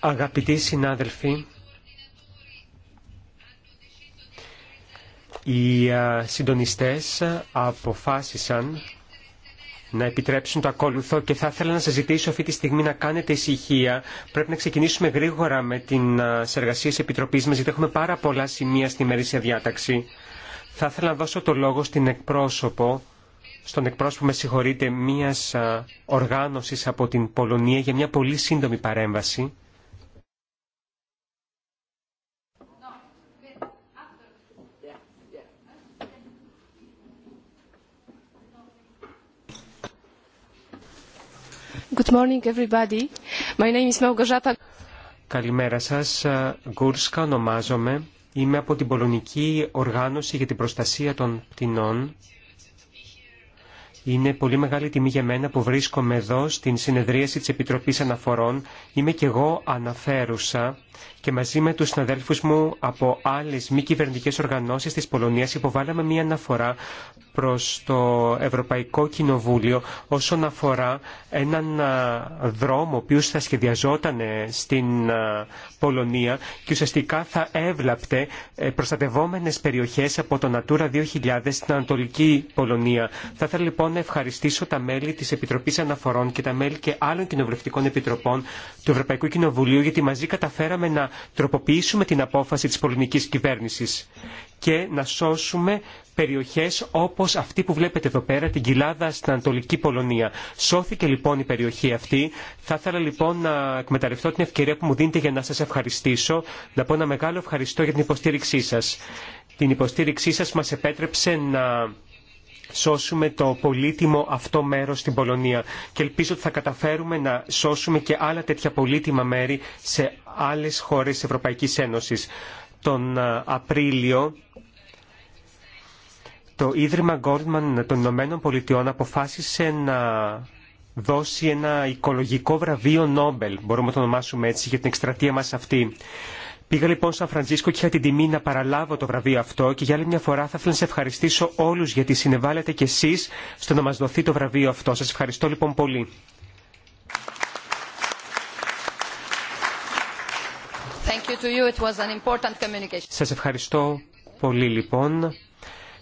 Αγαπητοί συνάδελφοι, οι συντονιστές αποφάσισαν να επιτρέψουν το ακόλουθο και θα ήθελα να σας ζητήσω αυτή τη στιγμή να κάνετε ησυχία. Πρέπει να ξεκινήσουμε γρήγορα με την εργασία της Επιτροπής μας, γιατί έχουμε πάρα πολλά σημεία στη μερίσια διάταξη. Θα ήθελα να δώσω το λόγο στην εκπρόσωπο στον εκπρόσωπο, με συγχωρείτε, μιας οργάνωσης από την Πολωνία για μια πολύ σύντομη παρέμβαση. Good morning everybody. My name is Małgorzata. Καλημέρα σας. Γκούρσκα ονομάζομαι. Είμαι από την Πολωνική Οργάνωση για την Προστασία των Πτηνών είναι πολύ μεγάλη τιμή για μένα που βρίσκομαι εδώ στην συνεδρίαση της Επιτροπής Αναφορών. Είμαι και εγώ αναφέρουσα και μαζί με τους συναδέλφους μου από άλλες μη κυβερνητικέ οργανώσεις της Πολωνίας υποβάλαμε μία αναφορά προς το Ευρωπαϊκό Κοινοβούλιο όσον αφορά έναν δρόμο ο οποίος θα σχεδιαζόταν στην Πολωνία και ουσιαστικά θα έβλαπτε ε, προστατευόμενες περιοχές από το Natura 2000 στην Ανατολική Πολωνία. Θα ήθελα λοιπόν να ευχαριστήσω τα μέλη της Επιτροπής Αναφορών και τα μέλη και άλλων κοινοβουλευτικών επιτροπών του Ευρωπαϊκού Κοινοβουλίου γιατί μαζί καταφέραμε να τροποποιήσουμε την απόφαση της πολωνικής κυβέρνησης και να σώσουμε περιοχές όπως αυτή που βλέπετε εδώ πέρα, την κοιλάδα στην Ανατολική Πολωνία. Σώθηκε λοιπόν η περιοχή αυτή. Θα ήθελα λοιπόν να εκμεταλλευτώ την ευκαιρία που μου δίνετε για να σας ευχαριστήσω, να πω ένα μεγάλο ευχαριστώ για την υποστήριξή σας. Την υποστήριξή σας μας επέτρεψε να σώσουμε το πολύτιμο αυτό μέρο στην Πολωνία και ελπίζω ότι θα καταφέρουμε να σώσουμε και άλλα τέτοια πολύτιμα μέρη σε άλλε χώρες της Ευρωπαϊκής Ένωσης. Τον ε, Απρίλιο το Ίδρυμα Goldman των Ηνωμένων Πολιτειών αποφάσισε να δώσει ένα οικολογικό βραβείο Νόμπελ, μπορούμε να το ονομάσουμε έτσι, για την εκστρατεία μας αυτή. Πήγα λοιπόν σαν Φραντζίσκο και είχα την τιμή να παραλάβω το βραβείο αυτό και για άλλη μια φορά θα ήθελα να σε ευχαριστήσω όλους γιατί συνεβάλλετε κι εσείς στο να μας δοθεί το βραβείο αυτό. Σας ευχαριστώ λοιπόν πολύ. Thank Σας ευχαριστώ πολύ λοιπόν.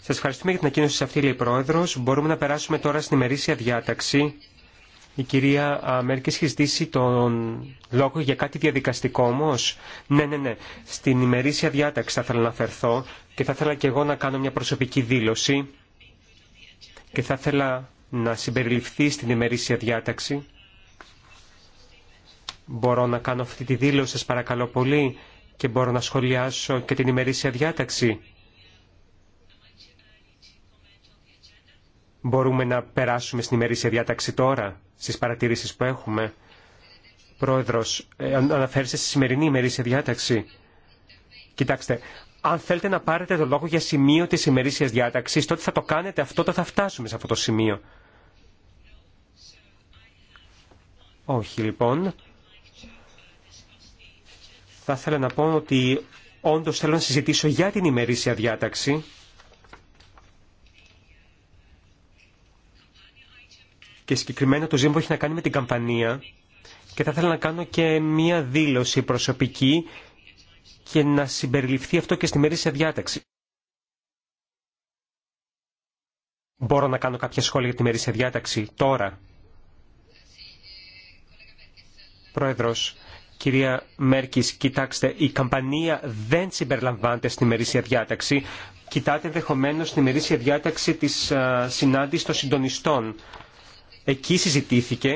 Σας ευχαριστούμε για την ακοίνωση αυτή, λέει η Πρόεδρος. Μπορούμε να περάσουμε τώρα στην ημερήσια διάταξη. Η κυρία Μέρκη έχει ζητήσει τον λόγο για κάτι διαδικαστικό όμω. Ναι, ναι, ναι. Στην ημερήσια διάταξη θα ήθελα να αφαιρθώ και θα ήθελα και εγώ να κάνω μια προσωπική δήλωση και θα ήθελα να συμπεριληφθεί στην ημερήσια διάταξη. Μπορώ να κάνω αυτή τη δήλωση, σας παρακαλώ πολύ, και μπορώ να σχολιάσω και την ημερήσια διάταξη. Μπορούμε να περάσουμε στην ημερήσια διάταξη τώρα, στις παρατηρήσεις που έχουμε. Πρόεδρος, ε, αναφέρεστε στη σημερινή ημερήσια διάταξη. Κοιτάξτε, αν θέλετε να πάρετε το λόγο για σημείο της ημερήσιας διάταξης, τότε θα το κάνετε αυτό, τότε θα φτάσουμε σε αυτό το σημείο. Όχι, λοιπόν. Θα ήθελα να πω ότι όντως θέλω να συζητήσω για την ημερήσια διάταξη. και συγκεκριμένα το ζήτημα έχει να κάνει με την καμπανία και θα ήθελα να κάνω και μία δήλωση προσωπική και να συμπεριληφθεί αυτό και στη μερίσια διάταξη. Μπορώ να κάνω κάποια σχόλια για τη μερίσια διάταξη τώρα. Πρόεδρος, κυρία Μέρκης, κοιτάξτε, η καμπανία δεν συμπεριλαμβάνεται στη μερίσια διάταξη. Κοιτάτε ενδεχομένω τη μερίσια διάταξη της συνάντησης των συντονιστών. Εκεί συζητήθηκε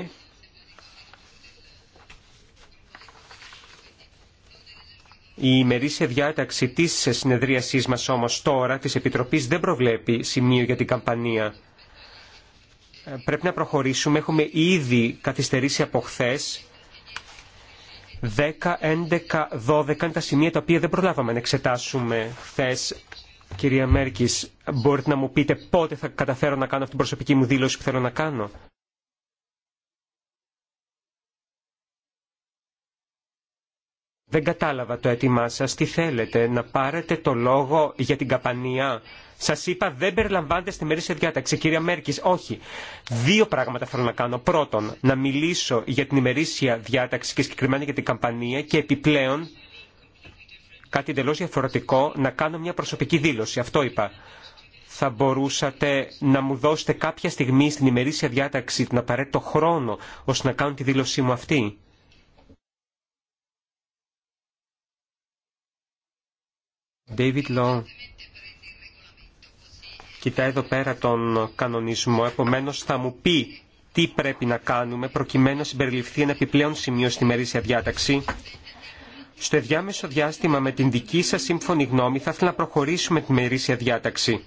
Η ημερήσια διάταξη τη συνεδρίασή μα όμως τώρα τη Επιτροπής δεν προβλέπει σημείο για την καμπανία. Ε, πρέπει να προχωρήσουμε. Έχουμε ήδη καθυστερήσει από χθε. 10, 11, 12 είναι τα σημεία τα οποία δεν προλάβαμε να εξετάσουμε χθε. Κυρία Μέρκη, μπορείτε να μου πείτε πότε θα καταφέρω να κάνω αυτή την προσωπική μου δήλωση που θέλω να κάνω. Δεν κατάλαβα το αίτημά σας. Τι θέλετε, να πάρετε το λόγο για την καπανία. Σας είπα δεν περιλαμβάνετε στη μερίσια διάταξη. Κυρία Μέρκης, όχι. Δύο πράγματα θέλω να κάνω. Πρώτον, να μιλήσω για την ημερήσια διάταξη και συγκεκριμένα για την καμπανία και επιπλέον κάτι εντελώ διαφορετικό, να κάνω μια προσωπική δήλωση. Αυτό είπα. Θα μπορούσατε να μου δώσετε κάποια στιγμή στην ημερήσια διάταξη την απαραίτητο χρόνο ώστε να κάνω τη δήλωσή μου αυτή. David Law κοιτάει εδώ πέρα τον κανονισμό, επομένως θα μου πει τι πρέπει να κάνουμε προκειμένου να συμπεριληφθεί ένα επιπλέον σημείο στη μερίσια διάταξη. Στο διάμεσο διάστημα με την δική σας σύμφωνη γνώμη θα ήθελα να προχωρήσουμε τη μερίσια διάταξη.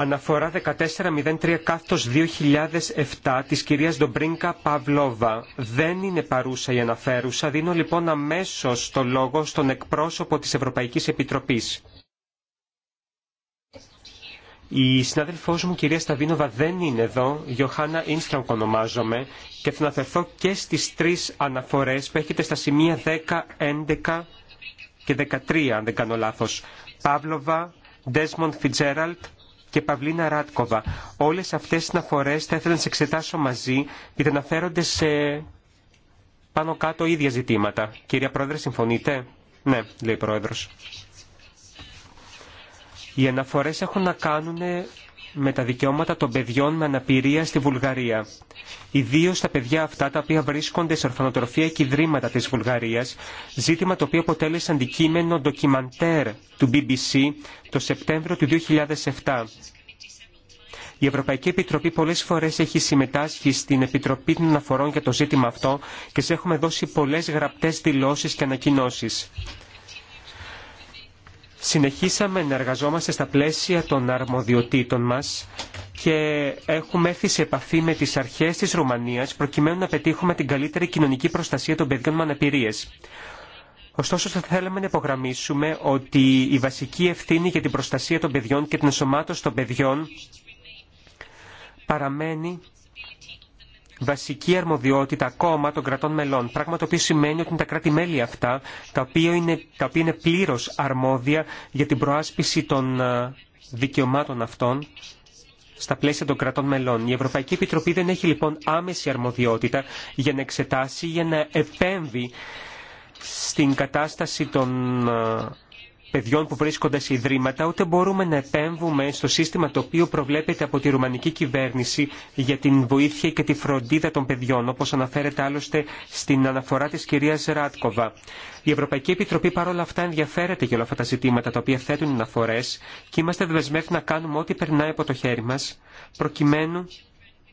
αναφορά 1403 κάθτος 2007 της κυρίας Ντομπρίνκα Παυλόβα. Δεν είναι παρούσα η αναφέρουσα. Δίνω λοιπόν αμέσως το λόγο στον εκπρόσωπο της Ευρωπαϊκής Επιτροπής. Η συνάδελφός μου, κυρία Σταβίνοβα, δεν είναι εδώ. Γιωχάννα Ίνστραγκ ονομάζομαι και θα αναφερθώ και στις τρεις αναφορές που έχετε στα σημεία 10, 11 και 13, αν δεν κάνω λάθος. Παύλοβα, Ντέσμοντ Φιτζέραλτ και Παυλίνα Ράτκοβα. Όλες αυτές τις αναφορές θα ήθελα να τις εξετάσω μαζί γιατί αναφέρονται σε πάνω κάτω ίδια ζητήματα. Κυρία Πρόεδρε, συμφωνείτε? Ναι, λέει ο Πρόεδρος. Οι αναφορές έχουν να κάνουν με τα δικαιώματα των παιδιών με αναπηρία στη Βουλγαρία. Ιδίω τα παιδιά αυτά τα οποία βρίσκονται σε ορφανοτροφία και ιδρύματα τη Βουλγαρία, ζήτημα το οποίο αποτέλεσε αντικείμενο ντοκιμαντέρ του BBC το Σεπτέμβριο του 2007. Η Ευρωπαϊκή Επιτροπή πολλέ φορέ έχει συμμετάσχει στην Επιτροπή των Αναφορών για το ζήτημα αυτό και σε έχουμε δώσει πολλέ γραπτέ δηλώσει και ανακοινώσει συνεχίσαμε να εργαζόμαστε στα πλαίσια των αρμοδιοτήτων μας και έχουμε έρθει σε επαφή με τις αρχές της Ρουμανίας προκειμένου να πετύχουμε την καλύτερη κοινωνική προστασία των παιδιών με αναπηρίες. Ωστόσο, θα θέλαμε να υπογραμμίσουμε ότι η βασική ευθύνη για την προστασία των παιδιών και την ενσωμάτωση των παιδιών παραμένει βασική αρμοδιότητα ακόμα των κρατών μελών. Πράγμα το οποίο σημαίνει ότι είναι τα κράτη-μέλη αυτά τα οποία είναι, τα οποία είναι πλήρως αρμόδια για την προάσπιση των ε, δικαιωμάτων αυτών στα πλαίσια των κρατών μελών. Η Ευρωπαϊκή Επιτροπή δεν έχει λοιπόν άμεση αρμοδιότητα για να εξετάσει, για να επέμβει στην κατάσταση των ε, παιδιών που βρίσκονται σε ιδρύματα, ούτε μπορούμε να επέμβουμε στο σύστημα το οποίο προβλέπεται από τη ρουμανική κυβέρνηση για την βοήθεια και τη φροντίδα των παιδιών, όπως αναφέρεται άλλωστε στην αναφορά της κυρίας Ράτκοβα. Η Ευρωπαϊκή Επιτροπή παρόλα αυτά ενδιαφέρεται για όλα αυτά τα ζητήματα τα οποία θέτουν αναφορές και είμαστε δεσμεύοι να κάνουμε ό,τι περνάει από το χέρι μας, προκειμένου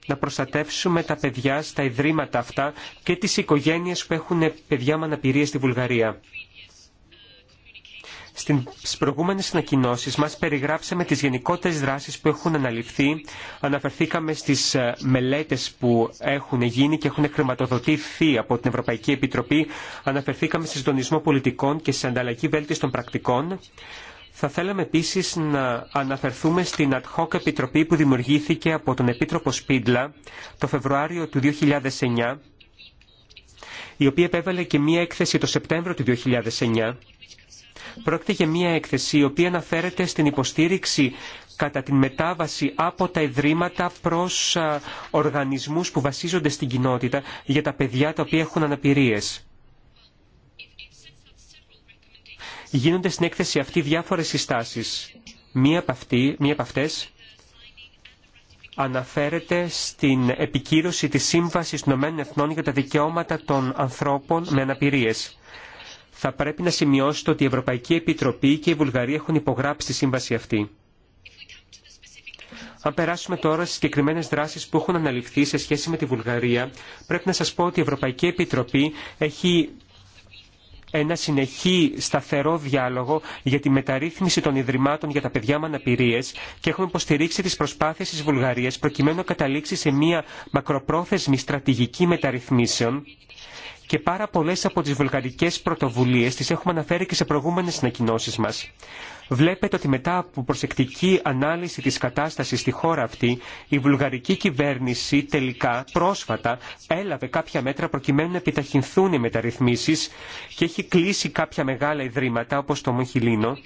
να προστατεύσουμε τα παιδιά στα ιδρύματα αυτά και τις οικογένειες που έχουν παιδιά με αναπηρία στη Βουλγαρία. Στις προηγούμενες ανακοινώσεις μας περιγράψαμε τις γενικότερες δράσεις που έχουν αναλυφθεί. Αναφερθήκαμε στις ε, μελέτες που έχουν γίνει και έχουν χρηματοδοτηθεί από την Ευρωπαϊκή Επιτροπή. Αναφερθήκαμε στις δονισμό πολιτικών και σε ανταλλαγή βέλτιση των πρακτικών. Θα θέλαμε επίσης να αναφερθούμε στην ad hoc επιτροπή που δημιουργήθηκε από τον Επίτροπο Σπίτλα το Φεβρουάριο του 2009, η οποία επέβαλε και μία έκθεση το Σεπτέμβριο του 2009 Πρόκειται για μια έκθεση η οποία αναφέρεται στην υποστήριξη κατά την μετάβαση από τα ιδρύματα προς οργανισμούς που βασίζονται στην κοινότητα για τα παιδιά τα οποία έχουν αναπηρίες. Γίνονται στην έκθεση αυτή διάφορες συστάσεις. Μία από, αυτή, μία από αυτές αναφέρεται στην επικύρωση της Σύμβασης των Ηνωμένων Εθνών για τα Δικαιώματα των Ανθρώπων με Αναπηρίες θα πρέπει να σημειώσετε ότι η Ευρωπαϊκή Επιτροπή και η Βουλγαρία έχουν υπογράψει τη σύμβαση αυτή. Αν περάσουμε τώρα στι συγκεκριμένε δράσει που έχουν αναλυφθεί σε σχέση με τη Βουλγαρία, πρέπει να σα πω ότι η Ευρωπαϊκή Επιτροπή έχει ένα συνεχή σταθερό διάλογο για τη μεταρρύθμιση των Ιδρυμάτων για τα παιδιά με αναπηρίε και έχουμε υποστηρίξει τι προσπάθειε τη Βουλγαρία προκειμένου να καταλήξει σε μια μακροπρόθεσμη στρατηγική μεταρρυθμίσεων και πάρα πολλέ από τις βουλγαρικές πρωτοβουλίες τις έχουμε αναφέρει και σε προηγούμενε ανακοινώσει μας. Βλέπετε ότι μετά από προσεκτική ανάλυση της κατάστασης στη χώρα αυτή, η βουλγαρική κυβέρνηση τελικά πρόσφατα έλαβε κάποια μέτρα προκειμένου να επιταχυνθούν οι μεταρρυθμίσεις και έχει κλείσει κάποια μεγάλα ιδρύματα όπως το Μοχιλίνο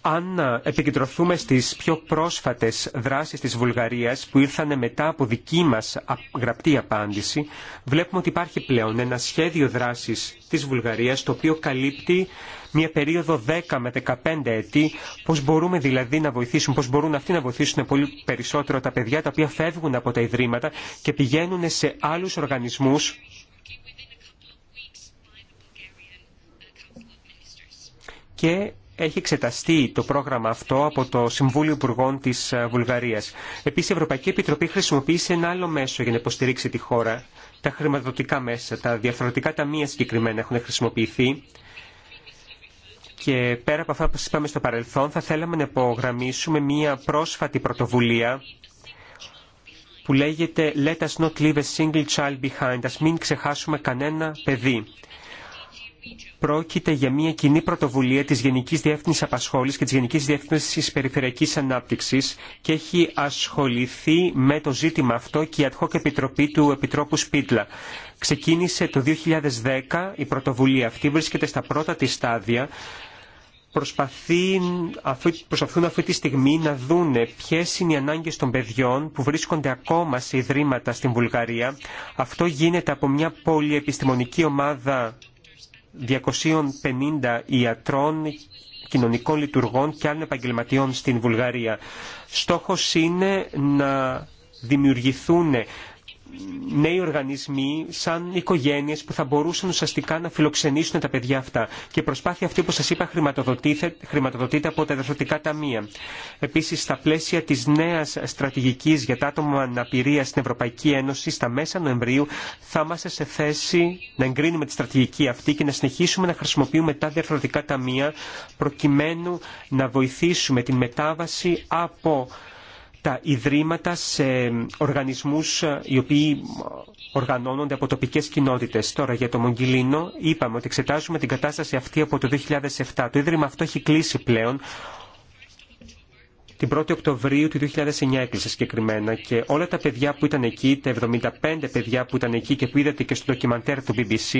αν επικεντρωθούμε στις πιο πρόσφατες δράσεις της Βουλγαρίας που ήρθαν μετά από δική μας γραπτή απάντηση, βλέπουμε ότι υπάρχει πλέον ένα σχέδιο δράσης της Βουλγαρίας το οποίο καλύπτει μια περίοδο 10 με 15 ετή, πώς μπορούμε δηλαδή να βοηθήσουν, πώς μπορούν αυτοί να βοηθήσουν πολύ περισσότερο τα παιδιά τα οποία φεύγουν από τα ιδρύματα και πηγαίνουν σε άλλους οργανισμούς και έχει εξεταστεί το πρόγραμμα αυτό από το Συμβούλιο Υπουργών τη ε, Βουλγαρίας. Επίση, η Ευρωπαϊκή Επιτροπή χρησιμοποίησε ένα άλλο μέσο για να υποστηρίξει τη χώρα. Τα χρηματοδοτικά μέσα, τα διαφορετικά ταμεία συγκεκριμένα έχουν χρησιμοποιηθεί. Και πέρα από αυτά που σα είπαμε στο παρελθόν, θα θέλαμε να υπογραμμίσουμε μία πρόσφατη πρωτοβουλία που λέγεται «Let us not leave a single child behind», α μην ξεχάσουμε κανένα παιδί πρόκειται για μια κοινή πρωτοβουλία της Γενικής Διεύθυνσης Απασχόλησης και της Γενικής Διεύθυνσης Περιφερειακής Ανάπτυξης και έχει ασχοληθεί με το ζήτημα αυτό και η ΑΤΧΟΚ Επιτροπή του Επιτρόπου Σπίτλα. Ξεκίνησε το 2010 η πρωτοβουλία αυτή, βρίσκεται στα πρώτα της στάδια προσπαθούν αυτή τη στιγμή να δούνε ποιε είναι οι ανάγκε των παιδιών που βρίσκονται ακόμα σε ιδρύματα στην Βουλγαρία. Αυτό γίνεται από μια πολυεπιστημονική ομάδα 250 ιατρών, κοινωνικών λειτουργών και άλλων επαγγελματιών στην Βουλγαρία. Στόχος είναι να δημιουργηθούν νέοι οργανισμοί, σαν οικογένειε που θα μπορούσαν ουσιαστικά να φιλοξενήσουν τα παιδιά αυτά. Και η προσπάθεια αυτή, όπω σα είπα, χρηματοδοτείται από τα διευθυντικά ταμεία. Επίση, στα πλαίσια τη νέα στρατηγική για τα άτομα με αναπηρία στην Ευρωπαϊκή Ένωση, στα μέσα Νοεμβρίου, θα είμαστε σε θέση να εγκρίνουμε τη στρατηγική αυτή και να συνεχίσουμε να χρησιμοποιούμε τα διαρθρωτικά ταμεία προκειμένου να βοηθήσουμε την μετάβαση από τα ιδρύματα σε οργανισμούς οι οποίοι οργανώνονται από τοπικές κοινότητες. Τώρα για το Μογγυλίνο είπαμε ότι εξετάζουμε την κατάσταση αυτή από το 2007. Το ίδρυμα αυτό έχει κλείσει πλέον. Την 1η Οκτωβρίου του 2009 έκλεισε συγκεκριμένα και όλα τα παιδιά που ήταν εκεί, τα 75 παιδιά που ήταν εκεί και που είδατε και στο ντοκιμαντέρ του BBC,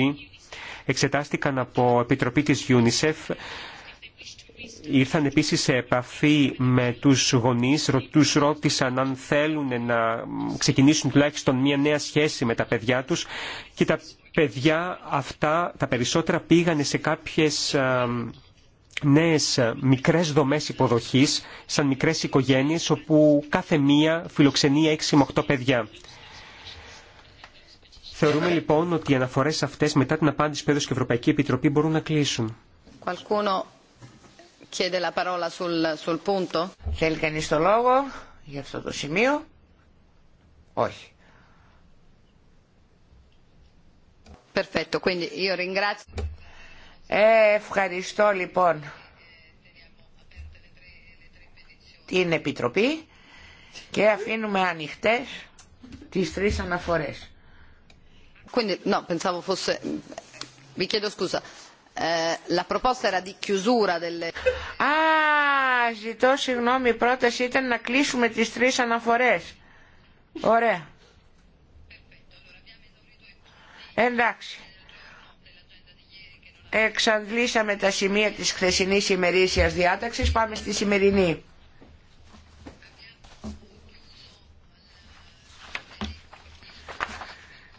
εξετάστηκαν από επιτροπή της UNICEF Ήρθαν επίσης σε επαφή με τους γονείς, τους ρώτησαν αν θέλουν να ξεκινήσουν τουλάχιστον μια νέα σχέση με τα παιδιά τους και τα παιδιά αυτά τα περισσότερα πήγανε σε κάποιες νέες μικρές δομές υποδοχής, σαν μικρές οικογένειες όπου κάθε μία φιλοξενεί 6 με 8 παιδιά. Θεωρούμε λοιπόν ότι οι αναφορές αυτές μετά την απάντηση που και Ευρωπαϊκή Επιτροπή μπορούν να κλείσουν. Chiede la parola sul, sul punto. Θέλει κανείς το λόγο για αυτό το σημείο. Όχι. Perfetto, quindi io ringrazio. Ε, ευχαριστώ λοιπόν την Επιτροπή και αφήνουμε ανοιχτές τις τρεις αναφορές. Quindi, no, pensavo fosse... Mi chiedo scusa. Ε, Α, ζητώ συγγνώμη, η πρόταση ήταν να κλείσουμε τις τρει αναφορέ. Ωραία. Εντάξει. Εξαντλήσαμε τα σημεία της χθεσινής ημερήσιας διάταξης. Πάμε στη σημερινή.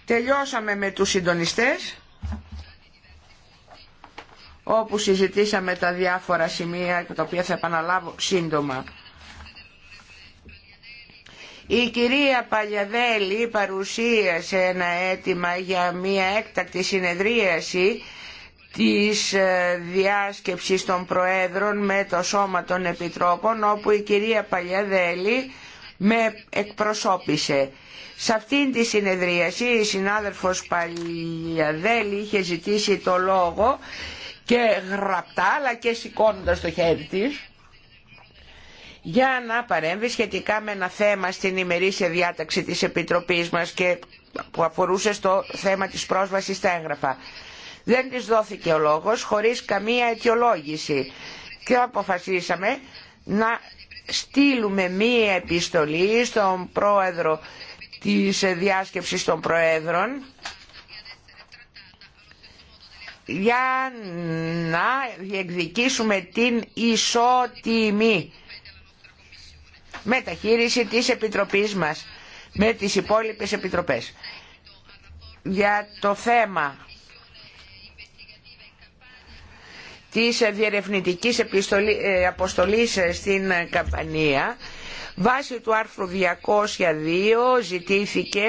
Τελειώσαμε με τους συντονιστές όπου συζητήσαμε τα διάφορα σημεία τα οποία θα επαναλάβω σύντομα. Η κυρία Παλιαδέλη παρουσίασε ένα αίτημα για μια έκτακτη συνεδρίαση της ε, διάσκεψης των Προέδρων με το Σώμα των Επιτρόπων όπου η κυρία Παλιαδέλη με εκπροσώπησε. Σε αυτήν τη συνεδρίαση η συνάδελφος Παλιαδέλη είχε ζητήσει το λόγο και γραπτά αλλά και σηκώνοντα το χέρι της για να παρέμβει σχετικά με ένα θέμα στην ημερήσια διάταξη της Επιτροπής μας και που αφορούσε στο θέμα της πρόσβασης στα έγγραφα. Δεν της δόθηκε ο λόγος χωρίς καμία αιτιολόγηση και αποφασίσαμε να στείλουμε μία επιστολή στον πρόεδρο της διάσκεψης των προέδρων για να διεκδικήσουμε την ισότιμη μεταχείριση της Επιτροπής μας με τις υπόλοιπες Επιτροπές. Για το θέμα της διερευνητικής ε, αποστολής στην Καμπανία, βάσει του άρθρου 202 ζητήθηκε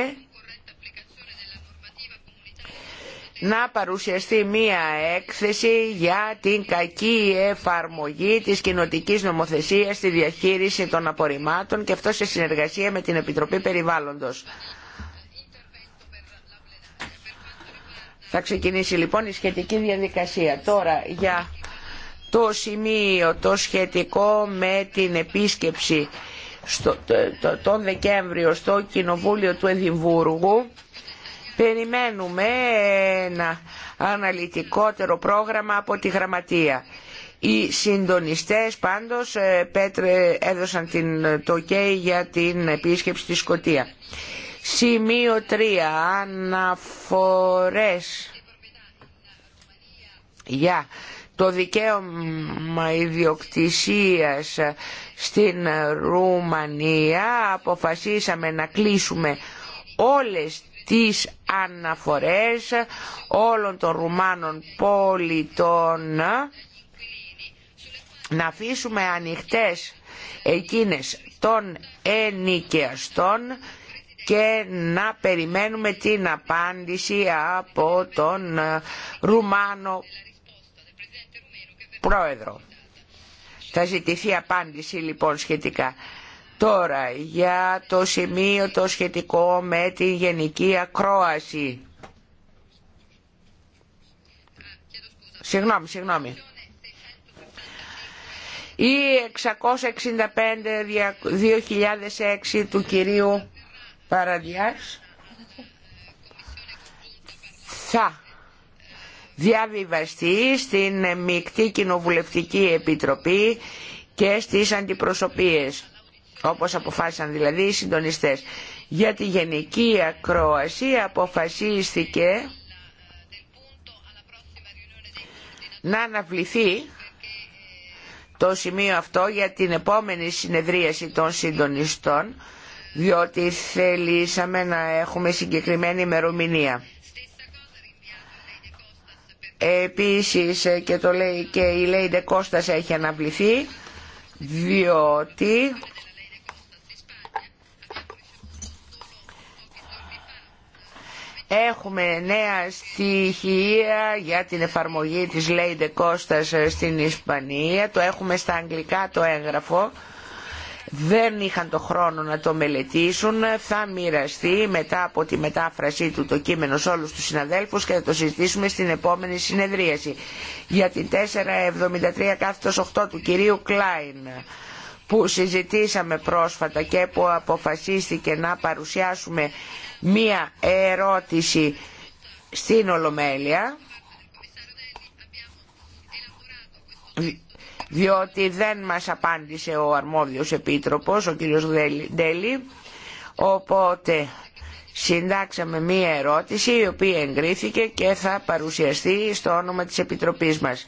να παρουσιαστεί μία έκθεση για την κακή εφαρμογή της κοινοτική νομοθεσίας στη διαχείριση των απορριμμάτων και αυτό σε συνεργασία με την Επιτροπή Περιβάλλοντος. Θα ξεκινήσει λοιπόν η σχετική διαδικασία. Τώρα για το σημείο το σχετικό με την επίσκεψη τον Δεκέμβριο στο Κοινοβούλιο του Εδιμβούργου Περιμένουμε ένα αναλυτικότερο πρόγραμμα από τη Γραμματεία. Οι συντονιστές πάντως ε, Πέτρε, έδωσαν την, το OK για την επίσκεψη στη Σκωτία. Σημείο 3. Αναφορές για το δικαίωμα ιδιοκτησίας στην Ρουμανία αποφασίσαμε να κλείσουμε όλες τις αναφορές όλων των Ρουμάνων πολιτών να αφήσουμε ανοιχτές εκείνες των ενοικιαστών και να περιμένουμε την απάντηση από τον Ρουμάνο πρόεδρο. Θα ζητηθεί απάντηση λοιπόν σχετικά. Τώρα, για το σημείο το σχετικό με τη γενική ακρόαση. Συγγνώμη, συγγνώμη. Η 665-2006 του κυρίου Παραδιάς θα διαβιβαστεί στην Μικτή Κοινοβουλευτική Επιτροπή και στις αντιπροσωπίες όπως αποφάσισαν δηλαδή οι συντονιστές. Για τη γενική ακρόαση αποφασίστηκε να αναβληθεί το σημείο αυτό για την επόμενη συνεδρίαση των συντονιστών διότι θελήσαμε να έχουμε συγκεκριμένη ημερομηνία. Επίσης και, το λέει, και η Λέιντε Κώστας έχει αναβληθεί διότι Έχουμε νέα στοιχεία για την εφαρμογή της Λέιντε Κώστας στην Ισπανία. Το έχουμε στα αγγλικά το έγγραφο. Δεν είχαν το χρόνο να το μελετήσουν. Θα μοιραστεί μετά από τη μετάφρασή του το κείμενο σε όλους τους συναδέλφους και θα το συζητήσουμε στην επόμενη συνεδρίαση. Για την 473 κάθετος 8 του κυρίου Κλάιν που συζητήσαμε πρόσφατα και που αποφασίστηκε να παρουσιάσουμε μία ερώτηση στην Ολομέλεια διότι δεν μας απάντησε ο αρμόδιος επίτροπος, ο κύριος Δέλη, οπότε συντάξαμε μία ερώτηση η οποία εγκρίθηκε και θα παρουσιαστεί στο όνομα της Επιτροπής μας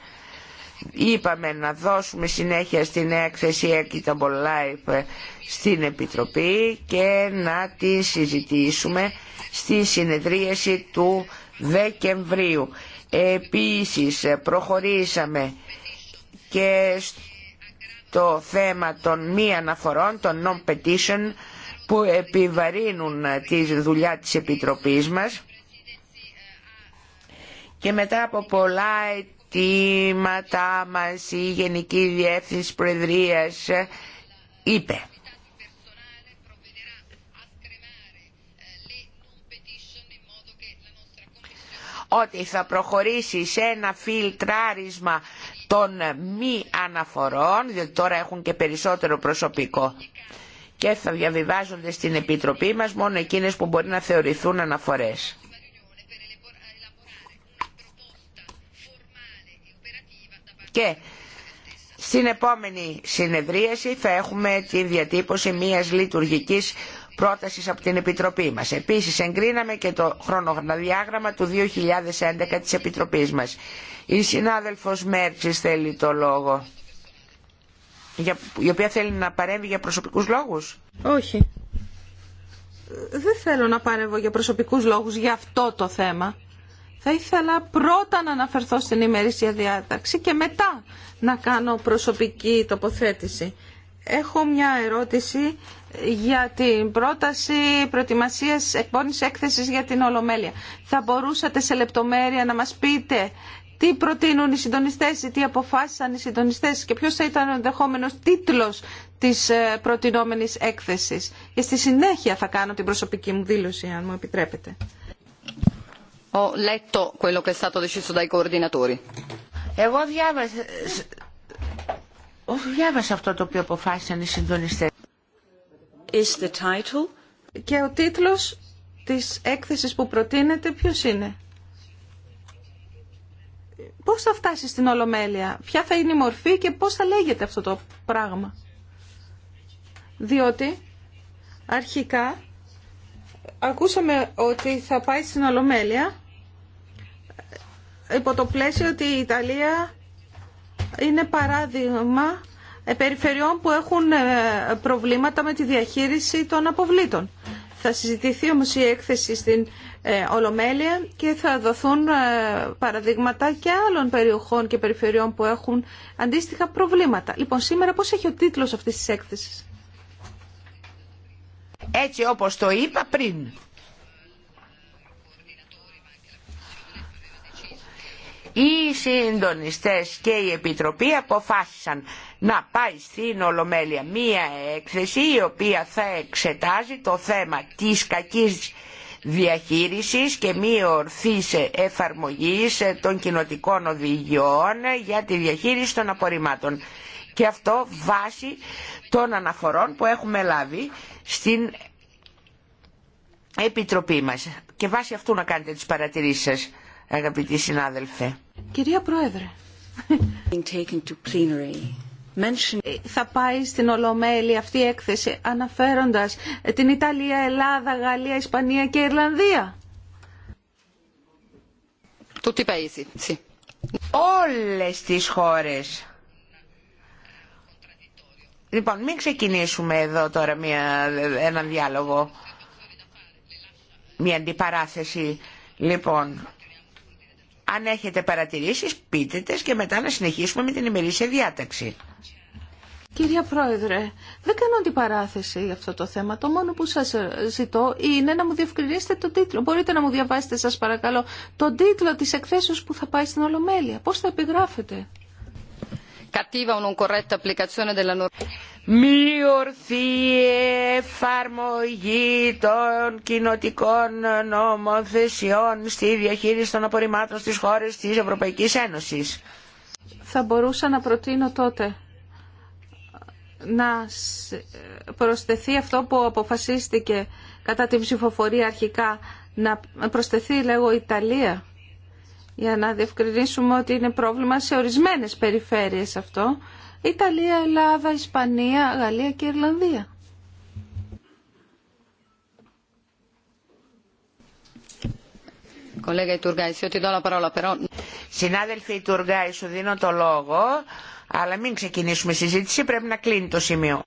είπαμε να δώσουμε συνέχεια στην έκθεση Equitable Life στην Επιτροπή και να τη συζητήσουμε στη συνεδρίαση του Δεκεμβρίου. Επίσης προχωρήσαμε και το θέμα των μη αναφορών, των non-petition που επιβαρύνουν τη δουλειά της Επιτροπής μας και μετά από πολλά αιτήματά μας η Γενική Διεύθυνση Προεδρίας είπε ότι θα προχωρήσει σε ένα φιλτράρισμα των μη αναφορών, διότι τώρα έχουν και περισσότερο προσωπικό και θα διαβιβάζονται στην Επιτροπή μας μόνο εκείνες που μπορεί να θεωρηθούν αναφορές. Και στην επόμενη συνεδρίαση θα έχουμε τη διατύπωση μιας λειτουργικής πρότασης από την Επιτροπή μας. Επίσης εγκρίναμε και το χρονοδιάγραμμα του 2011 της Επιτροπής μας. Η συνάδελφος Μέρτσης θέλει το λόγο, για, η οποία θέλει να παρέμβει για προσωπικούς λόγους. Όχι. Δεν θέλω να παρέμβω για προσωπικούς λόγους για αυτό το θέμα. Θα ήθελα πρώτα να αναφερθώ στην ημερήσια διάταξη και μετά να κάνω προσωπική τοποθέτηση. Έχω μια ερώτηση για την πρόταση προετοιμασίας εκπόνησης έκθεσης για την Ολομέλεια. Θα μπορούσατε σε λεπτομέρεια να μας πείτε τι προτείνουν οι συντονιστές ή τι αποφάσισαν οι συντονιστές και ποιος θα ήταν ο ενδεχόμενο τίτλος της ε, προτινόμενης έκθεσης. Και στη συνέχεια θα κάνω την προσωπική μου δήλωση, αν μου επιτρέπετε. Ho letto quello che è stato Εγώ διάβασα, αυτό το οποίο αποφάσισαν οι συντονιστές. Και ο τίτλος της έκθεσης που προτείνεται ποιος είναι. Πώς θα φτάσει στην Ολομέλεια, ποια θα είναι η μορφή και πώς θα λέγεται αυτό το πράγμα. Διότι αρχικά ακούσαμε ότι θα πάει στην Ολομέλεια υπό το πλαίσιο ότι η Ιταλία είναι παράδειγμα ε, περιφερειών που έχουν ε, προβλήματα με τη διαχείριση των αποβλήτων. Θα συζητηθεί όμως η έκθεση στην ε, Ολομέλεια και θα δοθούν παραδείγματα και άλλων περιοχών και περιφερειών που έχουν αντίστοιχα προβλήματα. Λοιπόν, σήμερα πώς έχει ο τίτλος αυτής της έκθεσης. Έτσι όπως το είπα πριν. Οι συντονιστές και η Επιτροπή αποφάσισαν να πάει στην Ολομέλεια μία έκθεση η οποία θα εξετάζει το θέμα της κακής διαχείρισης και μία ορθής εφαρμογής των κοινοτικών οδηγιών για τη διαχείριση των απορριμμάτων. Και αυτό βάσει των αναφορών που έχουμε λάβει στην Επιτροπή μας. Και βάσει αυτού να κάνετε τις παρατηρήσεις σας αγαπητοί συνάδελφε. Κυρία Πρόεδρε, ε, θα πάει στην Ολομέλη αυτή η έκθεση αναφέροντας ε, την Ιταλία, Ελλάδα, Γαλλία, Ισπανία και Ιρλανδία. Όλες τις χώρες. Λοιπόν, μην ξεκινήσουμε εδώ τώρα μια, έναν διάλογο, μια αντιπαράθεση. Λοιπόν, αν έχετε παρατηρήσεις πείτε τες και μετά να συνεχίσουμε με την ημερήσια διάταξη. Κυρία Πρόεδρε, δεν κάνω αντιπαράθεση για αυτό το θέμα. Το μόνο που σας ζητώ είναι να μου διευκρινίσετε τον τίτλο. Μπορείτε να μου διαβάσετε σας παρακαλώ τον τίτλο της εκθέσεως που θα πάει στην Ολομέλεια. Πώς θα επιγράφετε cattiva o non corretta Μη εφαρμογή των κοινοτικών νομοθεσιών στη διαχείριση των απορριμμάτων στις χώρες της Ευρωπαϊκής Ένωσης. Θα μπορούσα να προτείνω τότε να προσθεθεί αυτό που αποφασίστηκε κατά την ψηφοφορία αρχικά, να προσθεθεί λέγω Ιταλία για να διευκρινίσουμε ότι είναι πρόβλημα σε ορισμένες περιφέρειες αυτό. Ιταλία, Ελλάδα, Ισπανία, Γαλλία και Ιρλανδία. Συνάδελφοι Τουργάη, σου δίνω το λόγο, αλλά μην ξεκινήσουμε συζήτηση, πρέπει να κλείνει το σημείο.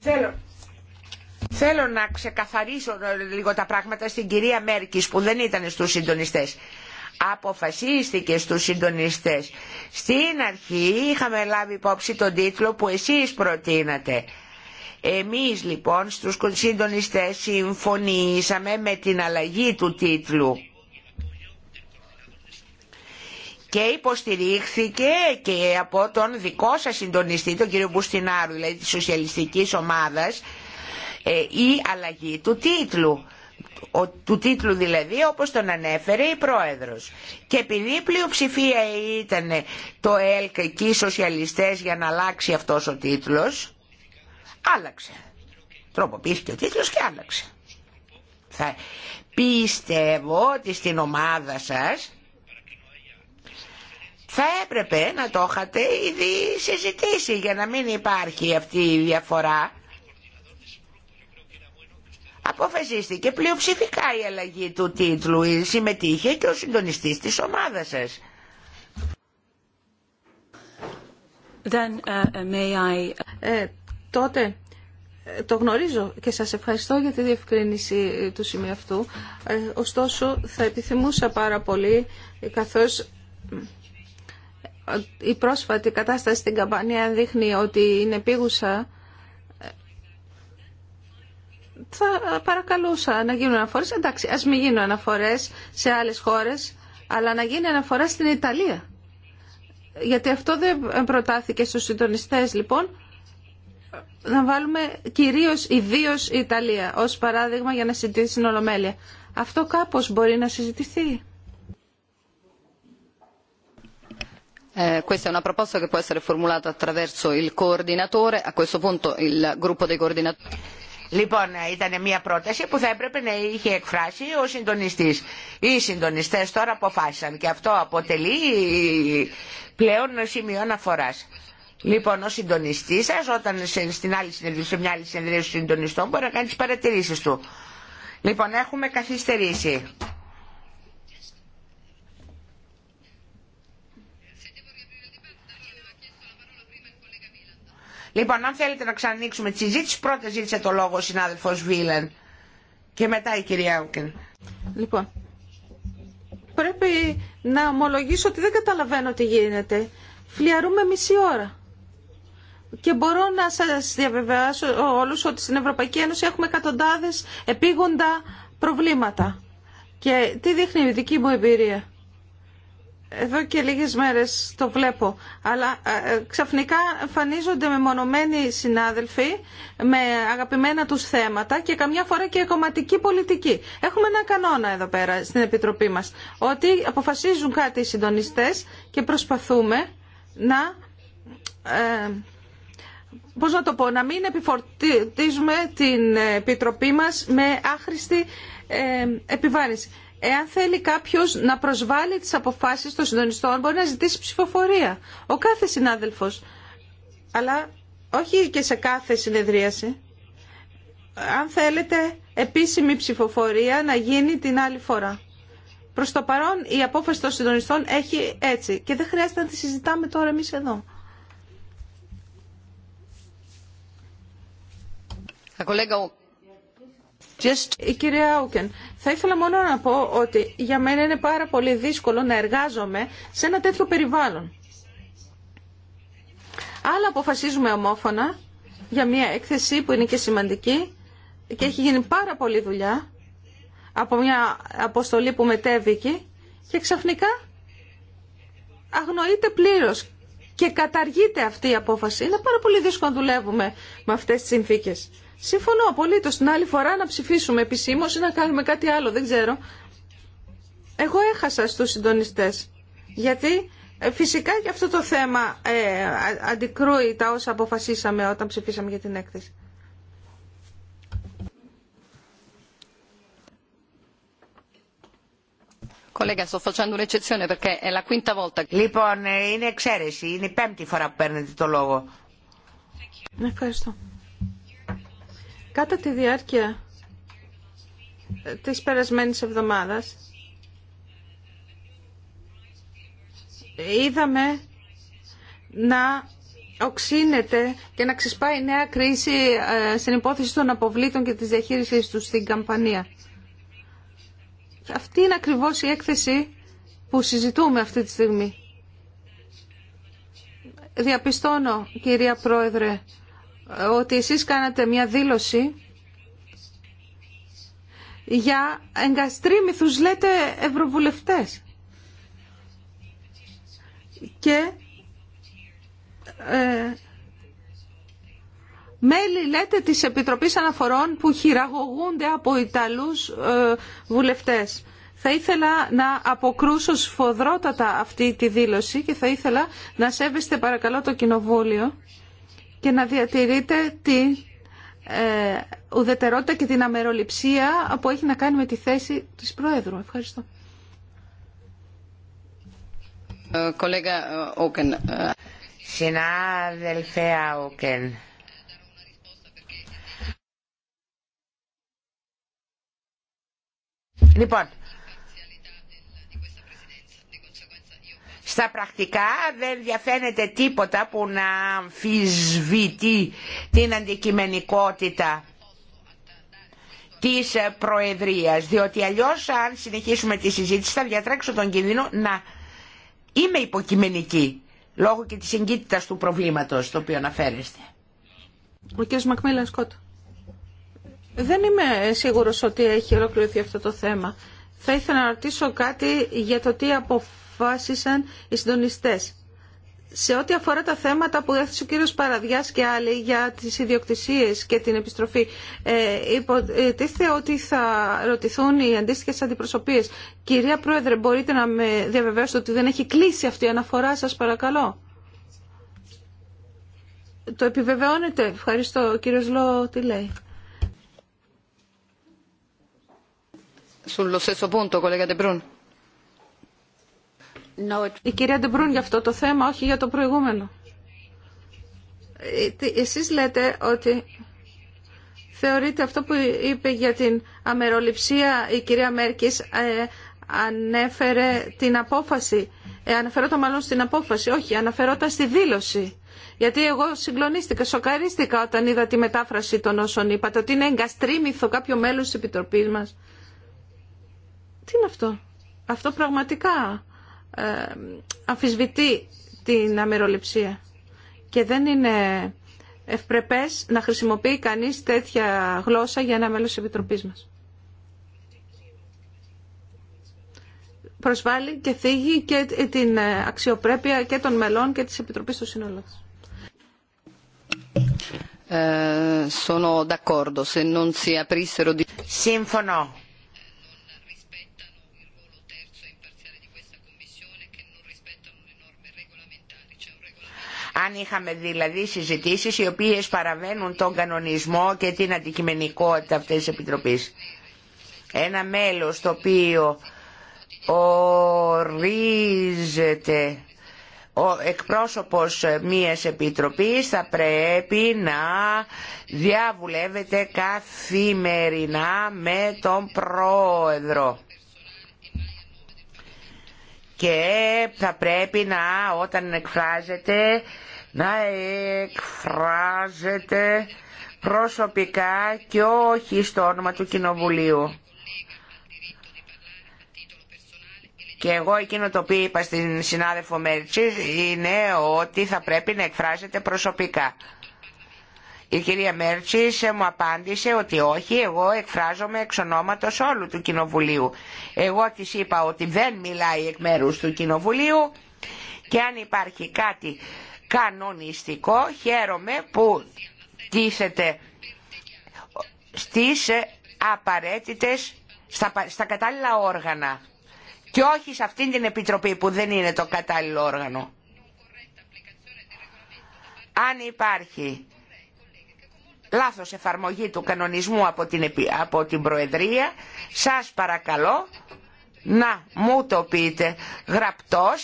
Θέλω. Θέλω να ξεκαθαρίσω λίγο τα πράγματα στην κυρία Μέρκης που δεν ήταν στους συντονιστές. Αποφασίστηκε στους συντονιστές. Στην αρχή είχαμε λάβει υπόψη τον τίτλο που εσείς προτείνατε. Εμείς λοιπόν στους συντονιστές συμφωνήσαμε με την αλλαγή του τίτλου και υποστηρίχθηκε και από τον δικό σας συντονιστή, τον κύριο Μπουστινάρου, δηλαδή της Σοσιαλιστικής Ομάδας, ε, η αλλαγή του τίτλου του τίτλου δηλαδή όπως τον ανέφερε η Πρόεδρος. Και επειδή η πλειοψηφία ήταν το ΕΛΚ και οι σοσιαλιστές για να αλλάξει αυτός ο τίτλος, άλλαξε. Τροποποιήθηκε ο τίτλος και άλλαξε. Θα πιστεύω ότι στην ομάδα σας θα έπρεπε να το είχατε ήδη συζητήσει για να μην υπάρχει αυτή η διαφορά αποφασίστηκε πλειοψηφικά η αλλαγή του τίτλου. Συμμετείχε και ο συντονιστής της ομάδας σας. Then, uh, may I... Ε, τότε ε, το γνωρίζω και σας ευχαριστώ για τη διευκρίνηση ε, του σημείου αυτού. ωστόσο, θα επιθυμούσα πάρα πολύ, καθώς η πρόσφατη κατάσταση στην Καμπανία δείχνει ότι είναι πήγουσα θα παρακαλούσα να γίνουν αναφορέ, Εντάξει, α μην γίνουν αναφορέ σε άλλε χώρε, αλλά να γίνει αναφορά στην Ιταλία. Γιατί αυτό δεν προτάθηκε στου συντονιστέ, λοιπόν, να βάλουμε κυρίω ιδίω η Ιταλία, ω παράδειγμα για να συζητήσει την Ολομέλεια. Αυτό κάπω μπορεί να συζητηθεί. Ε, questa è una proposta che può essere formulata attraverso il coordinatore a questo punto il gruppo dei Λοιπόν, ήταν μια πρόταση που θα έπρεπε να είχε εκφράσει ο συντονιστής. Οι συντονιστές τώρα αποφάσισαν και αυτό αποτελεί πλέον σημείο αναφορά. Λοιπόν, ο συντονιστή σα, όταν σε, στην άλλη συνεδρία, σε μια άλλη συνεδρία συντονιστών, μπορεί να κάνει τι παρατηρήσει του. Λοιπόν, έχουμε καθυστερήσει. Λοιπόν, αν θέλετε να ξανανοίξουμε τη συζήτηση, πρώτα ζήτησε το λόγο ο συνάδελφο Βίλεν και μετά η κυρία Ούκεν. Λοιπόν, πρέπει να ομολογήσω ότι δεν καταλαβαίνω τι γίνεται. Φλιαρούμε μισή ώρα. Και μπορώ να σας διαβεβαιώσω όλους ότι στην Ευρωπαϊκή Ένωση έχουμε εκατοντάδες επίγοντα προβλήματα. Και τι δείχνει η δική μου εμπειρία εδώ και λίγες μέρες το βλέπω, αλλά ε, ε, ξαφνικά εμφανίζονται μεμονωμένοι συνάδελφοι με αγαπημένα τους θέματα και καμιά φορά και κομματική πολιτική. Έχουμε ένα κανόνα εδώ πέρα στην Επιτροπή μας, ότι αποφασίζουν κάτι οι συντονιστές και προσπαθούμε να... Ε, πώς να το πω, να μην επιφορτίζουμε την Επιτροπή μας με άχρηστη ε, Εάν θέλει κάποιο να προσβάλλει τι αποφάσει των συντονιστών, μπορεί να ζητήσει ψηφοφορία. Ο κάθε συνάδελφο. Αλλά όχι και σε κάθε συνεδρίαση. Αν θέλετε επίσημη ψηφοφορία να γίνει την άλλη φορά. Προ το παρόν η απόφαση των συντονιστών έχει έτσι και δεν χρειάζεται να τη συζητάμε τώρα εμεί εδώ. Just... Η κυρία Άουκεν, θα ήθελα μόνο να πω ότι για μένα είναι πάρα πολύ δύσκολο να εργάζομαι σε ένα τέτοιο περιβάλλον. Άλλα αποφασίζουμε ομόφωνα για μια έκθεση που είναι και σημαντική και έχει γίνει πάρα πολλή δουλειά από μια αποστολή που μετέβηκε και ξαφνικά αγνοείται πλήρως και καταργείται αυτή η απόφαση. Είναι πάρα πολύ δύσκολο να δουλεύουμε με αυτές τις συνθήκες. Συμφωνώ απολύτως. Την άλλη φορά να ψηφίσουμε επισήμω ή να κάνουμε κάτι άλλο, δεν ξέρω. Εγώ έχασα στους συντονιστέ. Γιατί ε, φυσικά και αυτό το θέμα ε, αντικρούει τα όσα αποφασίσαμε όταν ψηφίσαμε για την έκθεση. Λοιπόν, είναι εξαίρεση. Είναι η πέμπτη φορά που παίρνετε το λόγο. Ναι, ευχαριστώ. Κατά τη διάρκεια ε, της περασμένης εβδομάδας είδαμε να οξύνεται και να ξεσπάει νέα κρίση ε, στην υπόθεση των αποβλήτων και της διαχείρισης του στην Καμπανία. Αυτή είναι ακριβώς η έκθεση που συζητούμε αυτή τη στιγμή. Διαπιστώνω, κυρία Πρόεδρε, ότι εσείς κάνατε μια δήλωση για εγκαστρίμηθους, λέτε, ευρωβουλευτές. Και ε, μέλη, λέτε, της Επιτροπής Αναφορών που χειραγωγούνται από Ιταλούς ε, βουλευτές. Θα ήθελα να αποκρούσω σφοδρότατα αυτή τη δήλωση και θα ήθελα να σέβεστε παρακαλώ το Κοινοβούλιο και να διατηρείτε τη ε, ουδετερότητα και την αμεροληψία που έχει να κάνει με τη θέση της Προέδρου. Ευχαριστώ. Ε, ε, Συνάδελφε Άουκεν, Λοιπόν, στα πρακτικά δεν διαφαίνεται τίποτα που να αμφισβητεί την αντικειμενικότητα της Προεδρίας, διότι αλλιώς αν συνεχίσουμε τη συζήτηση θα διατρέξω τον κίνδυνο να είμαι υποκειμενική λόγω και της εγκύτητας του προβλήματος το οποίο αναφέρεστε. Ο κ. Μακμέλα δεν είμαι σίγουρος ότι έχει ολοκληρωθεί αυτό το θέμα. Θα ήθελα να ρωτήσω κάτι για το τι αποφάσισαν οι συντονιστέ. Σε ό,τι αφορά τα θέματα που έθεσε ο κύριο Παραδιά και άλλοι για τι ιδιοκτησίε και την επιστροφή, ε, υποτίθεται ε, ότι θα ρωτηθούν οι αντίστοιχε αντιπροσωπείε. Κυρία Πρόεδρε, μπορείτε να με διαβεβαιώσετε ότι δεν έχει κλείσει αυτή η αναφορά, σα παρακαλώ. Το επιβεβαιώνετε. Ευχαριστώ. Ο κύριος Λό τι λέει. Η κυρία Ντεμπρούν για αυτό το θέμα, όχι για το προηγούμενο. Ε, εσείς λέτε ότι θεωρείτε αυτό που είπε για την αμεροληψία η κυρία Μέρκης ε, ανέφερε την απόφαση. Ε, αναφερόταν μάλλον στην απόφαση, όχι, αναφερόταν στη δήλωση. Γιατί εγώ συγκλονίστηκα, σοκαρίστηκα όταν είδα τη μετάφραση των όσων είπατε, ότι είναι εγκαστρίμηθο κάποιο μέλος της Επιτροπής μας. Τι είναι αυτό. Αυτό πραγματικά ε, αμφισβητεί την αμεροληψία. Και δεν είναι ευπρεπές να χρησιμοποιεί κανείς τέτοια γλώσσα για ένα μέλος της Επιτροπής μας. Προσβάλλει και θίγει και την αξιοπρέπεια και των μελών και της Επιτροπής του σύνολου. Ε, σύμφωνο Αν είχαμε δηλαδή συζητήσεις οι οποίες παραβαίνουν τον κανονισμό και την αντικειμενικότητα αυτής της Επιτροπής. Ένα μέλος το οποίο ορίζεται ο εκπρόσωπος μίας επιτροπής θα πρέπει να διαβουλεύεται καθημερινά με τον πρόεδρο και θα πρέπει να όταν εκφράζεται να εκφράζεται προσωπικά και όχι στο όνομα του Κοινοβουλίου. Και εγώ εκείνο το οποίο είπα στην συνάδελφο Μέρτσι είναι ότι θα πρέπει να εκφράζεται προσωπικά. Η κυρία Μέρτσης μου απάντησε ότι όχι, εγώ εκφράζομαι εξ ονόματος όλου του Κοινοβουλίου. Εγώ της είπα ότι δεν μιλάει εκ μέρους του Κοινοβουλίου και αν υπάρχει κάτι κανονιστικό χαίρομαι που τίθεται στις απαραίτητες, στα, στα κατάλληλα όργανα και όχι σε αυτήν την επιτροπή που δεν είναι το κατάλληλο όργανο. Αν υπάρχει λάθος εφαρμογή του κανονισμού από την, από την Προεδρία. Σας παρακαλώ να μου το πείτε γραπτός,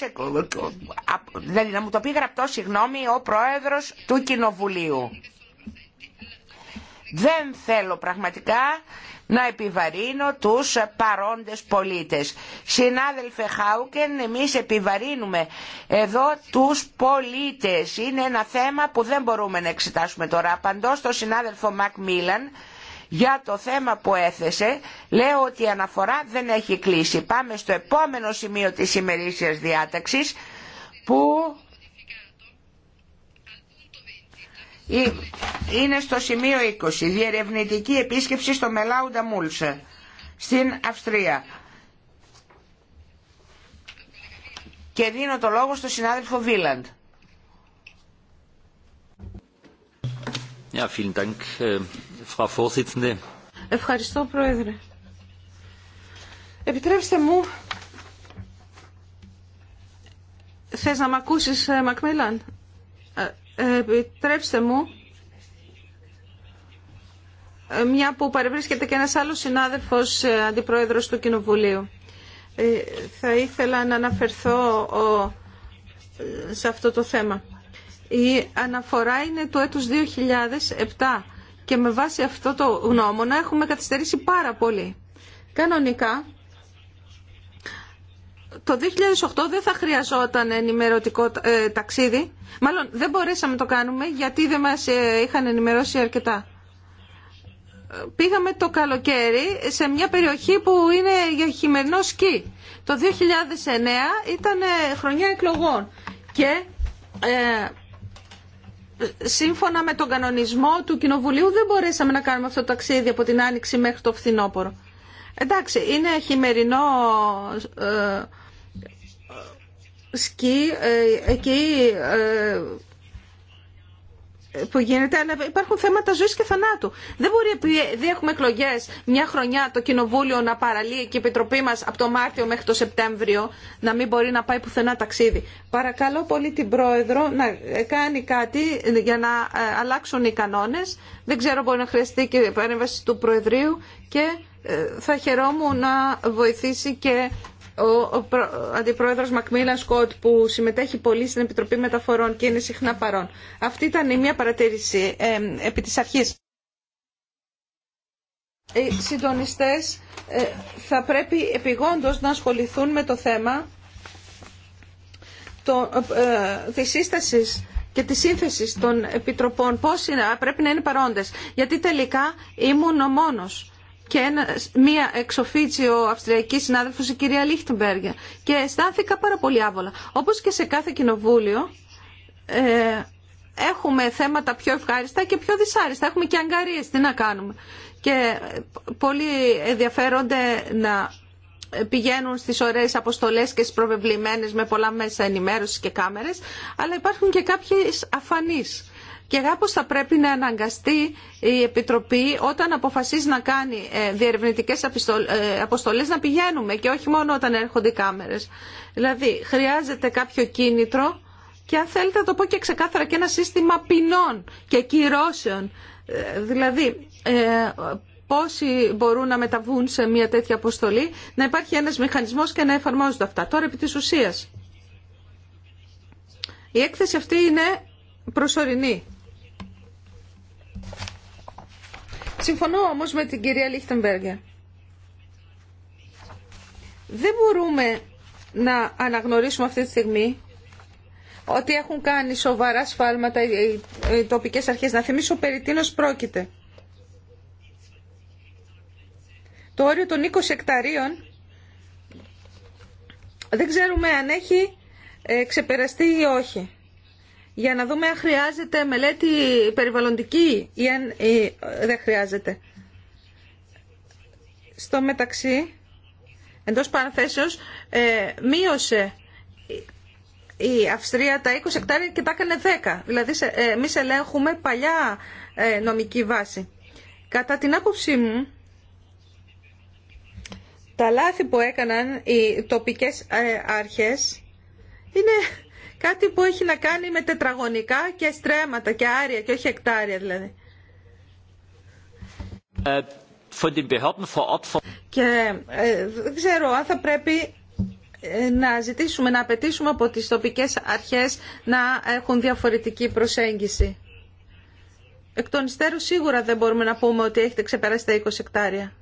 δηλαδή να μου το πει γραπτός, συγγνώμη, ο Πρόεδρος του Κοινοβουλίου. Δεν θέλω πραγματικά να επιβαρύνω τους παρόντες πολίτες. Συνάδελφε Χάουκεν, εμείς επιβαρύνουμε εδώ τους πολίτες. Είναι ένα θέμα που δεν μπορούμε να εξετάσουμε τώρα. Απαντώ στον συνάδελφο Μακ Μίλαν για το θέμα που έθεσε. Λέω ότι η αναφορά δεν έχει κλείσει. Πάμε στο επόμενο σημείο της ημερήσιας διάταξης που είναι στο σημείο 20 διερευνητική επίσκεψη στο Μελάουντα Μούλσε στην Αυστρία και δίνω το λόγο στο συνάδελφο Βίλαντ äh, Ευχαριστώ Πρόεδρε Επιτρέψτε μου Θες να μ' ακούσεις ε, Μακμέλαν επιτρέψτε μου, ε, μια που παρευρίσκεται και ένας άλλος συνάδελφος ε, αντιπρόεδρος του Κοινοβουλίου. Ε, θα ήθελα να αναφερθώ σε αυτό το θέμα. Η αναφορά είναι του έτους 2007 και με βάση αυτό το γνώμονα έχουμε καθυστερήσει πάρα πολύ. Κανονικά το 2008 δεν θα χρειαζόταν ενημερωτικό ε, ταξίδι. Μάλλον δεν μπορέσαμε να το κάνουμε γιατί δεν μας ε, είχαν ενημερώσει αρκετά. Πήγαμε το καλοκαίρι σε μια περιοχή που είναι για χειμερινό σκι. Το 2009 ήταν ε, χρονιά εκλογών και ε, σύμφωνα με τον κανονισμό του Κοινοβουλίου δεν μπορέσαμε να κάνουμε αυτό το ταξίδι από την Άνοιξη μέχρι το Φθινόπωρο. Εντάξει, είναι χειμερινό σκι ε, εκεί ε, που γίνεται, αλλά υπάρχουν θέματα ζωής και θανάτου. Δεν μπορεί, επειδή έχουμε εκλογέ μια χρονιά το Κοινοβούλιο να παραλύει και η Επιτροπή μα από το Μάρτιο μέχρι το Σεπτέμβριο να μην μπορεί να πάει πουθενά ταξίδι. Παρακαλώ πολύ την Πρόεδρο να κάνει κάτι για να ε, αλλάξουν οι κανόνες. Δεν ξέρω, μπορεί να χρειαστεί και η παρέμβαση του Προεδρείου και θα χαιρόμουν να βοηθήσει και ο Αντιπρόεδρος Μακμίλαν Σκότ που συμμετέχει πολύ στην Επιτροπή Μεταφορών και είναι συχνά παρόν. Αυτή ήταν η μία παρατήρηση επί της αρχής. Οι συντονιστές ε, θα πρέπει επιγόντως να ασχοληθούν με το θέμα το, ε, της σύστασης και της σύνθεση των επιτροπών, πώς είναι, πρέπει να είναι παρόντες. Γιατί τελικά ήμουν ο μόνος και μία εξοφίτσιο αυστριακή συνάδελφος, η κυρία Λίχτεμπεργκερ. Και αισθάνθηκα πάρα πολύ άβολα. Όπως και σε κάθε κοινοβούλιο, ε, έχουμε θέματα πιο ευχάριστα και πιο δυσάριστα. Έχουμε και αγκαρίες, τι να κάνουμε. Και πολλοί ενδιαφέρονται να πηγαίνουν στις ωραίες αποστολές και στις προβεβλημένες με πολλά μέσα ενημέρωσης και κάμερες, αλλά υπάρχουν και κάποιες αφανείς και κάπως θα πρέπει να αναγκαστεί η Επιτροπή όταν αποφασίζει να κάνει ε, διερευνητικές ε, αποστολές να πηγαίνουμε και όχι μόνο όταν έρχονται οι κάμερες. Δηλαδή χρειάζεται κάποιο κίνητρο και αν θέλετε το πω και ξεκάθαρα και ένα σύστημα ποινών και κυρώσεων. Ε, δηλαδή πόσοι μπορούν να μεταβούν σε μια τέτοια αποστολή, να υπάρχει ένας μηχανισμός και να εφαρμόζονται αυτά. Τώρα επί της ουσίας. Η έκθεση αυτή είναι προσωρινή. Συμφωνώ όμως με την κυρία Λίχτεμπεργκε. Δεν μπορούμε να αναγνωρίσουμε αυτή τη στιγμή ότι έχουν κάνει σοβαρά σφάλματα οι τοπικές αρχές. Να θυμίσω περί τίνος πρόκειται. Το όριο των 20 εκταρίων δεν ξέρουμε αν έχει ε, ξεπεραστεί ή όχι για να δούμε αν χρειάζεται μελέτη περιβαλλοντική ή αν ή δεν χρειάζεται. Στο μεταξύ, εντός παραθέσεως, ε, μείωσε η Αυστρία τα 20 εκτάρια και τα έκανε 10. Δηλαδή, ε, εμείς ελέγχουμε παλιά ε, νομική βάση. Κατά την άποψή μου, τα λάθη που έκαναν οι τοπικές ε, αρχές είναι κάτι που έχει να κάνει με τετραγωνικά και στρέμματα και άρια και όχι εκτάρια δηλαδή. Ε, και ε, δεν ξέρω αν θα πρέπει ε, να ζητήσουμε, να απαιτήσουμε από τις τοπικές αρχές να έχουν διαφορετική προσέγγιση. Εκ των υστέρων σίγουρα δεν μπορούμε να πούμε ότι έχετε ξεπεράσει τα 20 εκτάρια.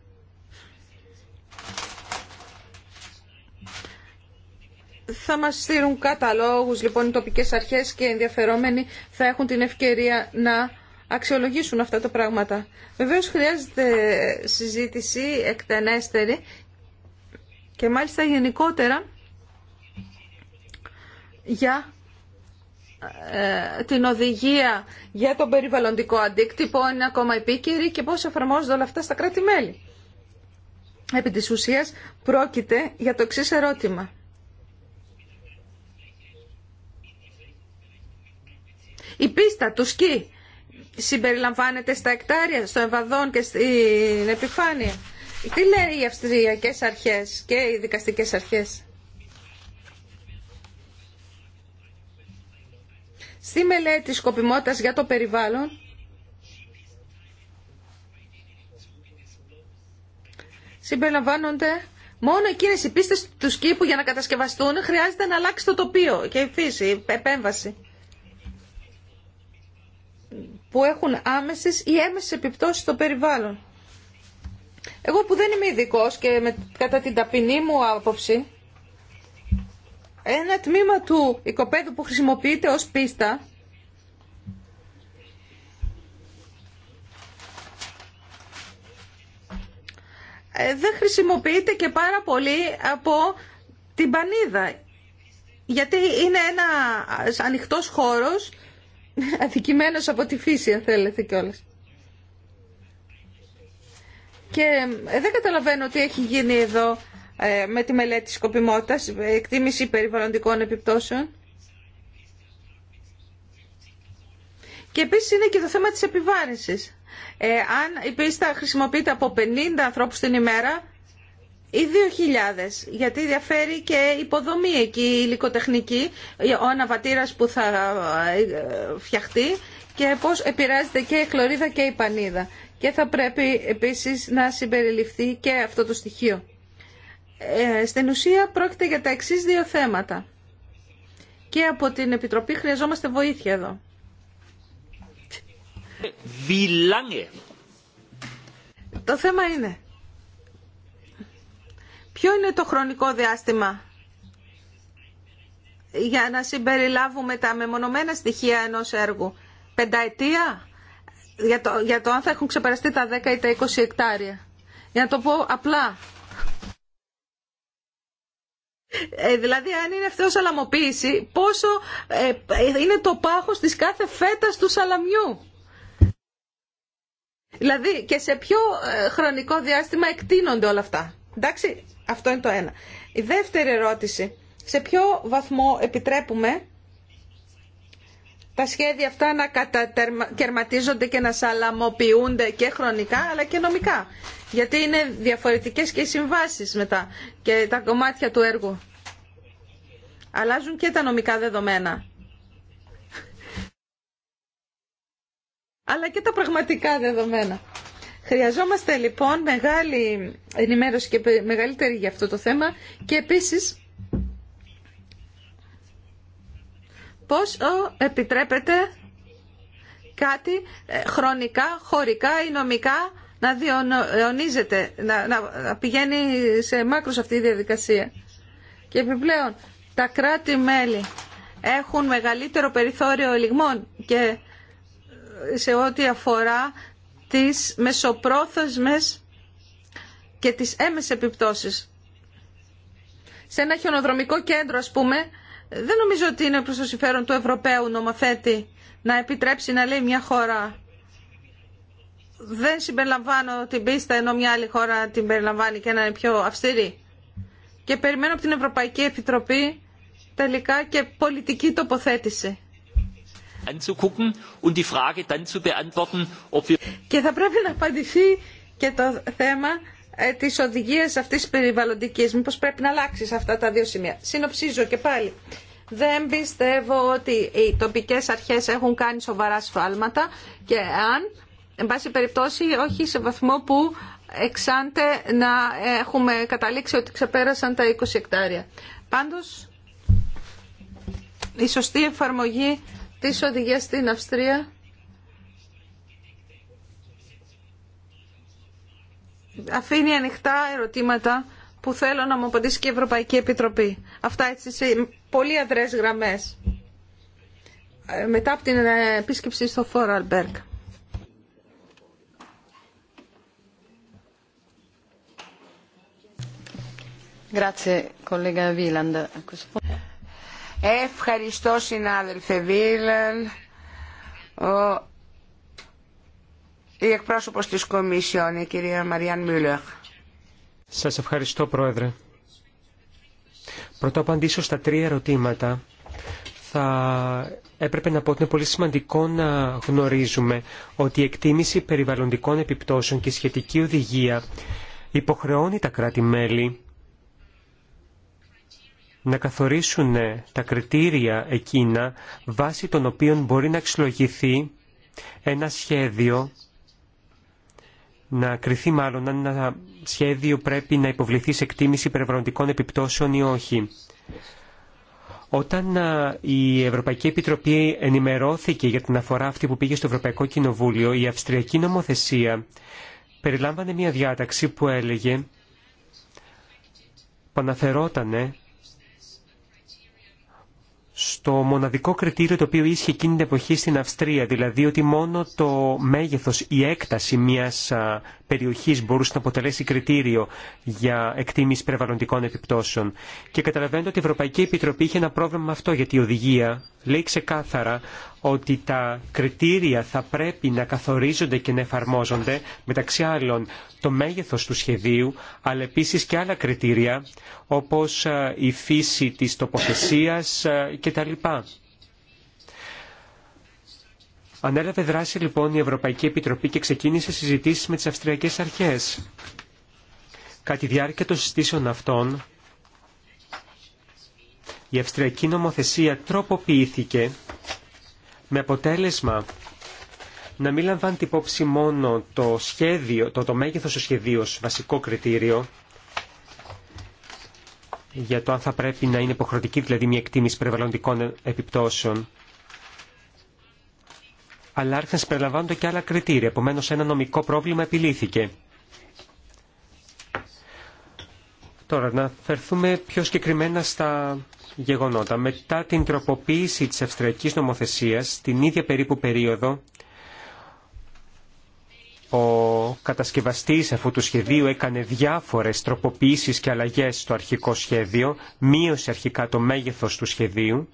Θα μας στείλουν καταλόγους, λοιπόν, οι τοπικές αρχές και οι ενδιαφερόμενοι θα έχουν την ευκαιρία να αξιολογήσουν αυτά τα πράγματα. Βεβαίως χρειάζεται συζήτηση εκτενέστερη και μάλιστα γενικότερα για ε, την οδηγία για τον περιβαλλοντικό αντίκτυπο είναι ακόμα επίκαιρη και πώς εφαρμόζονται όλα αυτά στα κράτη-μέλη. Επί της ουσίας πρόκειται για το εξή ερώτημα. Η πίστα του σκι συμπεριλαμβάνεται στα εκτάρια, στο εμβαδόν και στην επιφάνεια. Τι λένε οι αυστριακές αρχές και οι δικαστικές αρχές. Στη μελέτη σκοπιμότητας για το περιβάλλον συμπεριλαμβάνονται μόνο εκείνες οι πίστες του που για να κατασκευαστούν χρειάζεται να αλλάξει το τοπίο και η φύση, η επέμβαση που έχουν άμεσες ή έμεσες επιπτώσεις στο περιβάλλον. Εγώ που δεν είμαι ειδικό και με, κατά την ταπεινή μου άποψη, ένα τμήμα του οικοπαίδου που χρησιμοποιείται ως πίστα ε, δεν χρησιμοποιείται και πάρα πολύ από την πανίδα. Γιατί είναι ένα ανοιχτός χώρος Αδικημένος από τη φύση, αν θέλετε κιόλας. Και ε, δεν καταλαβαίνω τι έχει γίνει εδώ ε, με τη μελέτη σκοπιμότητας, ε, εκτίμηση περιβαλλοντικών επιπτώσεων. Και επίσης είναι και το θέμα της επιβάρυνσης. Ε, αν η πίστα χρησιμοποιείται από 50 ανθρώπους την ημέρα, ή 2.000, γιατί διαφέρει και υποδομή εκεί, η υλικοτεχνική, ο αναβατήρας που θα ε, φτιαχτεί και πώς επηρεάζεται και η χλωρίδα και η πανίδα. Και θα πρέπει επίσης να συμπεριληφθεί και αυτό το στοιχείο. Ε, στην ουσία πρόκειται για τα εξής δύο θέματα. Και από την Επιτροπή χρειαζόμαστε βοήθεια εδώ. Το θέμα είναι Ποιο είναι το χρονικό διάστημα για να συμπεριλάβουμε τα μεμονωμένα στοιχεία ενός έργου. Πενταετία για το, για το αν θα έχουν ξεπεραστεί τα 10 ή τα 20 εκτάρια. Για να το πω απλά. Ε, δηλαδή αν είναι αυτό σαλαμοποίηση, πόσο ε, είναι το πάχος της κάθε φέτας του σαλαμιού. Δηλαδή και σε ποιο ε, χρονικό διάστημα εκτείνονται όλα αυτά. Εντάξει, αυτό είναι το ένα. Η δεύτερη ερώτηση. Σε ποιο βαθμό επιτρέπουμε τα σχέδια αυτά να κατατερματίζονται και να σαλαμοποιούνται και χρονικά αλλά και νομικά. Γιατί είναι διαφορετικές και οι συμβάσεις μετά και τα κομμάτια του έργου. Αλλάζουν και τα νομικά δεδομένα. αλλά και τα πραγματικά δεδομένα. Χρειαζόμαστε λοιπόν μεγάλη ενημέρωση και μεγαλύτερη για αυτό το θέμα και επίσης πώς επιτρέπεται κάτι ε, χρονικά, χωρικά ή νομικά να διονύζεται, να, να πηγαίνει σε μακρους αυτή η διαδικασία. Και επιπλέον, τα κράτη-μέλη έχουν μεγαλύτερο περιθώριο ελιγμών και ε, σε ό,τι αφορά τις μεσοπρόθεσμες και τις έμες επιπτώσεις. Σε ένα χιονοδρομικό κέντρο, ας πούμε, δεν νομίζω ότι είναι προς το συμφέρον του Ευρωπαίου νομοθέτη να επιτρέψει να λέει μια χώρα δεν συμπεριλαμβάνω την πίστα ενώ μια άλλη χώρα την περιλαμβάνει και να είναι πιο αυστηρή. Και περιμένω από την Ευρωπαϊκή Επιτροπή τελικά και πολιτική τοποθέτηση. Και θα πρέπει να απαντηθεί και το θέμα ε, τη οδηγία αυτή τη περιβαλλοντική. Μήπω πρέπει να αλλάξει αυτά τα δύο σημεία. Συνοψίζω και πάλι. Δεν πιστεύω ότι οι τοπικέ αρχέ έχουν κάνει σοβαρά σφάλματα και αν, εν πάση περιπτώσει, όχι σε βαθμό που εξάντε να έχουμε καταλήξει ότι ξεπέρασαν τα 20 εκτάρια. Πάντως, η σωστή εφαρμογή τις οδηγία στην Αυστρία αφήνει ανοιχτά ερωτήματα που θέλω να μου απαντήσει και η Ευρωπαϊκή Επιτροπή. Αυτά έτσι σε πολύ αδρές γραμμές. Ε, μετά από την ε, επίσκεψη στο Φόραλμπεργκ. Grazie collega Wieland. Ευχαριστώ συνάδελφε Βίλεν, Ο... Η εκπρόσωπος της Κομισιόν, η κυρία Μαριάν Μιούλεχ. Σας ευχαριστώ Πρόεδρε. Πρώτα απαντήσω στα τρία ερωτήματα. Θα έπρεπε να πω ότι είναι πολύ σημαντικό να γνωρίζουμε ότι η εκτίμηση περιβαλλοντικών επιπτώσεων και η σχετική οδηγία υποχρεώνει τα κράτη-μέλη να καθορίσουν ε, τα κριτήρια εκείνα βάσει των οποίων μπορεί να εξλογηθεί ένα σχέδιο να κριθεί μάλλον αν ένα σχέδιο πρέπει να υποβληθεί σε εκτίμηση περιβαλλοντικών επιπτώσεων ή όχι. Όταν η Ευρωπαϊκή Επιτροπή ενημερώθηκε για την αφορά αυτή που πήγε στο Ευρωπαϊκό Κοινοβούλιο, η Αυστριακή νομοθεσία περιλάμβανε μια διάταξη που έλεγε που στο μοναδικό κριτήριο το οποίο ίσχυε εκείνη την εποχή στην Αυστρία, δηλαδή ότι μόνο το μέγεθος, η έκταση μιας περιοχής μπορούσε να αποτελέσει κριτήριο για εκτίμηση περιβαλλοντικών επιπτώσεων. Και καταλαβαίνετε ότι η Ευρωπαϊκή Επιτροπή είχε ένα πρόβλημα με αυτό, γιατί η οδηγία λέει ξεκάθαρα ότι τα κριτήρια θα πρέπει να καθορίζονται και να εφαρμόζονται, μεταξύ άλλων το μέγεθος του σχεδίου, αλλά επίσης και άλλα κριτήρια, όπως ε, η φύση της τοποθεσίας ε, κτλ. Ανέλαβε δράση λοιπόν η Ευρωπαϊκή Επιτροπή και ξεκίνησε συζητήσεις με τις Αυστριακές Αρχές. Κατά τη διάρκεια των συστήσεων αυτών, η Αυστριακή νομοθεσία τροποποιήθηκε με αποτέλεσμα να μην την υπόψη μόνο το, σχέδιο, το, το μέγεθος του σχεδίου ως βασικό κριτήριο, για το αν θα πρέπει να είναι υποχρεωτική δηλαδή μια εκτίμηση περιβαλλοντικών επιπτώσεων, αλλά άρχισαν να συμπεριλαμβάνονται και άλλα κριτήρια. Επομένω, ένα νομικό πρόβλημα επιλύθηκε. Τώρα να φερθούμε πιο συγκεκριμένα στα γεγονότα. Μετά την τροποποίηση της αυστριακής νομοθεσίας, την ίδια περίπου περίοδο, ο κατασκευαστής αυτού του σχεδίου έκανε διάφορες τροποποιήσεις και αλλαγές στο αρχικό σχέδιο, μείωσε αρχικά το μέγεθος του σχεδίου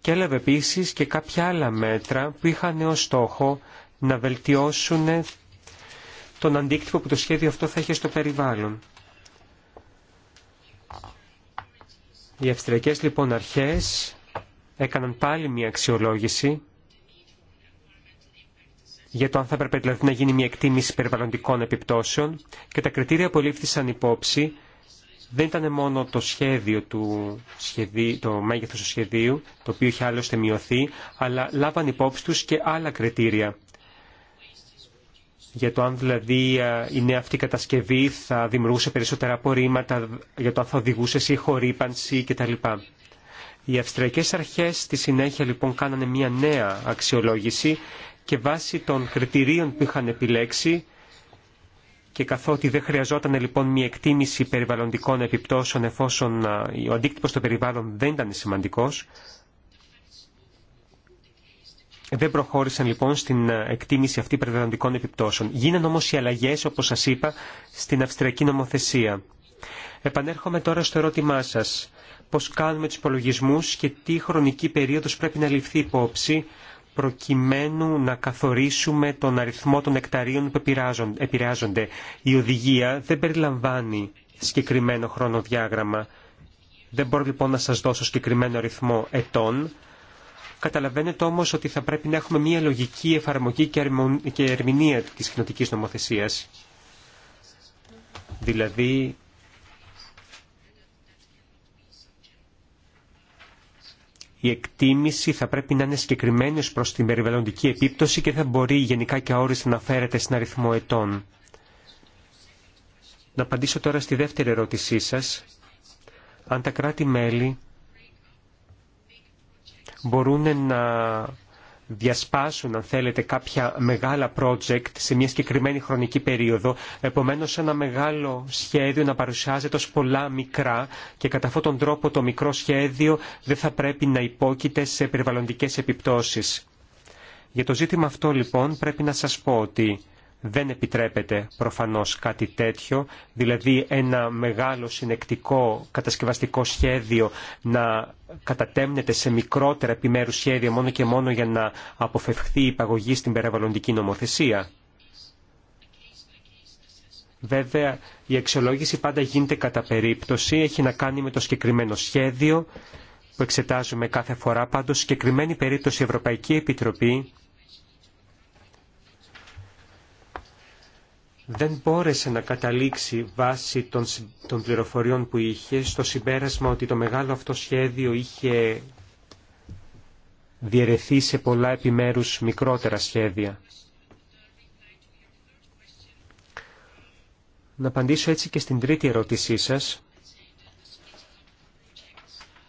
και έλαβε επίσης και κάποια άλλα μέτρα που είχαν ως στόχο να βελτιώσουν τον αντίκτυπο που το σχέδιο αυτό θα έχει στο περιβάλλον. Οι αυστριακές λοιπόν αρχές έκαναν πάλι μια αξιολόγηση για το αν θα έπρεπε δηλαδή να γίνει μια εκτίμηση περιβαλλοντικών επιπτώσεων και τα κριτήρια που λήφθησαν υπόψη δεν ήταν μόνο το σχέδιο του σχεδί, το μέγεθος του σχεδίου, το οποίο είχε άλλωστε μειωθεί, αλλά λάβαν υπόψη τους και άλλα κριτήρια για το αν δηλαδή ε, η νέα αυτή κατασκευή θα δημιουργούσε περισσότερα απορρίμματα, για το αν θα οδηγούσε σε χορύπανση κτλ. Οι αυστριακές αρχές στη συνέχεια λοιπόν κάνανε μια νέα αξιολόγηση και βάσει των κριτηρίων που είχαν επιλέξει και καθότι δεν χρειαζόταν λοιπόν μια εκτίμηση περιβαλλοντικών επιπτώσεων εφόσον ε, ο αντίκτυπος στο περιβάλλον δεν ήταν σημαντικός, δεν προχώρησαν λοιπόν στην ε, εκτίμηση αυτή περιβαλλοντικών επιπτώσεων. Γίναν όμως οι αλλαγές, όπως σας είπα, στην αυστριακή νομοθεσία. Επανέρχομαι τώρα στο ερώτημά σας. Πώς κάνουμε τους υπολογισμού και τι χρονική περίοδος πρέπει να ληφθεί υπόψη προκειμένου να καθορίσουμε τον αριθμό των εκταρίων που επηρεάζονται. Η οδηγία δεν περιλαμβάνει συγκεκριμένο χρονοδιάγραμμα. Δεν μπορώ λοιπόν να σας δώσω συγκεκριμένο αριθμό ετών Καταλαβαίνετε όμως ότι θα πρέπει να έχουμε μια λογική εφαρμογή και ερμηνεία τη κοινοτική νομοθεσία. Δηλαδή, η εκτίμηση θα πρέπει να είναι συγκεκριμένη προς την περιβαλλοντική επίπτωση και θα μπορεί γενικά και αόριστα να φέρεται στην αριθμό ετών. Να απαντήσω τώρα στη δεύτερη ερώτησή σας. Αν τα κράτη-μέλη μπορούν να διασπάσουν, αν θέλετε, κάποια μεγάλα project σε μια συγκεκριμένη χρονική περίοδο. Επομένως, ένα μεγάλο σχέδιο να παρουσιάζεται ως πολλά μικρά και κατά αυτόν τον τρόπο το μικρό σχέδιο δεν θα πρέπει να υπόκειται σε περιβαλλοντικές επιπτώσεις. Για το ζήτημα αυτό, λοιπόν, πρέπει να σας πω ότι δεν επιτρέπεται προφανώς κάτι τέτοιο, δηλαδή ένα μεγάλο συνεκτικό κατασκευαστικό σχέδιο να κατατέμνεται σε μικρότερα επιμέρους σχέδια μόνο και μόνο για να αποφευχθεί η υπαγωγή στην περιβαλλοντική νομοθεσία. Βέβαια, η αξιολόγηση πάντα γίνεται κατά περίπτωση, έχει να κάνει με το συγκεκριμένο σχέδιο που εξετάζουμε κάθε φορά. Πάντως, συγκεκριμένη περίπτωση η Ευρωπαϊκή Επιτροπή δεν μπόρεσε να καταλήξει βάσει των, πληροφοριών που είχε στο συμπέρασμα ότι το μεγάλο αυτό σχέδιο είχε διαιρεθεί σε πολλά επιμέρους μικρότερα σχέδια. Να απαντήσω έτσι και στην τρίτη ερώτησή σας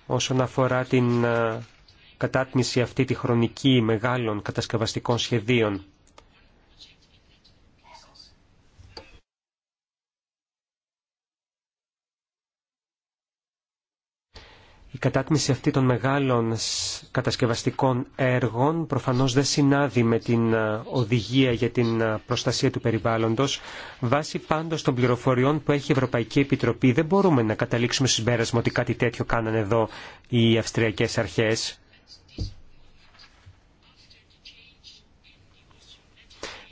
όσον αφορά την κατάτμιση αυτή τη χρονική μεγάλων κατασκευαστικών σχεδίων. Η κατάτμιση αυτή των μεγάλων κατασκευαστικών έργων προφανώς δεν συνάδει με την οδηγία για την προστασία του περιβάλλοντος. Βάσει πάντως των πληροφοριών που έχει η Ευρωπαϊκή Επιτροπή δεν μπορούμε να καταλήξουμε συμπέρασμα ότι κάτι τέτοιο κάνανε εδώ οι αυστριακές αρχές.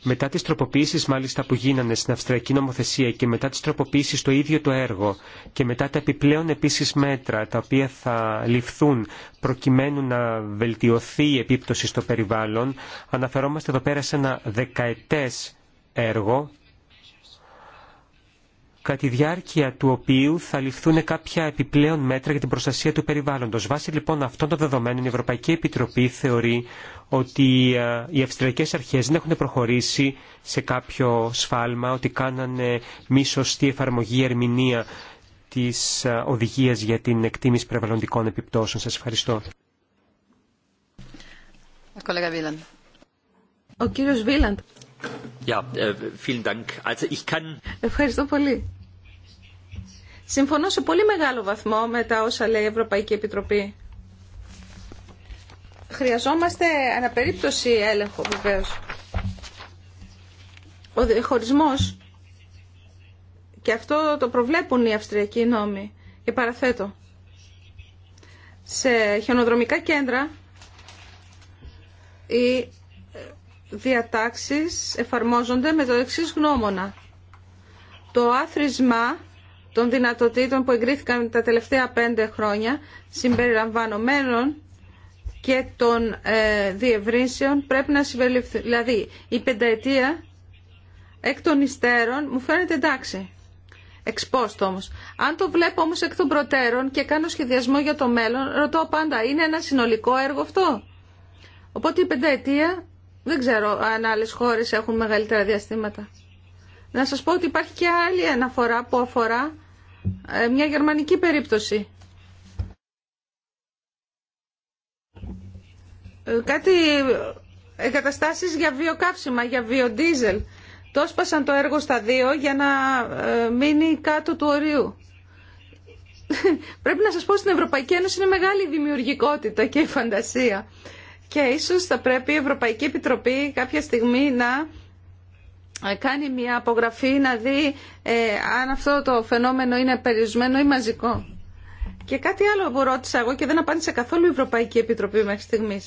Μετά τις τροποποίησεις μάλιστα που γίνανε στην Αυστριακή νομοθεσία και μετά τις τροποποίησεις το ίδιο το έργο και μετά τα επιπλέον επίσης μέτρα τα οποία θα ληφθούν προκειμένου να βελτιωθεί η επίπτωση στο περιβάλλον, αναφερόμαστε εδώ πέρα σε ένα δεκαετές έργο κατά τη διάρκεια του οποίου θα ληφθούν κάποια επιπλέον μέτρα για την προστασία του περιβάλλοντος. Βάσει λοιπόν αυτών των δεδομένων η Ευρωπαϊκή Επιτροπή θεωρεί ότι ε, οι αυστριακές αρχές δεν έχουν προχωρήσει σε κάποιο σφάλμα, ότι κάνανε μη σωστή εφαρμογή ερμηνεία της ε, οδηγίας για την εκτίμηση περιβαλλοντικών επιπτώσεων. Σας ευχαριστώ. Ο κύριος Βίλαντ. Ε, vielen Dank. Also ich Ευχαριστώ πολύ. Συμφωνώ σε πολύ μεγάλο βαθμό με τα όσα λέει η Ευρωπαϊκή Επιτροπή. Χρειαζόμαστε αναπερίπτωση έλεγχο βεβαίω. Ο χωρισμός και αυτό το προβλέπουν οι αυστριακοί νόμοι και παραθέτω σε χιονοδρομικά κέντρα οι διατάξεις εφαρμόζονται με το εξής γνώμονα το άθροισμα των δυνατοτήτων που εγκρίθηκαν τα τελευταία πέντε χρόνια συμπεριλαμβανομένων και των ε, διευρύνσεων πρέπει να συμπεριληφθεί. Δηλαδή η πενταετία εκ των υστέρων μου φαίνεται εντάξει. Εξπόστο όμω. Αν το βλέπω όμω εκ των προτέρων και κάνω σχεδιασμό για το μέλλον, ρωτώ πάντα, είναι ένα συνολικό έργο αυτό. Οπότε η πενταετία δεν ξέρω αν άλλε χώρε έχουν μεγαλύτερα διαστήματα. Να σα πω ότι υπάρχει και άλλη αναφορά που αφορά ε, μια γερμανική περίπτωση. Ε, κάτι ε, εγκαταστάσεις για βιοκαύσιμα, για βιοντίζελ. Το σπάσαν το έργο στα δύο για να μείνει κάτω του ορίου. Πρέπει να σας πω στην Ευρωπαϊκή Ένωση είναι μεγάλη δημιουργικότητα και η φαντασία. Και ίσως θα πρέπει η Ευρωπαϊκή Επιτροπή κάποια στιγμή να ε, κάνει μια απογραφή να δει ε, αν αυτό το φαινόμενο είναι περιορισμένο ή μαζικό. Και κάτι άλλο που ρώτησα εγώ και δεν απάντησε καθόλου η Ευρωπαϊκή Επιτροπή μέχρι στιγμή.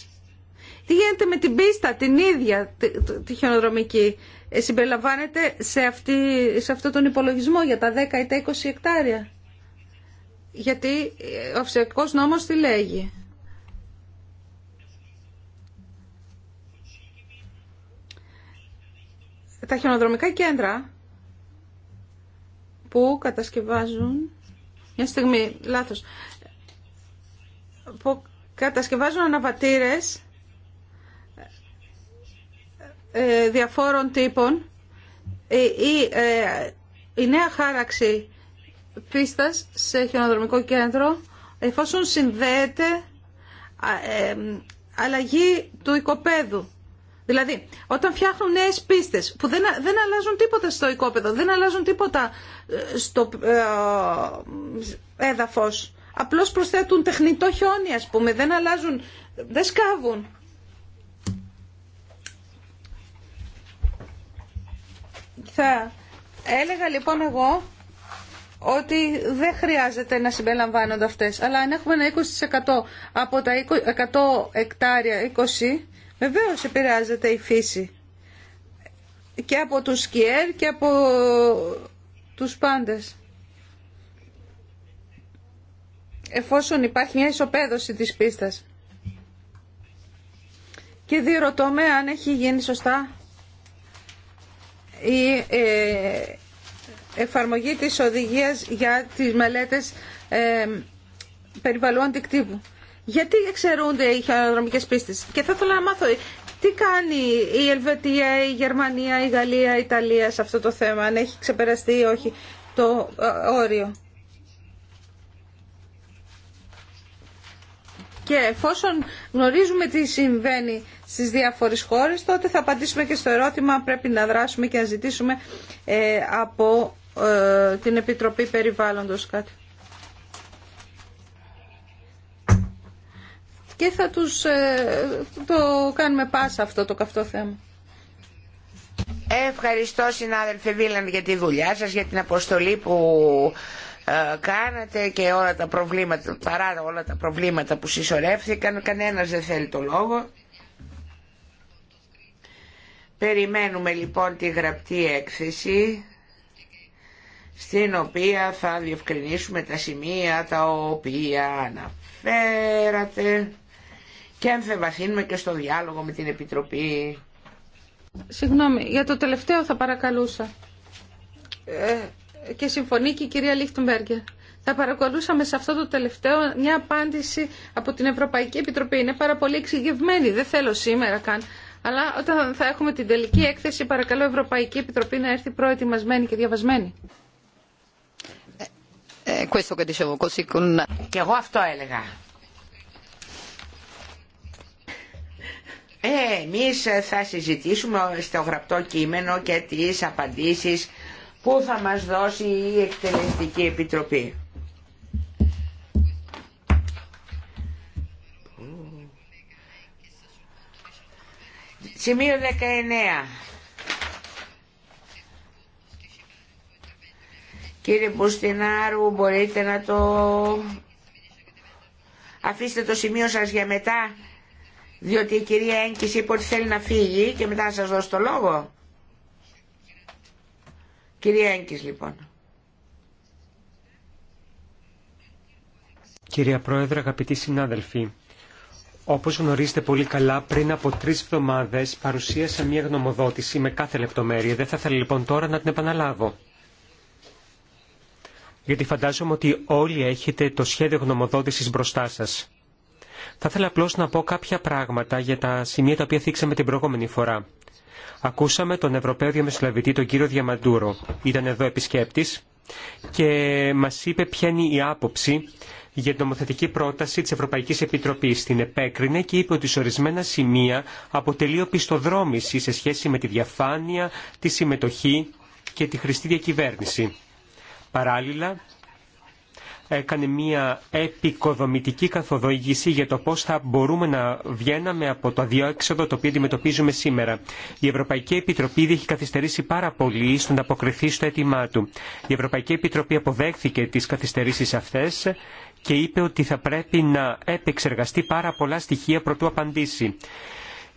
Τι γίνεται με την πίστα, την ίδια τη χιονοδρομική. Ε, συμπεριλαμβάνεται σε, αυτή, σε αυτό τον υπολογισμό για τα 10 ή τα 20 εκτάρια. Γιατί ε, ο φυσικός νόμος τι λέγει. τα χιονοδρομικά κέντρα που κατασκευάζουν μια στιγμή, λάθος που κατασκευάζουν αναβατήρες ε, διαφόρων τύπων ή ε, ε, η νέα χάραξη πίστας σε χιονοδρομικό κέντρο εφόσον συνδέεται αλλαγή του οικοπαίδου Δηλαδή, όταν φτιάχνουν νέε πίστε που δεν, δεν αλλάζουν τίποτα στο οικόπεδο, δεν αλλάζουν τίποτα ε, στο ε, ε έδαφο, απλώ προσθέτουν τεχνητό χιόνι, α πούμε, δεν αλλάζουν, δεν σκάβουν. Θα έλεγα λοιπόν εγώ ότι δεν χρειάζεται να συμπεριλαμβάνονται αυτές. Αλλά αν έχουμε ένα 20% από τα 100 εκτάρια 20 Βεβαίω επηρεάζεται η φύση και από τους σκιέρ και από τους πάντες. Εφόσον υπάρχει μια ισοπαίδωση της πίστας. Και διερωτώ με αν έχει γίνει σωστά η ε, εφαρμογή της οδηγίας για τις μελέτες ε, περιβαλλον γιατί εξαιρούνται οι χειροδρομικέ πίστες. Και θα ήθελα να μάθω τι κάνει η Ελβετία, η Γερμανία, η Γαλλία, η Ιταλία σε αυτό το θέμα, αν έχει ξεπεραστεί ή όχι το ε, όριο. Και εφόσον γνωρίζουμε τι συμβαίνει στις διάφορες χώρες, τότε θα απαντήσουμε και στο ερώτημα πρέπει να δράσουμε και να ζητήσουμε ε, από ε, την Επιτροπή Περιβάλλοντος κάτι. και θα τους ε, το κάνουμε πάσα αυτό το καυτό θέμα. Ευχαριστώ συνάδελφε Βίλαν για τη δουλειά σας, για την αποστολή που ε, κάνατε και όλα τα προβλήματα, παρά όλα τα προβλήματα που συσσωρεύθηκαν. Κανένας δεν θέλει το λόγο. Περιμένουμε λοιπόν τη γραπτή έκθεση στην οποία θα διευκρινίσουμε τα σημεία τα οποία αναφέρατε και αν θα βαθύνουμε και στο διάλογο με την Επιτροπή. Συγγνώμη, για το τελευταίο θα παρακαλούσα. Ε, και συμφωνεί και η κυρία Λίχτουμπέργκερ. Θα παρακολούσαμε σε αυτό το τελευταίο μια απάντηση από την Ευρωπαϊκή Επιτροπή. Είναι πάρα πολύ εξηγευμένη, δεν θέλω σήμερα καν. Αλλά όταν θα έχουμε την τελική έκθεση, παρακαλώ η Ευρωπαϊκή Επιτροπή να έρθει προετοιμασμένη και διαβασμένη. Ε, ε, και εγώ αυτό έλεγα. Ε, Εμεί ε, θα συζητήσουμε στο γραπτό κείμενο και τις απαντήσεις που θα μας δώσει η Εκτελεστική Επιτροπή. Σημείο 19. Κύριε Μπουστινάρου, μπορείτε να το... Αφήστε το σημείο σας για μετά διότι η κυρία Έγκης είπε ότι θέλει να φύγει και μετά να σας δώσω το λόγο. Κυρία Έγκης λοιπόν. Κυρία Πρόεδρε, αγαπητοί συνάδελφοι, όπως γνωρίζετε πολύ καλά, πριν από τρεις εβδομάδες παρουσίασα μια γνωμοδότηση με κάθε λεπτομέρεια. Δεν θα ήθελα λοιπόν τώρα να την επαναλάβω. Γιατί φαντάζομαι ότι όλοι έχετε το σχέδιο γνωμοδότησης μπροστά σας. Θα ήθελα απλώ να πω κάποια πράγματα για τα σημεία τα οποία θίξαμε την προηγούμενη φορά. Ακούσαμε τον Ευρωπαίο Διαμεσολαβητή, τον κύριο Διαμαντούρο. Ήταν εδώ επισκέπτη και μα είπε ποια είναι η άποψη για την νομοθετική πρόταση της Ευρωπαϊκής Επιτροπής. Την επέκρινε και είπε ότι σε ορισμένα σημεία αποτελεί οπισθοδρόμηση σε σχέση με τη διαφάνεια, τη συμμετοχή και τη χρηστή διακυβέρνηση. Παράλληλα, έκανε μια επικοδομητική καθοδήγηση για το πώ θα μπορούμε να βγαίναμε από το έξοδο το οποίο αντιμετωπίζουμε σήμερα. Η Ευρωπαϊκή Επιτροπή ήδη έχει καθυστερήσει πάρα πολύ στον να αποκριθεί στο αίτημά του. Η Ευρωπαϊκή Επιτροπή αποδέχθηκε τις καθυστερήσεις αυτές και είπε ότι θα πρέπει να επεξεργαστεί πάρα πολλά στοιχεία προτού απαντήσει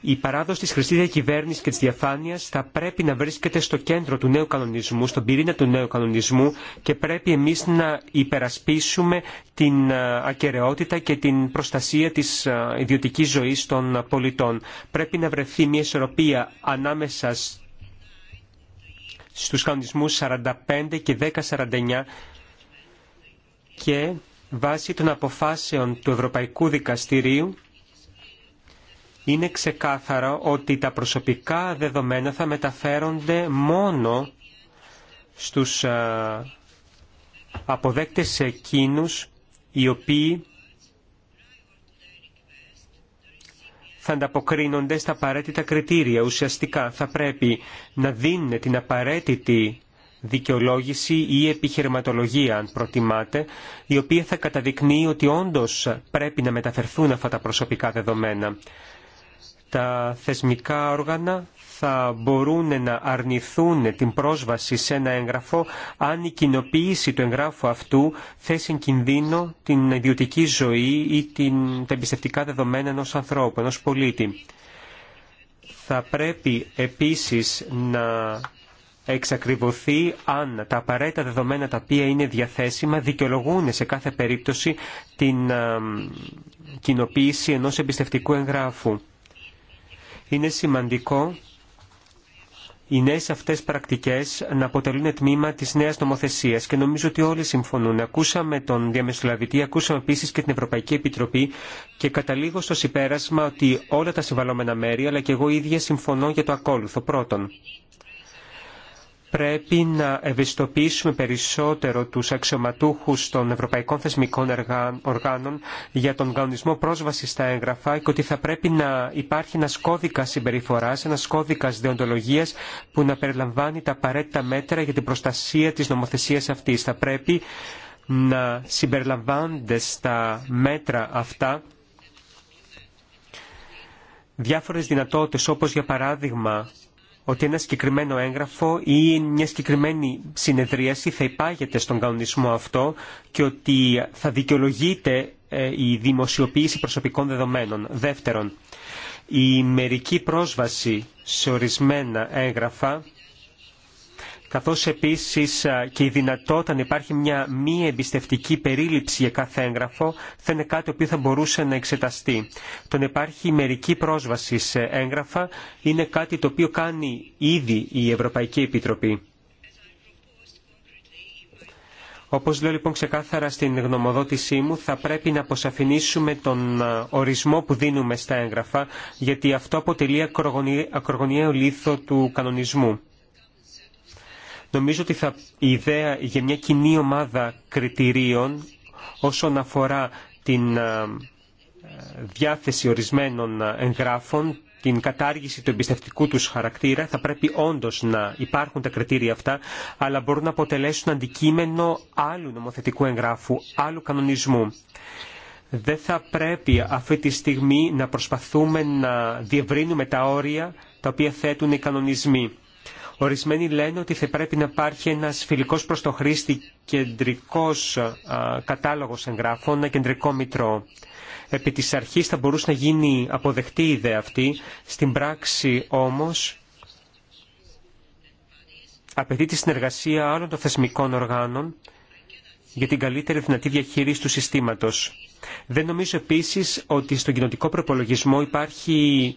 η παράδοση της χρυσή διακυβέρνηση και της διαφάνειας θα πρέπει να βρίσκεται στο κέντρο του νέου κανονισμού, στον πυρήνα του νέου κανονισμού και πρέπει εμείς να υπερασπίσουμε την ε, ακαιρεότητα και την προστασία της ε, ιδιωτικής ζωής των πολιτών. Πρέπει να βρεθεί μια ισορροπία ανάμεσα στους κανονισμούς 45 και 1049 και βάσει των αποφάσεων του Ευρωπαϊκού Δικαστηρίου είναι ξεκάθαρο ότι τα προσωπικά δεδομένα θα μεταφέρονται μόνο στους ε, αποδέκτες εκείνους οι οποίοι θα ανταποκρίνονται στα απαραίτητα κριτήρια. Ουσιαστικά θα πρέπει να δίνουν την απαραίτητη δικαιολόγηση ή επιχειρηματολογία αν προτιμάτε, η οποία θα καταδεικνύει ότι όντως πρέπει να μεταφερθούν αυτά τα προσωπικά δεδομένα τα θεσμικά όργανα θα μπορούν να αρνηθούν την πρόσβαση σε ένα έγγραφο αν η κοινοποίηση του εγγράφου αυτού θέσει κινδύνο την ιδιωτική ζωή ή την, τα εμπιστευτικά δεδομένα ενός ανθρώπου, ενός πολίτη. Θα πρέπει επίσης να εξακριβωθεί αν τα απαραίτητα δεδομένα τα οποία είναι διαθέσιμα δικαιολογούν σε κάθε περίπτωση την κοινοποίηση ενός εμπιστευτικού εγγράφου. Είναι σημαντικό οι νέε αυτές πρακτικές να αποτελούν τμήμα της νέας νομοθεσίας και νομίζω ότι όλοι συμφωνούν. Ακούσαμε τον διαμεσολαβητή, ακούσαμε επίσης και την Ευρωπαϊκή Επιτροπή και καταλήγω στο συμπέρασμα ότι όλα τα συμβαλώμενα μέρη αλλά και εγώ ίδια συμφωνώ για το ακόλουθο. Πρώτον, πρέπει να ευαισθητοποιήσουμε περισσότερο τους αξιωματούχους των ευρωπαϊκών θεσμικών οργάνων για τον κανονισμό πρόσβασης στα έγγραφα και ότι θα πρέπει να υπάρχει ένας κώδικας συμπεριφοράς, ένας κώδικας δεοντολογίας που να περιλαμβάνει τα απαραίτητα μέτρα για την προστασία της νομοθεσίας αυτής. Θα πρέπει να συμπεριλαμβάνονται στα μέτρα αυτά διάφορες δυνατότητες όπως για παράδειγμα ότι ένα συγκεκριμένο έγγραφο ή μια συγκεκριμένη συνεδρίαση θα υπάγεται στον κανονισμό αυτό και ότι θα δικαιολογείται ε, η δημοσιοποίηση προσωπικών δεδομένων. Δεύτερον, η μερική πρόσβαση σε ορισμένα έγγραφα καθώς επίσης και η δυνατότητα να υπάρχει μια μη εμπιστευτική περίληψη για κάθε έγγραφο θα είναι κάτι που θα μπορούσε να εξεταστεί. Τον να υπάρχει μερική πρόσβαση σε έγγραφα είναι κάτι το οποίο κάνει ήδη η Ευρωπαϊκή Επιτροπή. Όπως λέω λοιπόν ξεκάθαρα στην γνωμοδότησή μου, θα πρέπει να αποσαφηνίσουμε τον ορισμό που δίνουμε στα έγγραφα, γιατί αυτό αποτελεί ακρογωνιαίο λίθο του κανονισμού. Νομίζω ότι θα, η ιδέα για μια κοινή ομάδα κριτηρίων όσον αφορά την ε, διάθεση ορισμένων εγγράφων, την κατάργηση του εμπιστευτικού τους χαρακτήρα, θα πρέπει όντως να υπάρχουν τα κριτήρια αυτά, αλλά μπορούν να αποτελέσουν αντικείμενο άλλου νομοθετικού εγγράφου, άλλου κανονισμού. Δεν θα πρέπει αυτή τη στιγμή να προσπαθούμε να διευρύνουμε τα όρια τα οποία θέτουν οι κανονισμοί. Ορισμένοι λένε ότι θα πρέπει να υπάρχει ένας φιλικός προς το χρήστη κεντρικός κατάλογος εγγράφων, ένα κεντρικό μητρό. Επί της αρχής θα μπορούσε να γίνει αποδεκτή η ιδέα αυτή, στην πράξη όμως απαιτεί τη συνεργασία άλλων των θεσμικών οργάνων για την καλύτερη δυνατή διαχείριση του συστήματος. Δεν νομίζω επίσης ότι στον κοινοτικό προπολογισμό υπάρχει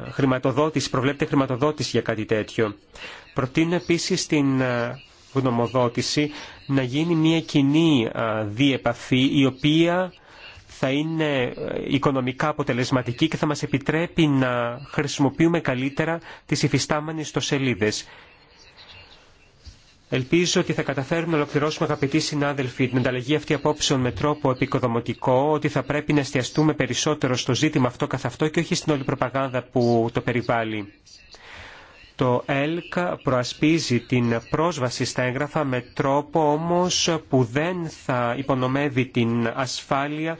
χρηματοδότηση, προβλέπεται χρηματοδότηση για κάτι τέτοιο. Προτείνω επίσης την ε, γνωμοδότηση να γίνει μια κοινή ε, διεπαφή η οποία θα είναι ε, οικονομικά αποτελεσματική και θα μας επιτρέπει να χρησιμοποιούμε καλύτερα τις υφιστάμενες τοσελίδες. Ελπίζω ότι θα καταφέρουμε να ολοκληρώσουμε, αγαπητοί συνάδελφοι, την ανταλλαγή αυτή απόψεων με τρόπο επικοδομητικό, ότι θα πρέπει να εστιαστούμε περισσότερο στο ζήτημα αυτό καθ' αυτό και όχι στην όλη προπαγάνδα που το περιβάλλει. Το ΕΛΚ προασπίζει την πρόσβαση στα έγγραφα με τρόπο όμως που δεν θα υπονομεύει την ασφάλεια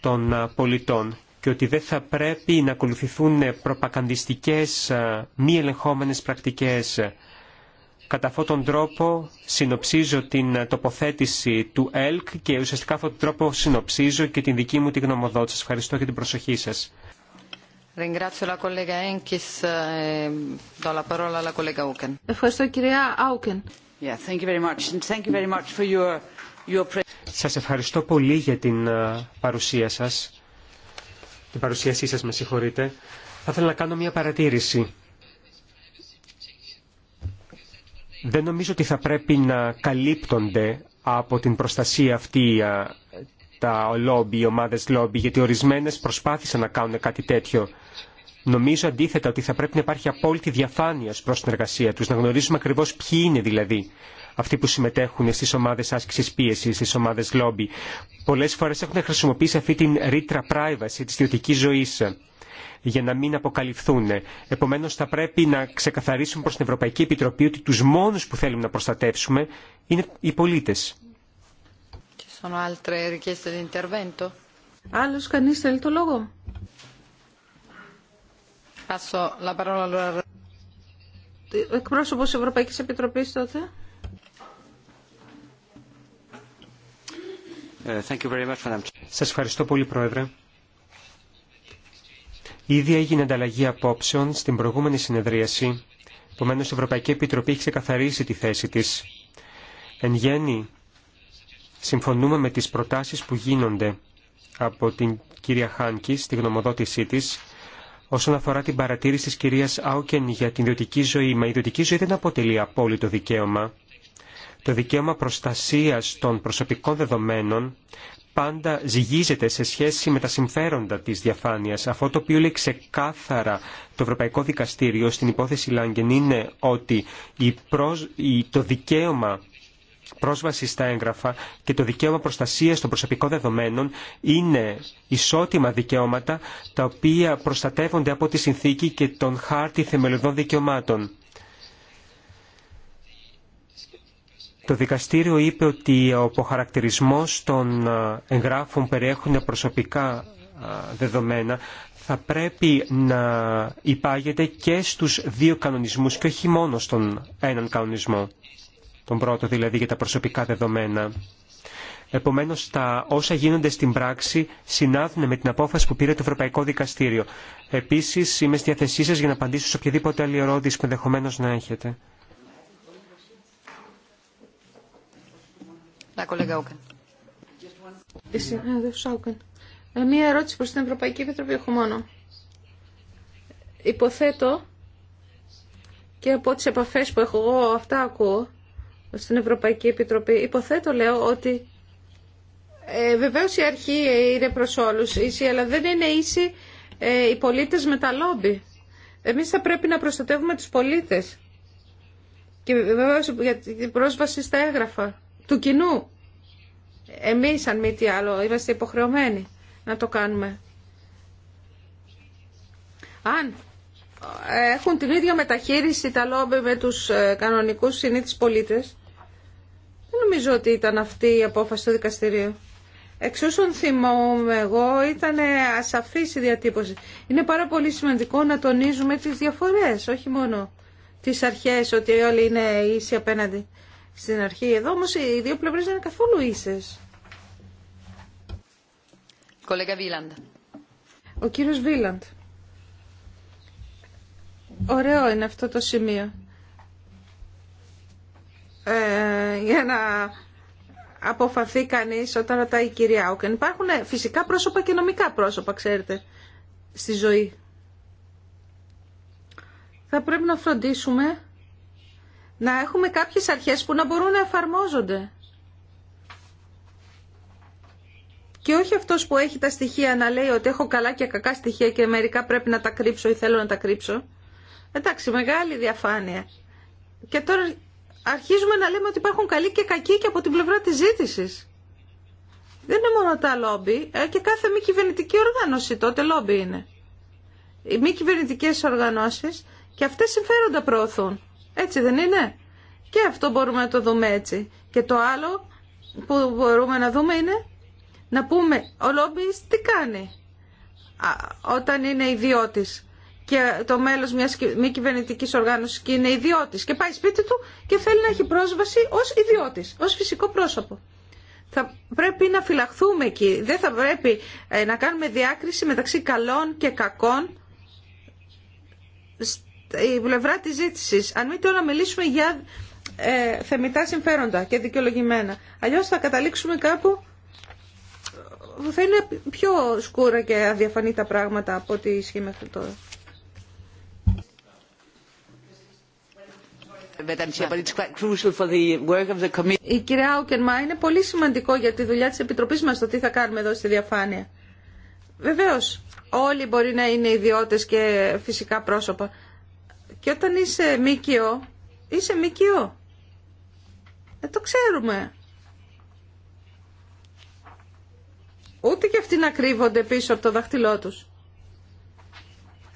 των πολιτών και ότι δεν θα πρέπει να ακολουθηθούν προπαγανδιστικές, μη ελεγχόμενες πρακτικές. Κατά αυτόν τον τρόπο συνοψίζω την τοποθέτηση του ΕΛΚ και ουσιαστικά αυτόν τον τρόπο συνοψίζω και την δική μου τη γνωμοδότηση. Σας ευχαριστώ για την προσοχή σας. Eh, ευχαριστώ κυρία Άουκεν. Σας ευχαριστώ πολύ για την ε, παρουσία σας. Την παρουσίασή σας, με συγχωρείτε. Θα ήθελα να κάνω μια παρατήρηση. δεν νομίζω ότι θα πρέπει να καλύπτονται από την προστασία αυτή τα λόμπι, οι ομάδες λόμπι, γιατί ορισμένες προσπάθησαν να κάνουν κάτι τέτοιο. Νομίζω αντίθετα ότι θα πρέπει να υπάρχει απόλυτη διαφάνεια προς την εργασία τους, να γνωρίζουμε ακριβώς ποιοι είναι δηλαδή αυτοί που συμμετέχουν στις ομάδες άσκησης πίεσης, στις ομάδες λόμπι. Πολλές φορές έχουν χρησιμοποιήσει αυτή την ρήτρα privacy της ιδιωτική ζωής για να μην αποκαλυφθούν. Επομένω, θα πρέπει να ξεκαθαρίσουμε προ την Ευρωπαϊκή Επιτροπή ότι του μόνου που θέλουμε να προστατεύσουμε είναι οι πολίτε. Άλλο κανεί θέλει το λόγο. Εκπρόσωπο Ευρωπαϊκή Επιτροπή τότε. Ε, Σας ευχαριστώ πολύ, Πρόεδρε. Ήδη έγινε ανταλλαγή απόψεων στην προηγούμενη συνεδρίαση, επομένω η Ευρωπαϊκή Επιτροπή έχει ξεκαθαρίσει τη θέση τη. Εν γέννη, συμφωνούμε με τι προτάσει που γίνονται από την κυρία Χάνκη στη γνωμοδότησή τη όσον αφορά την παρατήρηση της κυρίας Άουκεν για την ιδιωτική ζωή. Μα η ιδιωτική ζωή δεν αποτελεί απόλυτο δικαίωμα. Το δικαίωμα προστασίας των προσωπικών δεδομένων πάντα ζυγίζεται σε σχέση με τα συμφέροντα της διαφάνειας. Αυτό το οποίο λέει ξεκάθαρα το Ευρωπαϊκό Δικαστήριο στην υπόθεση Λάγκεν είναι ότι η το δικαίωμα πρόσβαση στα έγγραφα και το δικαίωμα προστασίας των προσωπικών δεδομένων είναι ισότιμα δικαιώματα τα οποία προστατεύονται από τη συνθήκη και τον χάρτη θεμελιωδών δικαιωμάτων. Το δικαστήριο είπε ότι ο αποχαρακτηρισμός των ε, εγγράφων περιέχουν προσωπικά ε, δεδομένα θα πρέπει να υπάγεται και στους δύο κανονισμούς και όχι μόνο στον έναν κανονισμό. Τον πρώτο δηλαδή για τα προσωπικά δεδομένα. Επομένως τα όσα γίνονται στην πράξη συνάδουν με την απόφαση που πήρε το Ευρωπαϊκό Δικαστήριο. Επίσης είμαι στη διαθεσή σας για να απαντήσω σε οποιαδήποτε άλλη ερώτηση που ενδεχομένω να έχετε. Ε, μία ερώτηση προς την Ευρωπαϊκή Επιτροπή έχω μόνο. Υποθέτω και από τις επαφές που έχω εγώ αυτά ακούω στην Ευρωπαϊκή Επιτροπή, υποθέτω λέω ότι ε, βεβαίως η αρχή είναι προς όλους ίση, αλλά δεν είναι ίση ε, οι πολίτες με τα λόμπι. Εμείς θα πρέπει να προστατεύουμε τους πολίτες και βεβαίω για την πρόσβαση στα έγγραφα του κοινού. Εμείς, αν μη τι άλλο, είμαστε υποχρεωμένοι να το κάνουμε. Αν έχουν την ίδια μεταχείριση τα λόμπε με τους ε, κανονικούς συνήθεις πολίτες, δεν νομίζω ότι ήταν αυτή η απόφαση του δικαστηρίου. Εξ όσων θυμόμαι εγώ ήταν ασαφής η διατύπωση. Είναι πάρα πολύ σημαντικό να τονίζουμε τις διαφορές, όχι μόνο τις αρχές ότι όλοι είναι ίσοι απέναντι στην αρχή. Εδώ όμως οι δύο πλευρές δεν είναι καθόλου ίσες. Βίλαντ. Ο κύριος Βίλαντ. Ωραίο είναι αυτό το σημείο. Ε, για να αποφαθεί κανείς όταν ρωτάει η κυρία Οκεν. Υπάρχουν ε, φυσικά πρόσωπα και νομικά πρόσωπα, ξέρετε, στη ζωή. Θα πρέπει να φροντίσουμε να έχουμε κάποιες αρχές που να μπορούν να εφαρμόζονται. Και όχι αυτός που έχει τα στοιχεία να λέει ότι έχω καλά και κακά στοιχεία και μερικά πρέπει να τα κρύψω ή θέλω να τα κρύψω. Εντάξει, μεγάλη διαφάνεια. Και τώρα αρχίζουμε να λέμε ότι υπάρχουν καλοί και κακοί και από την πλευρά της ζήτησης. Δεν είναι μόνο τα λόμπι, ε, και κάθε μη κυβερνητική οργάνωση τότε λόμπι είναι. Οι μη κυβερνητικέ οργανώσεις και αυτές συμφέροντα προωθούν. Έτσι δεν είναι. Και αυτό μπορούμε να το δούμε έτσι. Και το άλλο που μπορούμε να δούμε είναι να πούμε ο λόμπις τι κάνει όταν είναι ιδιώτης και το μέλος μιας μη κυβερνητική οργάνωσης και είναι ιδιώτης και πάει σπίτι του και θέλει να έχει πρόσβαση ως ιδιώτης, ως φυσικό πρόσωπο. Θα πρέπει να φυλαχθούμε εκεί. Δεν θα πρέπει ε, να κάνουμε διάκριση μεταξύ καλών και κακών η πλευρά της ζήτησης. Αν μην τώρα μιλήσουμε για ε, θεμητά συμφέροντα και δικαιολογημένα. Αλλιώς θα καταλήξουμε κάπου που ε, θα είναι πιο σκούρα και αδιαφανή τα πράγματα από ό,τι ισχύει μέχρι τώρα. Η κυρία Άουκενμα είναι πολύ σημαντικό για τη δουλειά της Επιτροπής μας το τι θα κάνουμε εδώ στη διαφάνεια. Βεβαίως, όλοι μπορεί να είναι ιδιώτες και φυσικά πρόσωπα. Και όταν είσαι μίκιο, είσαι Μίκιο. Ε, το ξέρουμε. Ούτε και αυτοί να κρύβονται πίσω από το δάχτυλό τους.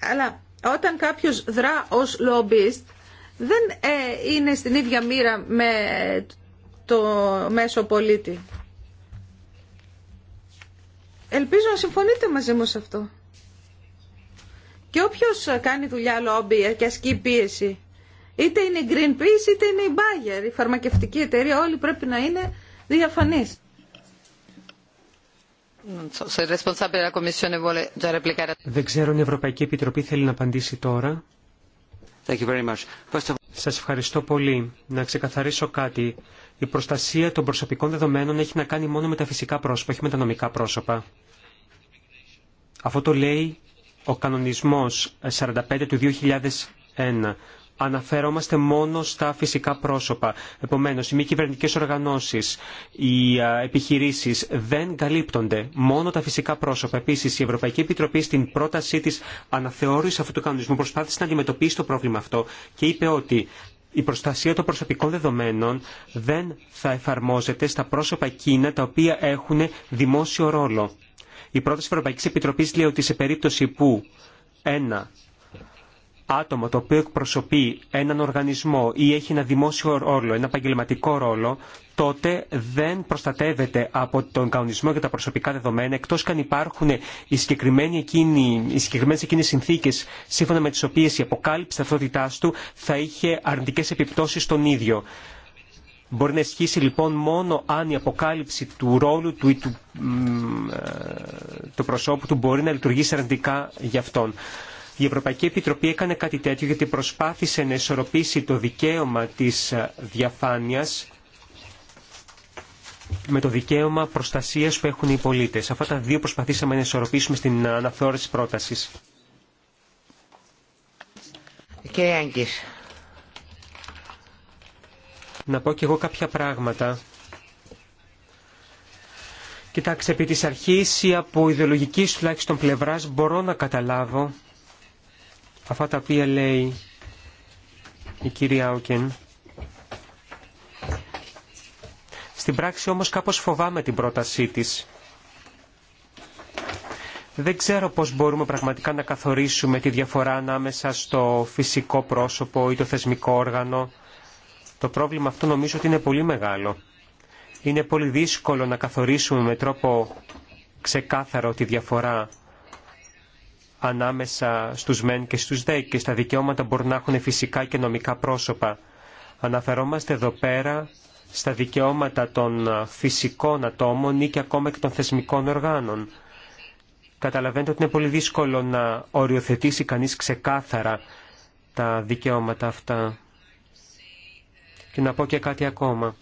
Αλλά όταν κάποιος δρά ως λόμπιστ, δεν ε, είναι στην ίδια μοίρα με το μέσο πολίτη. Ελπίζω να συμφωνείτε μαζί μου σε αυτό. Και όποιο κάνει δουλειά λόμπι και ασκεί πίεση, είτε είναι η Greenpeace είτε είναι η Bayer, η φαρμακευτική εταιρεία, όλοι πρέπει να είναι διαφανείς. Δεν ξέρω αν η Ευρωπαϊκή Επιτροπή θέλει να απαντήσει τώρα. Σα ευχαριστώ πολύ. Να ξεκαθαρίσω κάτι. Η προστασία των προσωπικών δεδομένων έχει να κάνει μόνο με τα φυσικά πρόσωπα, όχι με τα νομικά πρόσωπα. Αυτό το λέει ο κανονισμός 45 του 2001 αναφέρομαστε μόνο στα φυσικά πρόσωπα. Επομένως, οι μη κυβερνητικέ οργανώσεις, οι επιχειρήσεις δεν καλύπτονται μόνο τα φυσικά πρόσωπα. Επίσης, η Ευρωπαϊκή Επιτροπή στην πρότασή της αναθεώρησε αυτού του κανονισμού, προσπάθησε να αντιμετωπίσει το πρόβλημα αυτό και είπε ότι η προστασία των προσωπικών δεδομένων δεν θα εφαρμόζεται στα πρόσωπα εκείνα τα οποία έχουν δημόσιο ρόλο. Η πρόταση Ευρωπαϊκή Επιτροπή λέει ότι σε περίπτωση που ένα άτομο το οποίο εκπροσωπεί έναν οργανισμό ή έχει ένα δημόσιο ρόλο, ένα επαγγελματικό ρόλο, τότε δεν προστατεύεται από τον κανονισμό για τα προσωπικά δεδομένα, εκτός και αν υπάρχουν οι συγκεκριμένες εκείνε συνθήκε, εκείνες συνθήκες σύμφωνα με τις οποίες η αποκάλυψη ταυτότητάς του θα είχε αρνητικές επιπτώσεις στον ίδιο. Μπορεί να ισχύσει λοιπόν μόνο αν η αποκάλυψη του ρόλου του ή του, ε, του προσώπου του μπορεί να λειτουργήσει αρνητικά για αυτόν. Η Ευρωπαϊκή Επιτροπή έκανε κάτι τέτοιο γιατί προσπάθησε να ισορροπήσει το δικαίωμα της ε, διαφάνειας με το δικαίωμα προστασίας που έχουν οι πολίτες. Αυτά τα δύο προσπαθήσαμε να ισορροπήσουμε στην αναθεώρηση πρότασης. Κύριε να πω κι εγώ κάποια πράγματα. Κοιτάξτε, επί της αρχής ή από ιδεολογικής τουλάχιστον πλευράς μπορώ να καταλάβω αυτά τα οποία λέει η κυρία Όκεν. Στην πράξη όμως κάπως φοβάμαι την πρότασή της. Δεν ξέρω πώς μπορούμε πραγματικά να καθορίσουμε τη διαφορά ανάμεσα στο φυσικό πρόσωπο ή το θεσμικό όργανο το πρόβλημα αυτό νομίζω ότι είναι πολύ μεγάλο. Είναι πολύ δύσκολο να καθορίσουμε με τρόπο ξεκάθαρο τη διαφορά ανάμεσα στους μεν και στους δε και στα δικαιώματα μπορούν να έχουν φυσικά και νομικά πρόσωπα. Αναφερόμαστε εδώ πέρα στα δικαιώματα των φυσικών ατόμων ή και ακόμα και των θεσμικών οργάνων. Καταλαβαίνετε ότι είναι πολύ δύσκολο να οριοθετήσει κανείς ξεκάθαρα τα δικαιώματα αυτά. Και να πω και κάτι ακόμα.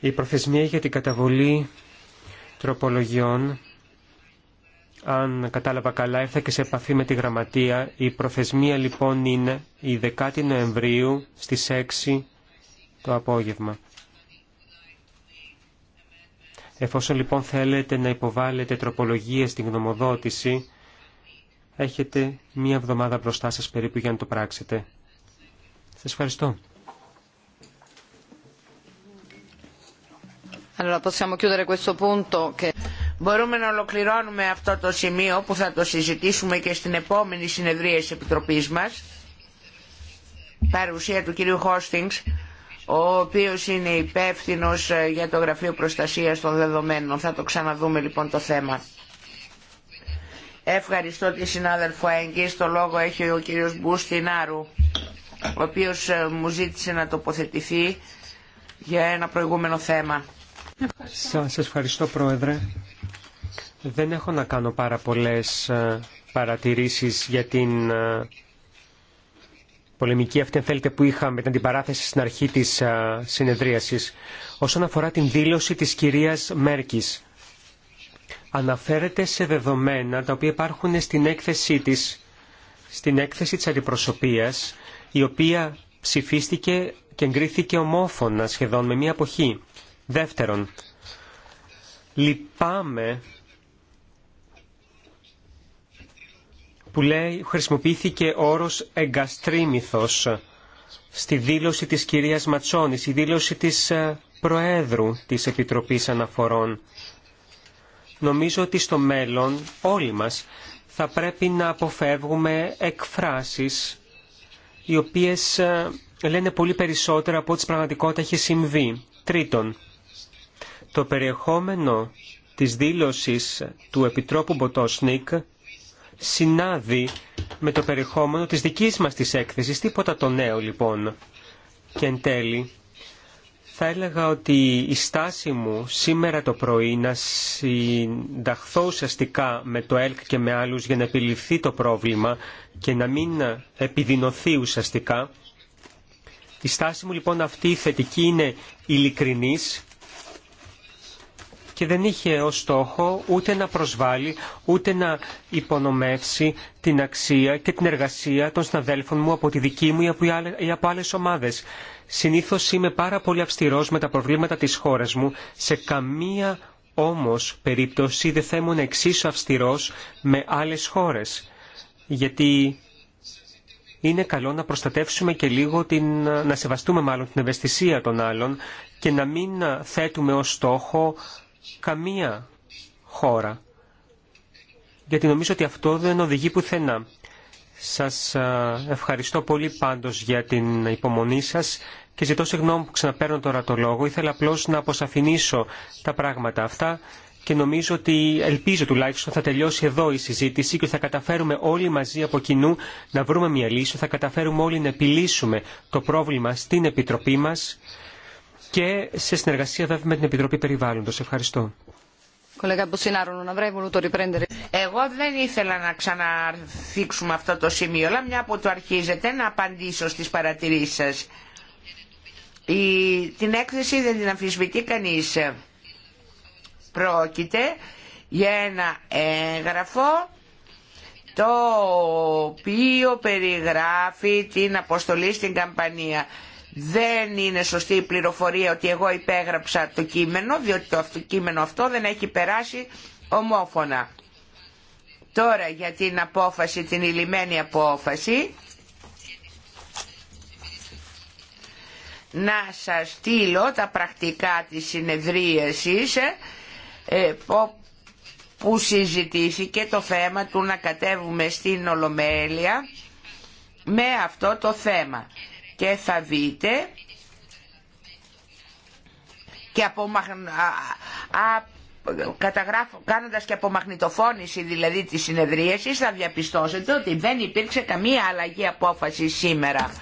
Η προθεσμία για την καταβολή τροπολογιών, αν κατάλαβα καλά, ήρθα και σε επαφή με τη γραμματεία. Η προθεσμία λοιπόν είναι η 10η Νοεμβρίου στις 6 το απόγευμα. Εφόσον λοιπόν θέλετε να υποβάλλετε τροπολογίε στην γνωμοδότηση, έχετε μία εβδομάδα μπροστά σας περίπου για να το πράξετε. Σας ευχαριστώ. Μπορούμε να ολοκληρώνουμε αυτό το σημείο που θα το συζητήσουμε και στην επόμενη συνεδρία της Επιτροπής μας. Παρουσία του κυρίου Χόστινγκς, ο οποίος είναι υπεύθυνο ε, για το Γραφείο Προστασίας των Δεδομένων. Θα το ξαναδούμε λοιπόν το θέμα. Ευχαριστώ τη συνάδελφο Έγκης. Το λόγο έχει ο κύριος Μπουστινάρου ο οποίος ε, μου ζήτησε να τοποθετηθεί για ένα προηγούμενο θέμα. Σας ευχαριστώ Πρόεδρε. Δεν έχω να κάνω πάρα πολλές ε, παρατηρήσεις για την ε, πολεμική αυτή που είχαμε την παράθεση στην αρχή της συνεδρίασης. Όσον αφορά την δήλωση της κυρίας Μέρκης, αναφέρεται σε δεδομένα τα οποία υπάρχουν στην έκθεσή της, στην έκθεση της αντιπροσωπείας η οποία ψηφίστηκε και εγκρίθηκε ομόφωνα σχεδόν με μία αποχή. Δεύτερον, λυπάμαι που λέει χρησιμοποιήθηκε όρος εγκαστρίμηθος στη δήλωση της κυρίας Ματσόνης, η δήλωση της ε, Προέδρου της Επιτροπής Αναφορών. Νομίζω ότι στο μέλλον όλοι μας θα πρέπει να αποφεύγουμε εκφράσεις οι οποίες ε, λένε πολύ περισσότερα από ό,τι πραγματικότητα έχει συμβεί. Τρίτον, το περιεχόμενο της δήλωσης του Επιτρόπου Μποτόσνικ συνάδει με το περιεχόμενο της δικής μας της έκθεσης, τίποτα το νέο λοιπόν. Και εν τέλει, θα έλεγα ότι η στάση μου σήμερα το πρωί να συνταχθώ ουσιαστικά με το ΕΛΚ και με άλλους για να επιληφθεί το πρόβλημα και να μην επιδεινωθεί ουσιαστικά. Η στάση μου λοιπόν αυτή η θετική είναι ειλικρινής και δεν είχε ως στόχο ούτε να προσβάλλει ούτε να υπονομεύσει την αξία και την εργασία των συναδέλφων μου από τη δική μου ή από άλλες ομάδες. Συνήθως είμαι πάρα πολύ αυστηρός με τα προβλήματα της χώρας μου. Σε καμία όμως περίπτωση δεν θα ήμουν εξίσου αυστηρός με άλλες χώρες. Γιατί είναι καλό να προστατεύσουμε και λίγο την, να σεβαστούμε μάλλον την ευαισθησία των άλλων και να μην θέτουμε ως στόχο καμία χώρα. Γιατί νομίζω ότι αυτό δεν οδηγεί πουθενά. Σας ευχαριστώ πολύ πάντως για την υπομονή σας και ζητώ συγγνώμη που ξαναπαίρνω τώρα το λόγο. Ήθελα απλώς να αποσαφηνίσω τα πράγματα αυτά και νομίζω ότι ελπίζω τουλάχιστον θα τελειώσει εδώ η συζήτηση και θα καταφέρουμε όλοι μαζί από κοινού να βρούμε μια λύση, θα καταφέρουμε όλοι να επιλύσουμε το πρόβλημα στην Επιτροπή μας και σε συνεργασία βέβαια με την Επιτροπή Περιβάλλοντος. Ευχαριστώ. Εγώ δεν ήθελα να ξαναθίξουμε αυτό το σημείο, αλλά μια που το αρχίζετε να απαντήσω στις παρατηρήσεις σας. Η, την έκθεση δεν την αμφισβητεί κανείς. Πρόκειται για ένα έγγραφο το οποίο περιγράφει την αποστολή στην καμπανία δεν είναι σωστή η πληροφορία ότι εγώ υπέγραψα το κείμενο, διότι το κείμενο αυτό δεν έχει περάσει ομόφωνα. Τώρα για την απόφαση, την ηλυμένη απόφαση, να σας στείλω τα πρακτικά της συνεδρίασης ε, ε, που συζητήθηκε το θέμα του να κατέβουμε στην Ολομέλεια με αυτό το θέμα και θα δείτε και από, α, καταγράφω, κάνοντας και απομαγνητοφώνηση δηλαδή τη συνεδρίαση θα διαπιστώσετε ότι δεν υπήρξε καμία αλλαγή απόφαση σήμερα.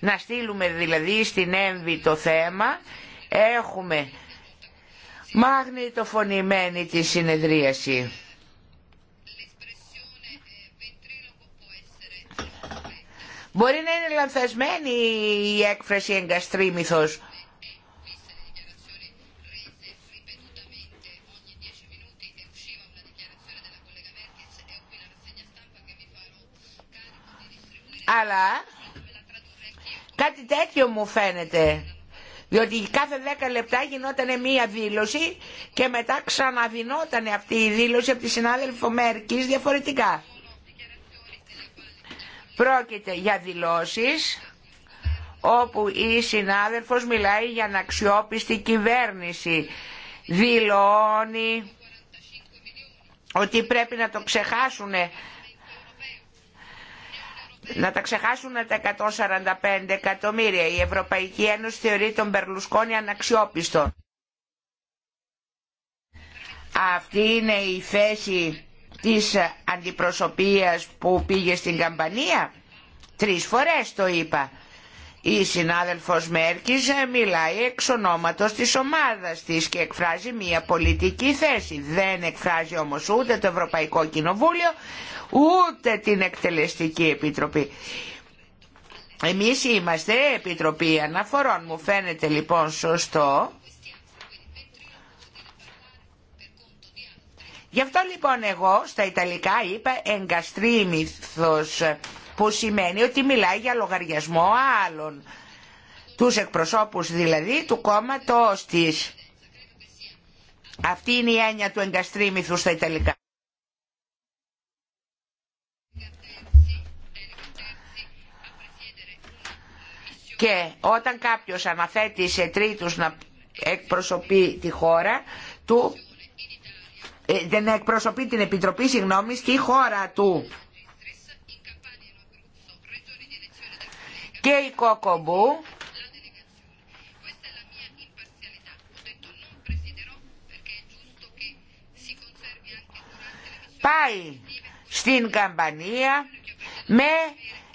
Να στείλουμε δηλαδή στην έμβη το θέμα, έχουμε μαγνητοφωνημένη τη συνεδρίαση. Μπορεί να είναι λανθασμένη η έκφραση εγκαστρίμηθος. Αλλά κάτι τέτοιο μου φαίνεται. Διότι κάθε δέκα λεπτά γινόταν μία δήλωση και μετά ξαναδινόταν αυτή η δήλωση από τη συνάδελφο Μέρκης διαφορετικά. Πρόκειται για δηλώσεις όπου η συνάδελφος μιλάει για να αναξιόπιστη κυβέρνηση. Δηλώνει ότι πρέπει να το ξεχάσουν να τα ξεχάσουν τα 145 εκατομμύρια. Η Ευρωπαϊκή Ένωση θεωρεί τον Μπερλουσκόνη αναξιόπιστο. Αυτή είναι η θέση της αντιπροσωπείας που πήγε στην Καμπανία. Τρεις φορές το είπα. Η συνάδελφος Μέρκης μιλάει εξ ονόματος της ομάδας της και εκφράζει μια πολιτική θέση. Δεν εκφράζει όμως ούτε το Ευρωπαϊκό Κοινοβούλιο, ούτε την Εκτελεστική Επιτροπή. Εμείς είμαστε Επιτροπή Αναφορών. Μου φαίνεται λοιπόν σωστό Γι' αυτό λοιπόν εγώ στα Ιταλικά είπα εγκαστρίμηθος που σημαίνει ότι μιλάει για λογαριασμό άλλων. Τους εκπροσώπους δηλαδή του κόμματος της. Αυτή είναι η έννοια του εγκαστρίμηθου στα Ιταλικά. Και όταν κάποιος αναθέτει σε τρίτους να εκπροσωπεί τη χώρα του ε, δεν εκπροσωπεί την Επιτροπή και στη χώρα του. Και η Κόκομπου πάει στην Καμπανία με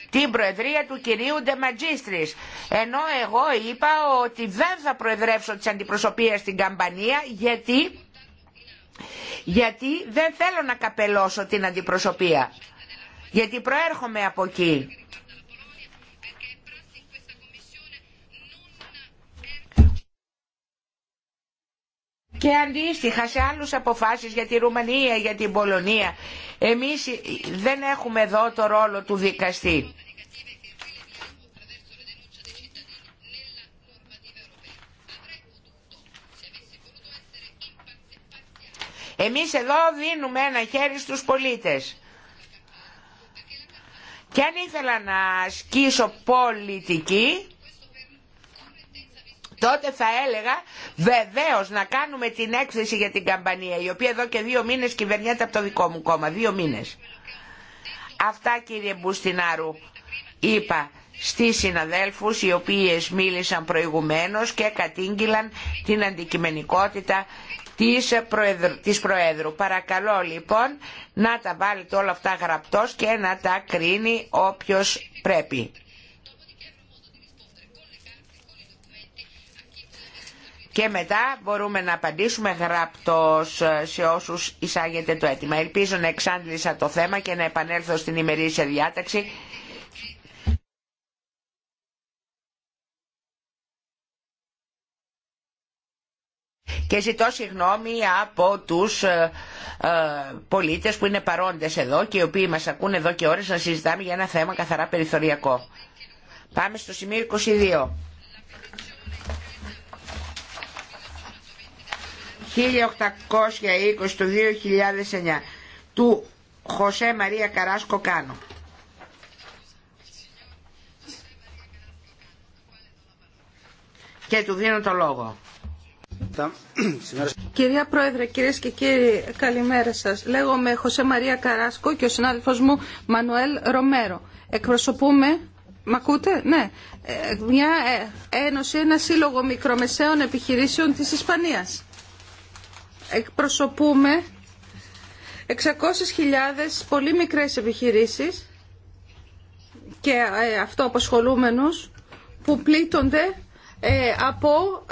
την προεδρία του κυρίου Ντεματζίστρης. Ενώ εγώ είπα ότι δεν θα προεδρεύσω τις αντιπροσωπείες στην Καμπανία γιατί γιατί δεν θέλω να καπελώσω την αντιπροσωπεία. Γιατί προέρχομαι από εκεί. Και αντίστοιχα σε άλλους αποφάσεις για τη Ρουμανία, για την Πολωνία, εμείς δεν έχουμε εδώ το ρόλο του δικαστή. Εμείς εδώ δίνουμε ένα χέρι στους πολίτες. Και αν ήθελα να ασκήσω πολιτική, τότε θα έλεγα βεβαίως να κάνουμε την έκθεση για την καμπανία, η οποία εδώ και δύο μήνες κυβερνιέται από το δικό μου κόμμα, δύο μήνες. Αυτά κύριε Μπουστινάρου είπα στις συναδέλφους οι οποίες μίλησαν προηγουμένως και κατήγγυλαν την αντικειμενικότητα της Προέδρου, Παρακαλώ λοιπόν να τα βάλετε όλα αυτά γραπτός και να τα κρίνει όποιος πρέπει. Και μετά μπορούμε να απαντήσουμε γραπτός ε, σε όσους εισάγεται το αίτημα. Ελπίζω να εξάντλησα το θέμα και να επανέλθω στην ημερήσια διάταξη και ζητώ συγγνώμη από τους ε, ε, πολίτες που είναι παρόντες εδώ και οι οποίοι μας ακούν εδώ και ώρες να συζητάμε για ένα θέμα καθαρά περιθωριακό. Πάμε στο σημείο 22. 1820 του 2009 του Χωσέ Μαρία Καράσκο Κάνο. Και του δίνω το λόγο. Κυρία Πρόεδρε, κυρίες και κύριοι, καλημέρα σας. Λέγομαι Χωσέ Μαρία Καράσκο και ο συνάδελφος μου Μανουέλ Ρομέρο. Εκπροσωπούμε, μ' ακούτε, ναι, ε, μια ε, ένωση, ένα σύλλογο μικρομεσαίων επιχειρήσεων της Ισπανίας. Εκπροσωπούμε 600.000 πολύ μικρές επιχειρήσεις και ε, αυτοαπασχολούμενους που πλήττονται ε, από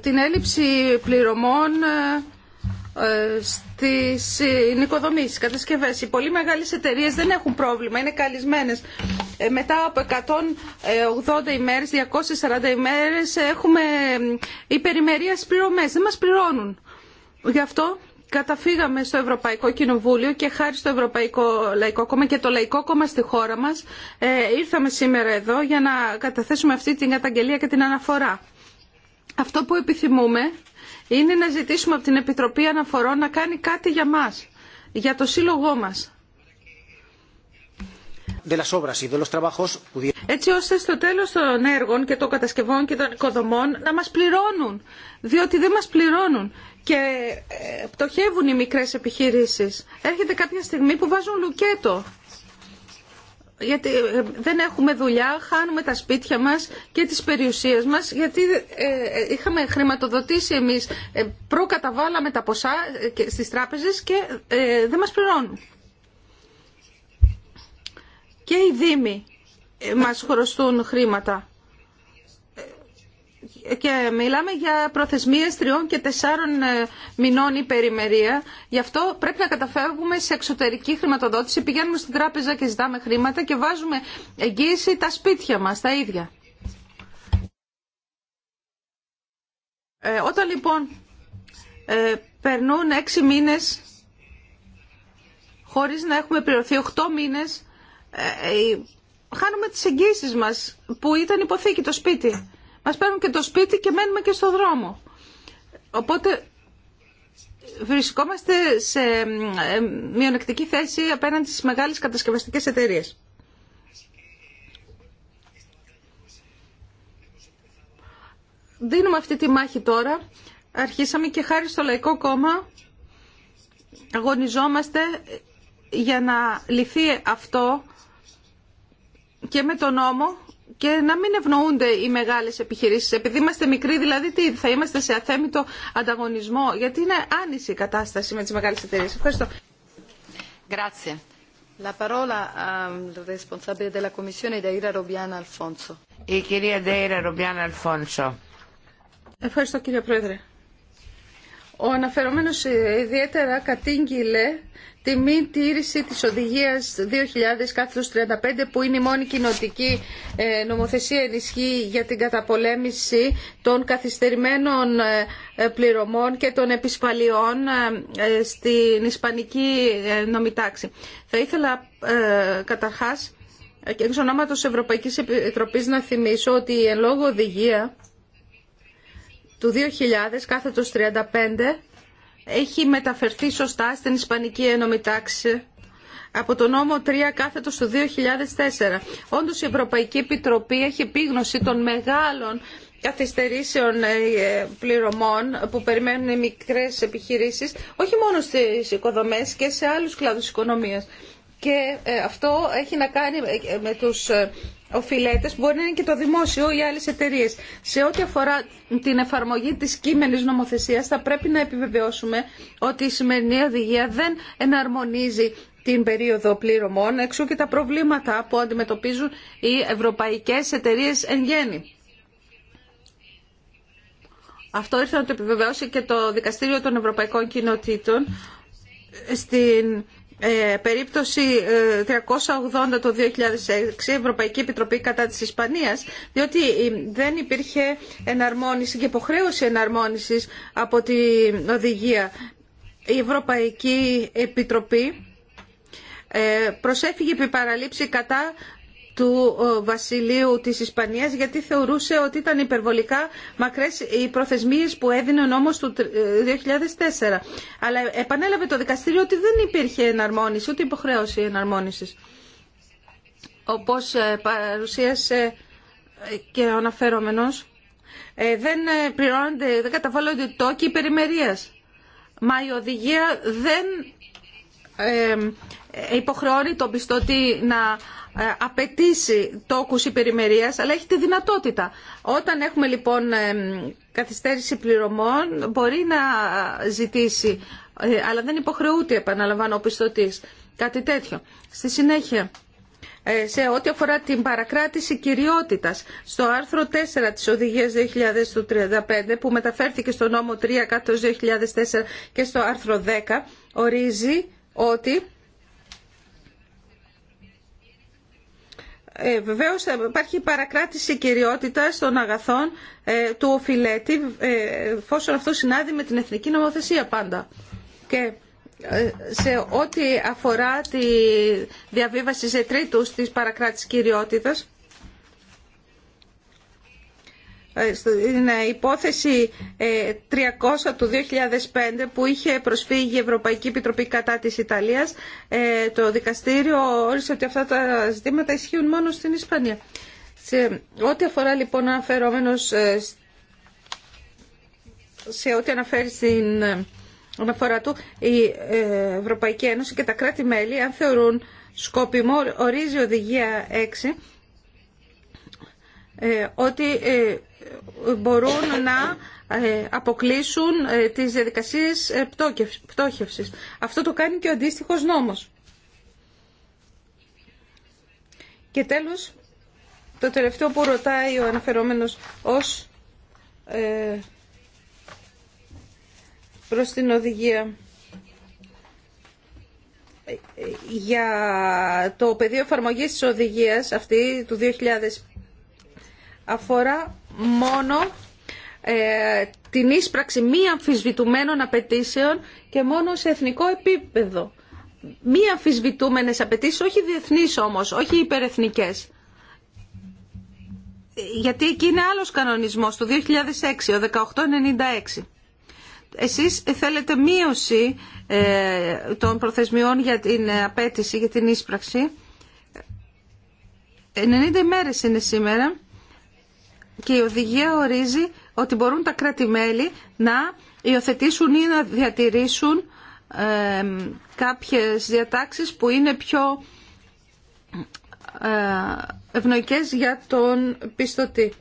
την έλλειψη πληρωμών ε, ε, στις νοικοδομήσεις, κατασκευές. Οι πολύ μεγάλες εταιρείες δεν έχουν πρόβλημα, είναι καλυσμένες. Μετά από 180 ημέρες, 240 ημέρες έχουμε υπερημερίες πληρωμές. Δεν μας πληρώνουν. Γι' αυτό καταφύγαμε στο Ευρωπαϊκό Κοινοβούλιο και χάρη στο Ευρωπαϊκό Λαϊκό Κόμμα και το Λαϊκό Κόμμα στη χώρα μας ε, ήρθαμε σήμερα εδώ για να καταθέσουμε αυτή την καταγγελία και την αναφορά. Αυτό που επιθυμούμε είναι να ζητήσουμε από την Επιτροπή Αναφορών να κάνει κάτι για μας, για το σύλλογό μας. Έτσι ώστε στο τέλος των έργων και των κατασκευών και των οικοδομών να μας πληρώνουν, διότι δεν μας πληρώνουν και ε, πτωχεύουν οι μικρές επιχειρήσεις. Έρχεται κάποια στιγμή που βάζουν λουκέτο. Γιατί ε, δεν έχουμε δουλειά, χάνουμε τα σπίτια μας και τις περιουσίες μας, γιατί ε, είχαμε χρηματοδοτήσει εμείς, προκαταβάλαμε τα ποσά στις τράπεζες και δεν μας πληρώνουν. Και οι δήμοι μας χρωστούν χρήματα και μιλάμε για προθεσμίες τριών και τεσσάρων ε, μηνών υπερημερία. Γι' αυτό πρέπει να καταφεύγουμε σε εξωτερική χρηματοδότηση. Πηγαίνουμε στην τράπεζα και ζητάμε χρήματα και βάζουμε εγγύηση τα σπίτια μας, τα ίδια. Ε, όταν λοιπόν ε, περνούν έξι μήνες χωρίς να έχουμε πληρωθεί οχτώ μήνες, ε, ε, χάνουμε τις εγγύησεις μας που ήταν υποθήκη το σπίτι μας παίρνουν και το σπίτι και μένουμε και στο δρόμο. Οπότε βρισκόμαστε σε ε, μειονεκτική θέση απέναντι στις μεγάλες κατασκευαστικές εταιρείες. Δίνουμε αυτή τη μάχη τώρα. Αρχίσαμε και χάρη στο Λαϊκό Κόμμα αγωνιζόμαστε για να λυθεί αυτό και με τον νόμο και να μην ευνοούνται οι μεγάλες επιχειρήσεις. Επειδή είμαστε μικροί, δηλαδή τι, θα είμαστε σε αθέμητο ανταγωνισμό, γιατί είναι άνηση η κατάσταση με τις μεγάλες εταιρείες. Ευχαριστώ. Grazie. La parola al ehm, responsabile della Commissione, Deira Robiana Alfonso. Η κυρία Deira Robiana Alfonso. Ευχαριστώ κύριε Πρόεδρε. Ο αναφερόμενος ε, ιδιαίτερα κατήγγειλε τη μη τήρηση της οδηγίας 2000-35 που είναι η μόνη κοινοτική ε, νομοθεσία ενισχύ για την καταπολέμηση των καθυστερημένων ε, πληρωμών και των επισφαλιών στην ισπανική νομιτάξη. Θα ήθελα καταρχάς εξ ονόματος Ευρωπαϊκής Επιτροπής να θυμίσω ότι η εν λόγω οδηγία του 2000 κάθετος 35 έχει μεταφερθεί σωστά στην Ισπανική Ένωμη Τάξη από το νόμο 3 κάθετος του 2004. Όντως η Ευρωπαϊκή Επιτροπή έχει επίγνωση των μεγάλων καθυστερήσεων ε, ε, πληρωμών που περιμένουν οι μικρές επιχειρήσεις, όχι μόνο στις οικοδομές και σε άλλους κλάδους οικονομίας. Και ε, αυτό έχει να κάνει ε, ε, με τους οφειλέτες, μπορεί να είναι και το δημόσιο ή άλλες εταιρείε. Σε ό,τι αφορά την εφαρμογή της κείμενης νομοθεσίας, θα πρέπει να επιβεβαιώσουμε ότι η σημερινή οδηγία δεν εναρμονίζει την περίοδο πληρωμών, εξού και τα προβλήματα που αντιμετωπίζουν οι ευρωπαϊκές εταιρείες εν γέννη. Αυτό ήρθε να το επιβεβαιώσει και το Δικαστήριο των Ευρωπαϊκών Κοινοτήτων στην ε, περίπτωση 380 ε, το 2006 Ευρωπαϊκή Επιτροπή κατά της Ισπανίας διότι ε, δεν υπήρχε εναρμόνιση και υποχρέωση εναρμόνισης από την οδηγία. Η Ευρωπαϊκή Επιτροπή προσέφυγε επί κατά του ε, βασιλείου της Ισπανίας γιατί θεωρούσε ότι ήταν υπερβολικά μακρές οι προθεσμίες που έδινε ο νόμος του 2004. Ε, Αλλά επανέλαβε το δικαστήριο ότι δεν υπήρχε εναρμόνιση, ούτε υποχρέωση εναρμόνισης. Όπως ε, παρουσίασε και ο αναφέρομενος, δεν πληρώνονται, δεν καταβάλλονται τόκοι περιμερίας Μα η οδηγία δεν υποχρεώνει τον πιστότη να ε, απαιτήσει τόκους υπερημερίας, αλλά έχει τη δυνατότητα. Όταν έχουμε λοιπόν ε, καθυστέρηση πληρωμών, μπορεί να ζητήσει, ε, αλλά δεν υποχρεούται, επαναλαμβάνω, ο πιστωτής. Κάτι τέτοιο. Στη συνέχεια, σε ό,τι αφορά την παρακράτηση κυριότητας, στο άρθρο 4 της Οδηγίας 2035, που μεταφέρθηκε στο νόμο 3 2004 και στο άρθρο 10, ορίζει ότι Ε, Βεβαίω ε, υπάρχει παρακράτηση κυριότητα των αγαθών ε, του οφειλέτη, εφόσον αυτό συνάδει με την εθνική νομοθεσία πάντα. Και σε ό,τι αφορά τη διαβίβαση σε τρίτους της παρακράτησης κυριότητας, ε, στην υπόθεση 300 ε, του 2005 που είχε προσφύγει η Ευρωπαϊκή Επιτροπή κατά της Ιταλίας ε, το δικαστήριο όρισε ότι αυτά τα ζητήματα ισχύουν μόνο στην Ισπανία. Σε ό,τι αφορά λοιπόν αναφερόμενος σε ό,τι αναφέρει στην αναφορά του η Ευρωπαϊκή Ένωση και τα κράτη-μέλη αν θεωρούν σκόπιμο ορίζει οδηγία 6 ότι μπορούν να ε, αποκλείσουν ε, τις διαδικασίες ε, πτώχευσης. Αυτό το κάνει και ο αντίστοιχος νόμος. Και τέλος, το τελευταίο που ρωτάει ο αναφερόμενος ως ε, προς την οδηγία για το πεδίο εφαρμογής της οδηγίας αυτή του 2000 αφορά μόνο ε, την ίσπραξη μη αμφισβητουμένων απαιτήσεων και μόνο σε εθνικό επίπεδο. Μη αμφισβητούμενες απαιτήσει, όχι διεθνείς όμως, όχι υπερεθνικές. Γιατί εκεί είναι άλλος κανονισμός, του 2006, ο 1896. Εσείς θέλετε μείωση ε, των προθεσμιών για την απέτηση, για την ίσπραξη. 90 ημέρες είναι σήμερα και η οδηγία ορίζει ότι μπορούν τα κρατη να υιοθετήσουν ή να διατηρήσουν ε, κάποιες διατάξεις που είναι πιο ε, ευνοϊκές για τον πιστότη.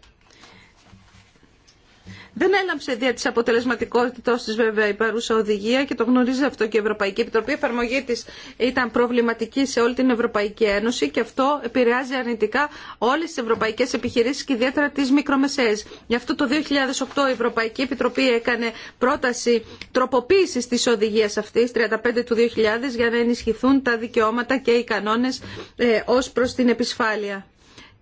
Δεν έλαμψε δια τη αποτελεσματικότητα τη βέβαια η παρούσα οδηγία και το γνωρίζει αυτό και η Ευρωπαϊκή Επιτροπή. Η εφαρμογή τη ήταν προβληματική σε όλη την Ευρωπαϊκή Ένωση και αυτό επηρεάζει αρνητικά όλε τι ευρωπαϊκέ επιχειρήσει και ιδιαίτερα τι μικρομεσαίες. Γι' αυτό το 2008 η Ευρωπαϊκή Επιτροπή έκανε πρόταση τροποποίησης τη οδηγία αυτή, 35 του 2000 για να ενισχυθούν τα δικαιώματα και οι κανόνες ε, ω προ την επισφάλεια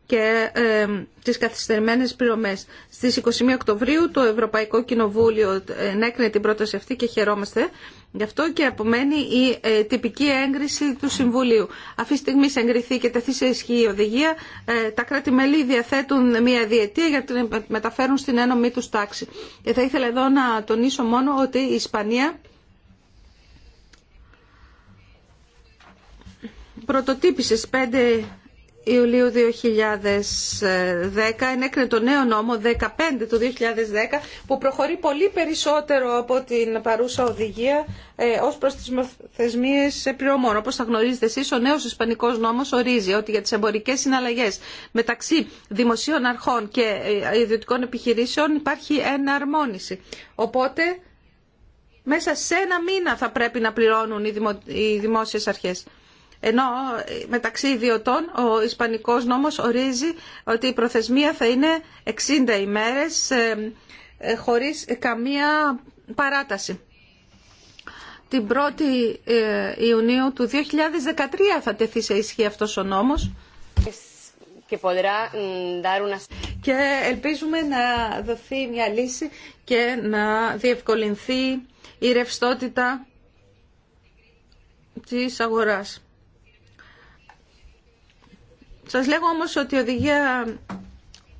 και ε, τις καθυστερημένες πληρωμές. Στις 21 Οκτωβρίου το Ευρωπαϊκό Κοινοβούλιο ε, ενέκρινε την πρόταση αυτή και χαιρόμαστε. Γι' αυτό και απομένει η ε, τυπική έγκριση του Συμβουλίου. Αυτή τη στιγμή εγκριθεί και τεθεί σε ισχύ η οδηγία. Ε, τα κράτη-μέλη διαθέτουν μία διετία για να μεταφέρουν στην ένομή του τάξη. Και θα ήθελα εδώ να τονίσω μόνο ότι η Ισπανία πρωτοτύπησε Ιουλίου 2010 ενέκρινε το νέο νόμο 15 του 2010 που προχωρεί πολύ περισσότερο από την παρούσα οδηγία ε, ως προς τις θεσμίες πληρωμών. Όπως θα γνωρίζετε εσείς, ο νέος ισπανικός νόμος ορίζει ότι για τις εμπορικές συναλλαγές μεταξύ δημοσίων αρχών και ε, ιδιωτικών επιχειρήσεων υπάρχει εναρμόνιση. Οπότε μέσα σε ένα μήνα θα πρέπει να πληρώνουν οι δημόσιες αρχές. Ενώ μεταξύ ιδιωτών ο Ισπανικός νόμος ορίζει ότι η προθεσμία θα είναι 60 ημέρες ε, ε, χωρίς καμία παράταση. Την 1η ε, Ιουνίου του 2013 θα τεθεί σε ισχύ αυτός ο νόμος και ελπίζουμε να δοθεί μια λύση και να διευκολυνθεί η ρευστότητα της αγοράς. Σας λέγω όμως ότι η οδηγία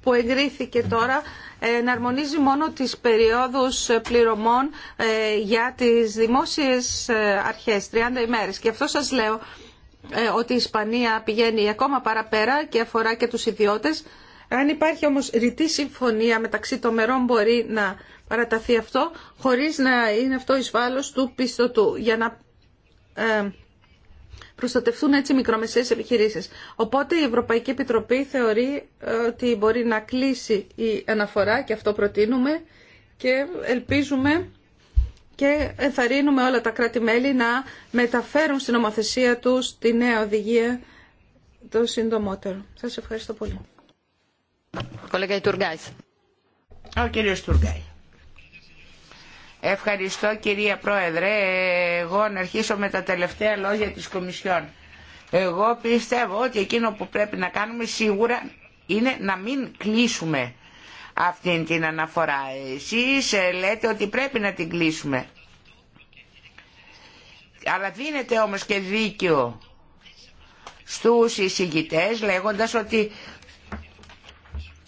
που εγκρίθηκε τώρα εναρμονίζει μόνο τις περιόδους πληρωμών ε, για τις δημόσιες ε, αρχές, 30 ημέρες. Και αυτό σας λέω ε, ότι η Ισπανία πηγαίνει ακόμα παραπέρα και αφορά και τους ιδιώτες. Αν υπάρχει όμως ρητή συμφωνία μεταξύ των μερών μπορεί να παραταθεί αυτό χωρίς να είναι αυτό εις του πιστωτού για να προστατευτούν έτσι μικρομεσαίες επιχειρήσεις. Οπότε η Ευρωπαϊκή Επιτροπή θεωρεί ε, ότι μπορεί να κλείσει η αναφορά και αυτό προτείνουμε και ελπίζουμε και ενθαρρύνουμε όλα τα κράτη-μέλη να μεταφέρουν στην ομοθεσία τους τη νέα οδηγία το συντομότερο. Σας ευχαριστώ πολύ. Ο κύριος Τουργάης. Ευχαριστώ κυρία Πρόεδρε. Εγώ να αρχίσω με τα τελευταία λόγια της Κομισιόν. Εγώ πιστεύω ότι εκείνο που πρέπει να κάνουμε σίγουρα είναι να μην κλείσουμε αυτή την αναφορά. Εσείς ε, λέτε ότι πρέπει να την κλείσουμε. Αλλά δίνεται όμως και δίκιο στους εισηγητές λέγοντας ότι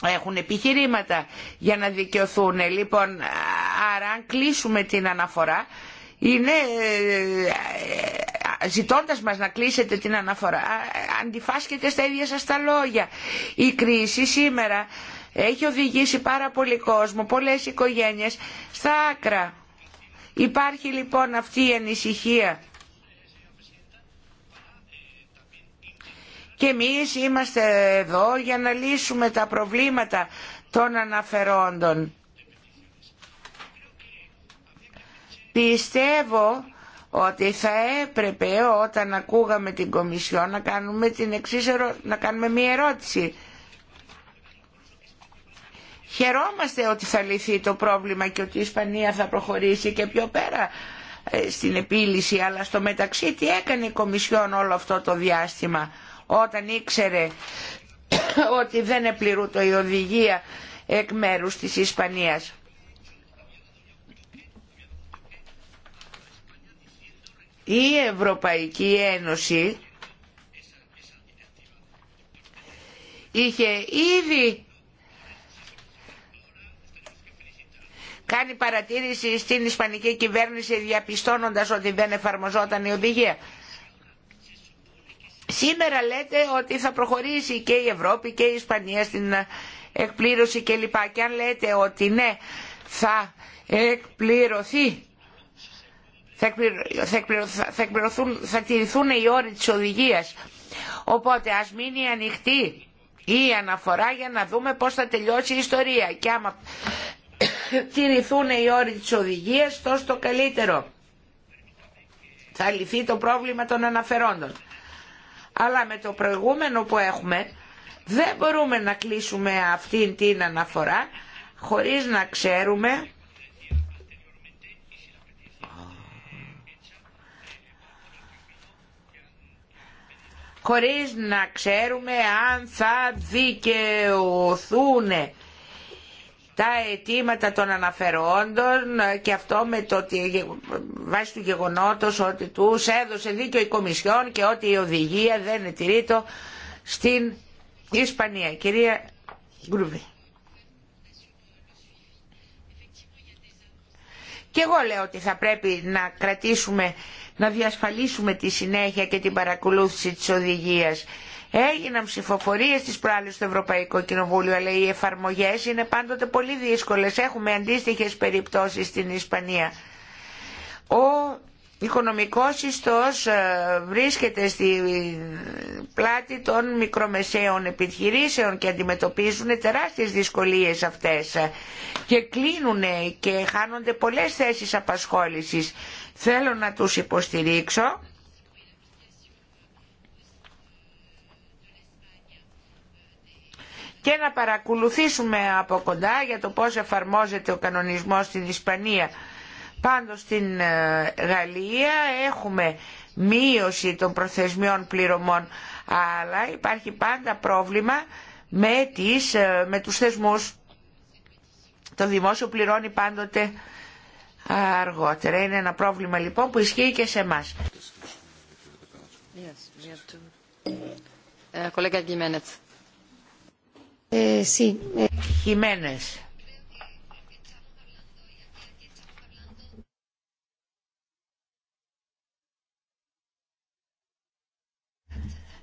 έχουν επιχειρήματα για να δικαιωθούν. Λοιπόν, άρα αν κλείσουμε την αναφορά, είναι ε, ζητώντας μας να κλείσετε την αναφορά, αντιφάσκετε στα ίδια σας τα λόγια. Η κρίση σήμερα έχει οδηγήσει πάρα πολύ κόσμο, πολλές οικογένειες στα άκρα. Υπάρχει λοιπόν αυτή η ανησυχία και εμείς είμαστε εδώ για να λύσουμε τα προβλήματα των αναφερόντων. Πιστεύω ότι θα έπρεπε όταν ακούγαμε την Κομισιό να κάνουμε, την εξής να κάνουμε μία ερώτηση. Χαιρόμαστε ότι θα λυθεί το πρόβλημα και ότι η Ισπανία θα προχωρήσει και πιο πέρα ε, στην επίλυση, αλλά στο μεταξύ τι έκανε η Κομισιόν όλο αυτό το διάστημα όταν ήξερε ότι δεν επληρούτο η οδηγία εκ μέρους της Ισπανίας. Η Ευρωπαϊκή Ένωση είχε ήδη κάνει παρατήρηση στην Ισπανική κυβέρνηση διαπιστώνοντας ότι δεν εφαρμοζόταν η οδηγία. Σήμερα λέτε ότι θα προχωρήσει και η Ευρώπη και η Ισπανία στην εκπλήρωση κλπ. Και αν λέτε ότι ναι θα εκπληρωθεί θα, εκπληρωθούν, θα τηρηθούν οι όροι της οδηγίας. Οπότε ας μείνει ανοιχτή η αναφορά για να δούμε πώς θα τελειώσει η ιστορία. Και άμα τηρηθούν οι όροι της οδηγίας, τόσο το καλύτερο. Θα λυθεί το πρόβλημα των αναφερόντων. Αλλά με το προηγούμενο που έχουμε δεν μπορούμε να κλείσουμε αυτή την αναφορά χωρίς να ξέρουμε χωρίς να ξέρουμε αν θα δικαιωθούν τα αιτήματα των αναφερόντων και αυτό με το ότι βάσει του γεγονότος ότι τους έδωσε δίκιο η Κομισιόν και ότι η οδηγία δεν ετηρεί στην Ισπανία. Κυρία Γκρουβή. Και εγώ λέω ότι θα πρέπει να κρατήσουμε, να διασφαλίσουμε τη συνέχεια και την παρακολούθηση της οδηγίας. Έγιναν ψηφοφορίες τις προάλλες στο Ευρωπαϊκό Κοινοβούλιο, αλλά οι εφαρμογές είναι πάντοτε πολύ δύσκολες. Έχουμε αντίστοιχες περιπτώσεις στην Ισπανία. Ο οικονομικός ιστός ε, βρίσκεται στη πλάτη των μικρομεσαίων επιχειρήσεων και αντιμετωπίζουν τεράστιες δυσκολίες αυτές και κλείνουν και χάνονται πολλές θέσεις απασχόλησης. Θέλω να τους υποστηρίξω και να παρακολουθήσουμε από κοντά για το πώς εφαρμόζεται ο κανονισμός στην Ισπανία. Πάντως στην ε, Γαλλία έχουμε μείωση των προθεσμιών πληρωμών, αλλά υπάρχει πάντα πρόβλημα με, τις, ε, με τους θεσμούς. Το δημόσιο πληρώνει πάντοτε αργότερα. Είναι ένα πρόβλημα λοιπόν που ισχύει και σε εμά. Yes, uh, ε, ε.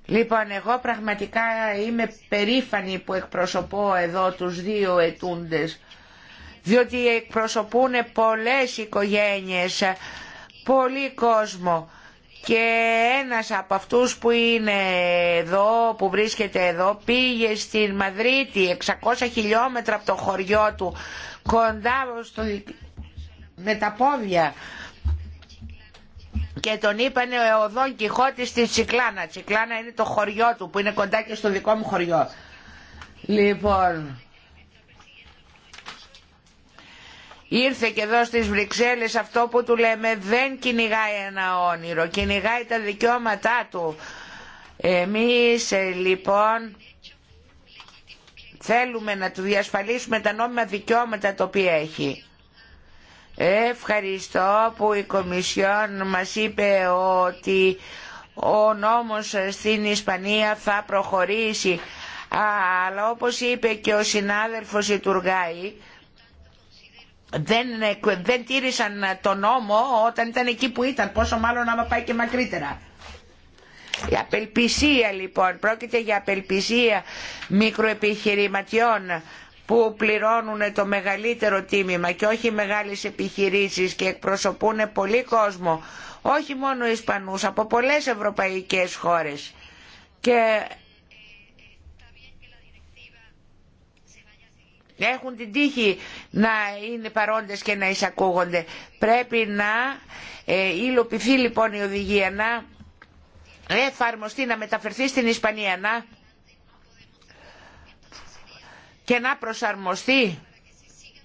Λοιπόν, εγώ πραγματικά είμαι περήφανη που εκπροσωπώ εδώ τους δύο ετούντες, διότι εκπροσωπούν πολλές οικογένειες, ε, πολύ κόσμο και ένας από αυτούς που είναι εδώ, που βρίσκεται εδώ, πήγε στην Μαδρίτη 600 χιλιόμετρα από το χωριό του, κοντά στο... με τα πόδια και τον είπανε ο Δον Κιχώτη στην Τσικλάνα. Τσικλάνα είναι το χωριό του που είναι κοντά και στο δικό μου χωριό. Λοιπόν, Ήρθε και εδώ στις Βρυξέλλες αυτό που του λέμε δεν κυνηγάει ένα όνειρο, κυνηγάει τα δικαιώματά του. Εμείς ε, λοιπόν θέλουμε να του διασφαλίσουμε τα νόμιμα δικαιώματα τα οποία έχει. Ευχαριστώ που η Κομισιόν μας είπε ότι ο νόμος στην Ισπανία θα προχωρήσει. Αλλά όπως είπε και ο συνάδελφος Τουργάη δεν, δεν τήρησαν τον νόμο όταν ήταν εκεί που ήταν, πόσο μάλλον άμα πάει και μακρύτερα. Η απελπισία λοιπόν, πρόκειται για απελπισία μικροεπιχειρηματιών που πληρώνουν το μεγαλύτερο τίμημα και όχι μεγάλες επιχειρήσεις και εκπροσωπούν πολύ κόσμο, όχι μόνο Ισπανούς, από πολλές ευρωπαϊκές χώρες. Και έχουν την τύχη να είναι παρόντες και να εισακούγονται. Πρέπει να ε, υλοποιηθεί λοιπόν η οδηγία, να εφαρμοστεί, να μεταφερθεί στην Ισπανία να... και να προσαρμοστεί.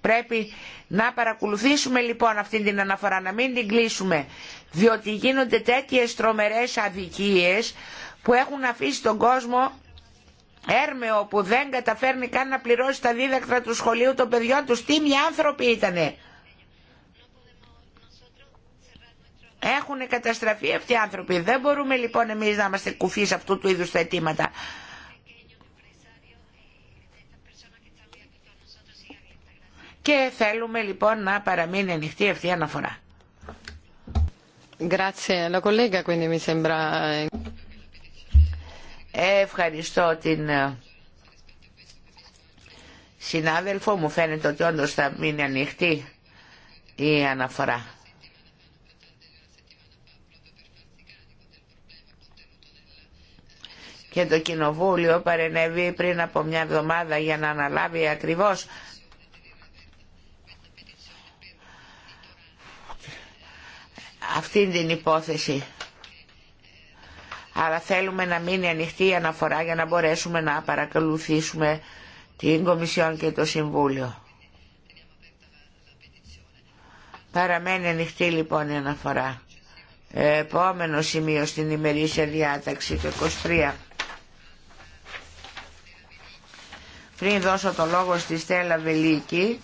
Πρέπει να παρακολουθήσουμε λοιπόν αυτή την αναφορά, να μην την κλείσουμε, διότι γίνονται τέτοιες τρομερές αδικίες που έχουν αφήσει τον κόσμο έρμεο που δεν καταφέρνει καν να πληρώσει τα δίδακτρα του σχολείου των παιδιών του Τι μια άνθρωποι ήτανε. Έχουν καταστραφεί αυτοί οι άνθρωποι. Δεν μπορούμε λοιπόν εμείς να είμαστε κουφοί σε αυτού του είδους τα αιτήματα. Και θέλουμε λοιπόν να παραμείνει ανοιχτή αυτή η αναφορά. Ευχαριστώ την ε, συνάδελφο. Μου φαίνεται ότι όντως θα μείνει ανοιχτή η αναφορά. Και το Κοινοβούλιο παρενέβη πριν από μια εβδομάδα για να αναλάβει ακριβώς αυτήν την υπόθεση αλλά θέλουμε να μείνει ανοιχτή η αναφορά για να μπορέσουμε να παρακολουθήσουμε την Κομισιόν και το Συμβούλιο. Παραμένει ανοιχτή λοιπόν η αναφορά. Επόμενο σημείο στην ημερήσια διάταξη το 23. Πριν δώσω το λόγο στη Στέλλα Βελίκη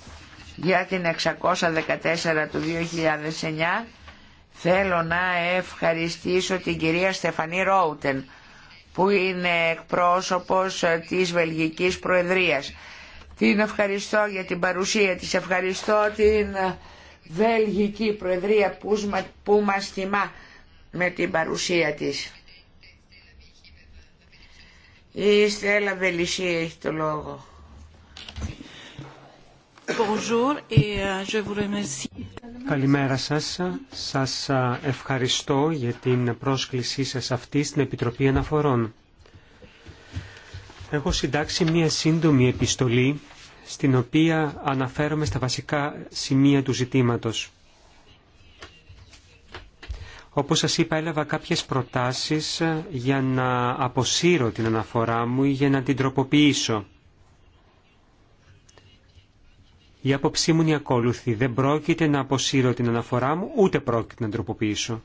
για την 614 του 2009 Θέλω να ευχαριστήσω την κυρία Στεφανή Ρόουτεν που είναι εκπρόσωπος της Βελγικής Προεδρίας. Την ευχαριστώ για την παρουσία της, ευχαριστώ την Βελγική Προεδρία που μας θυμά με την παρουσία της. Η Στέλλα Βελισσή έχει το λόγο. Euh, Καλημέρα σας. Σας ευχαριστώ για την πρόσκλησή σας αυτή στην Επιτροπή Αναφορών. Έχω συντάξει μία σύντομη επιστολή στην οποία αναφέρομαι στα βασικά σημεία του ζητήματος. Όπως σας είπα έλαβα κάποιες προτάσεις ε, για να αποσύρω την αναφορά μου ή για να την τροποποιήσω. Η άποψή μου είναι ακόλουθη. Δεν πρόκειται να αποσύρω την αναφορά μου, ούτε πρόκειται να τροποποιήσω.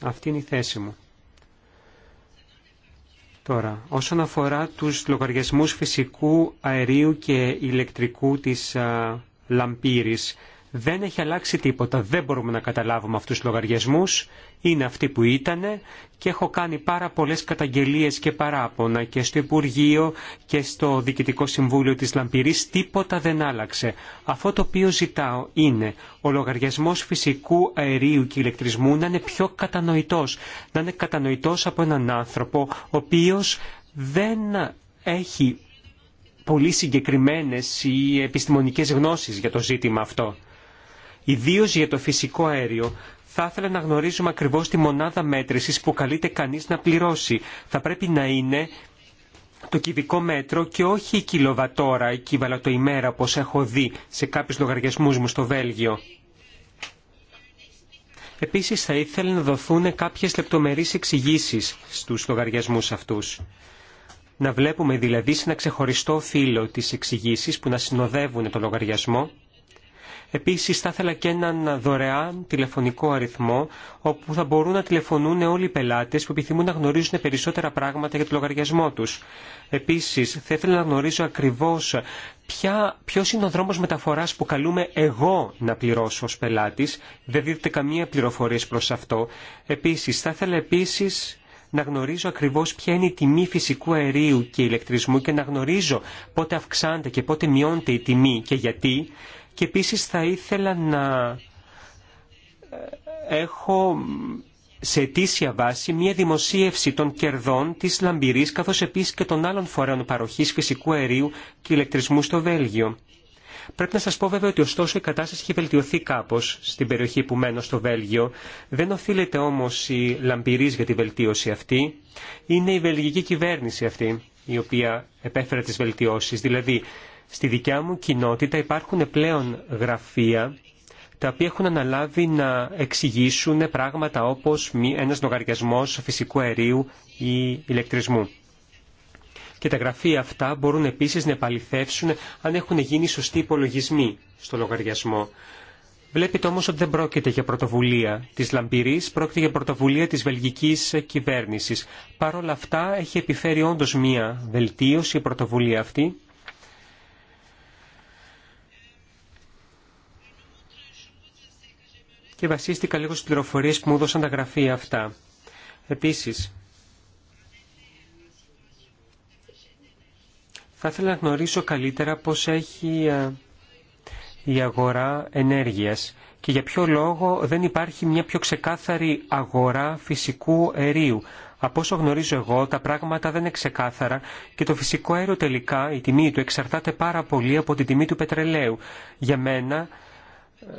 Αυτή είναι η θέση μου. Τώρα, όσον αφορά τους λογαριασμούς φυσικού αερίου και ηλεκτρικού της α, δεν έχει αλλάξει τίποτα. Δεν μπορούμε να καταλάβουμε αυτούς τους λογαριασμούς. Είναι αυτοί που ήταν και έχω κάνει πάρα πολλές καταγγελίες και παράπονα και στο Υπουργείο και στο Διοικητικό Συμβούλιο της Λαμπυρής. Τίποτα δεν άλλαξε. Αυτό το οποίο ζητάω είναι ο λογαριασμός φυσικού αερίου και ηλεκτρισμού να είναι πιο κατανοητός. Να είναι κατανοητός από έναν άνθρωπο ο οποίος δεν έχει πολύ συγκεκριμένες ή επιστημονικές γνώσεις για το ζήτημα αυτό. Ιδίω για το φυσικό αέριο, θα ήθελα να γνωρίζουμε ακριβώς τη μονάδα μέτρησης που καλείται κανεί να πληρώσει. Θα πρέπει να είναι το κυβικό μέτρο και όχι η κιλοβατόρα, η κύβαλα το ημέρα, όπως έχω δει σε κάποιου λογαριασμούς μου στο Βέλγιο. Επίσης θα ήθελα να δοθούν κάποιες λεπτομερείς εξηγήσει στους λογαριασμού αυτούς. Να βλέπουμε δηλαδή σε ένα ξεχωριστό φύλλο τις εξηγήσει που να συνοδεύουν το λογαριασμό Επίσης θα ήθελα και έναν δωρεάν τηλεφωνικό αριθμό όπου θα μπορούν να τηλεφωνούν όλοι οι πελάτες που επιθυμούν να γνωρίζουν περισσότερα πράγματα για το λογαριασμό τους. Επίσης θα ήθελα να γνωρίζω ακριβώς ποιο ποιος είναι ο δρόμος μεταφοράς που καλούμε εγώ να πληρώσω ως πελάτης. Δεν δίδεται καμία πληροφορία προς αυτό. Επίσης θα ήθελα επίσης να γνωρίζω ακριβώς ποια είναι η τιμή φυσικού αερίου και ηλεκτρισμού και να γνωρίζω πότε αυξάνεται και πότε μειώνεται η τιμή και γιατί και επίσης θα ήθελα να ε, έχω σε αιτήσια βάση μια δημοσίευση των κερδών της λαμπυρής καθώς επίσης και των άλλων φορέων παροχής φυσικού αερίου και ηλεκτρισμού στο Βέλγιο. Πρέπει να σας πω βέβαια ότι ωστόσο η κατάσταση έχει βελτιωθεί κάπως στην περιοχή που μένω στο Βέλγιο. Δεν οφείλεται όμως η λαμπυρής για τη βελτίωση αυτή. Είναι η βελγική κυβέρνηση αυτή η οποία επέφερε τις βελτιώσεις. Δηλαδή Στη δικιά μου κοινότητα υπάρχουν πλέον γραφεία τα οποία έχουν αναλάβει να εξηγήσουν πράγματα όπως ένας λογαριασμός φυσικού αερίου ή ηλεκτρισμού. Και τα γραφεία αυτά μπορούν επίσης να επαληθεύσουν αν έχουν γίνει σωστοί υπολογισμοί στο λογαριασμό. Βλέπετε όμως ότι δεν πρόκειται για πρωτοβουλία της Λαμπυρής, πρόκειται για πρωτοβουλία της βελγικής κυβέρνησης. Παρ' όλα αυτά έχει επιφέρει όντως μία βελτίωση η πρωτοβουλία αυτή και βασίστηκα λίγο στις πληροφορίες που μου έδωσαν τα γραφεία αυτά. Επίσης, θα ήθελα να γνωρίσω καλύτερα πώς έχει ε, η αγορά ενέργειας και για ποιο λόγο δεν υπάρχει μια πιο ξεκάθαρη αγορά φυσικού αερίου. Από όσο γνωρίζω εγώ, τα πράγματα δεν είναι ξεκάθαρα και το φυσικό αέριο τελικά, η τιμή του εξαρτάται πάρα πολύ από την τιμή του πετρελαίου. Για μένα,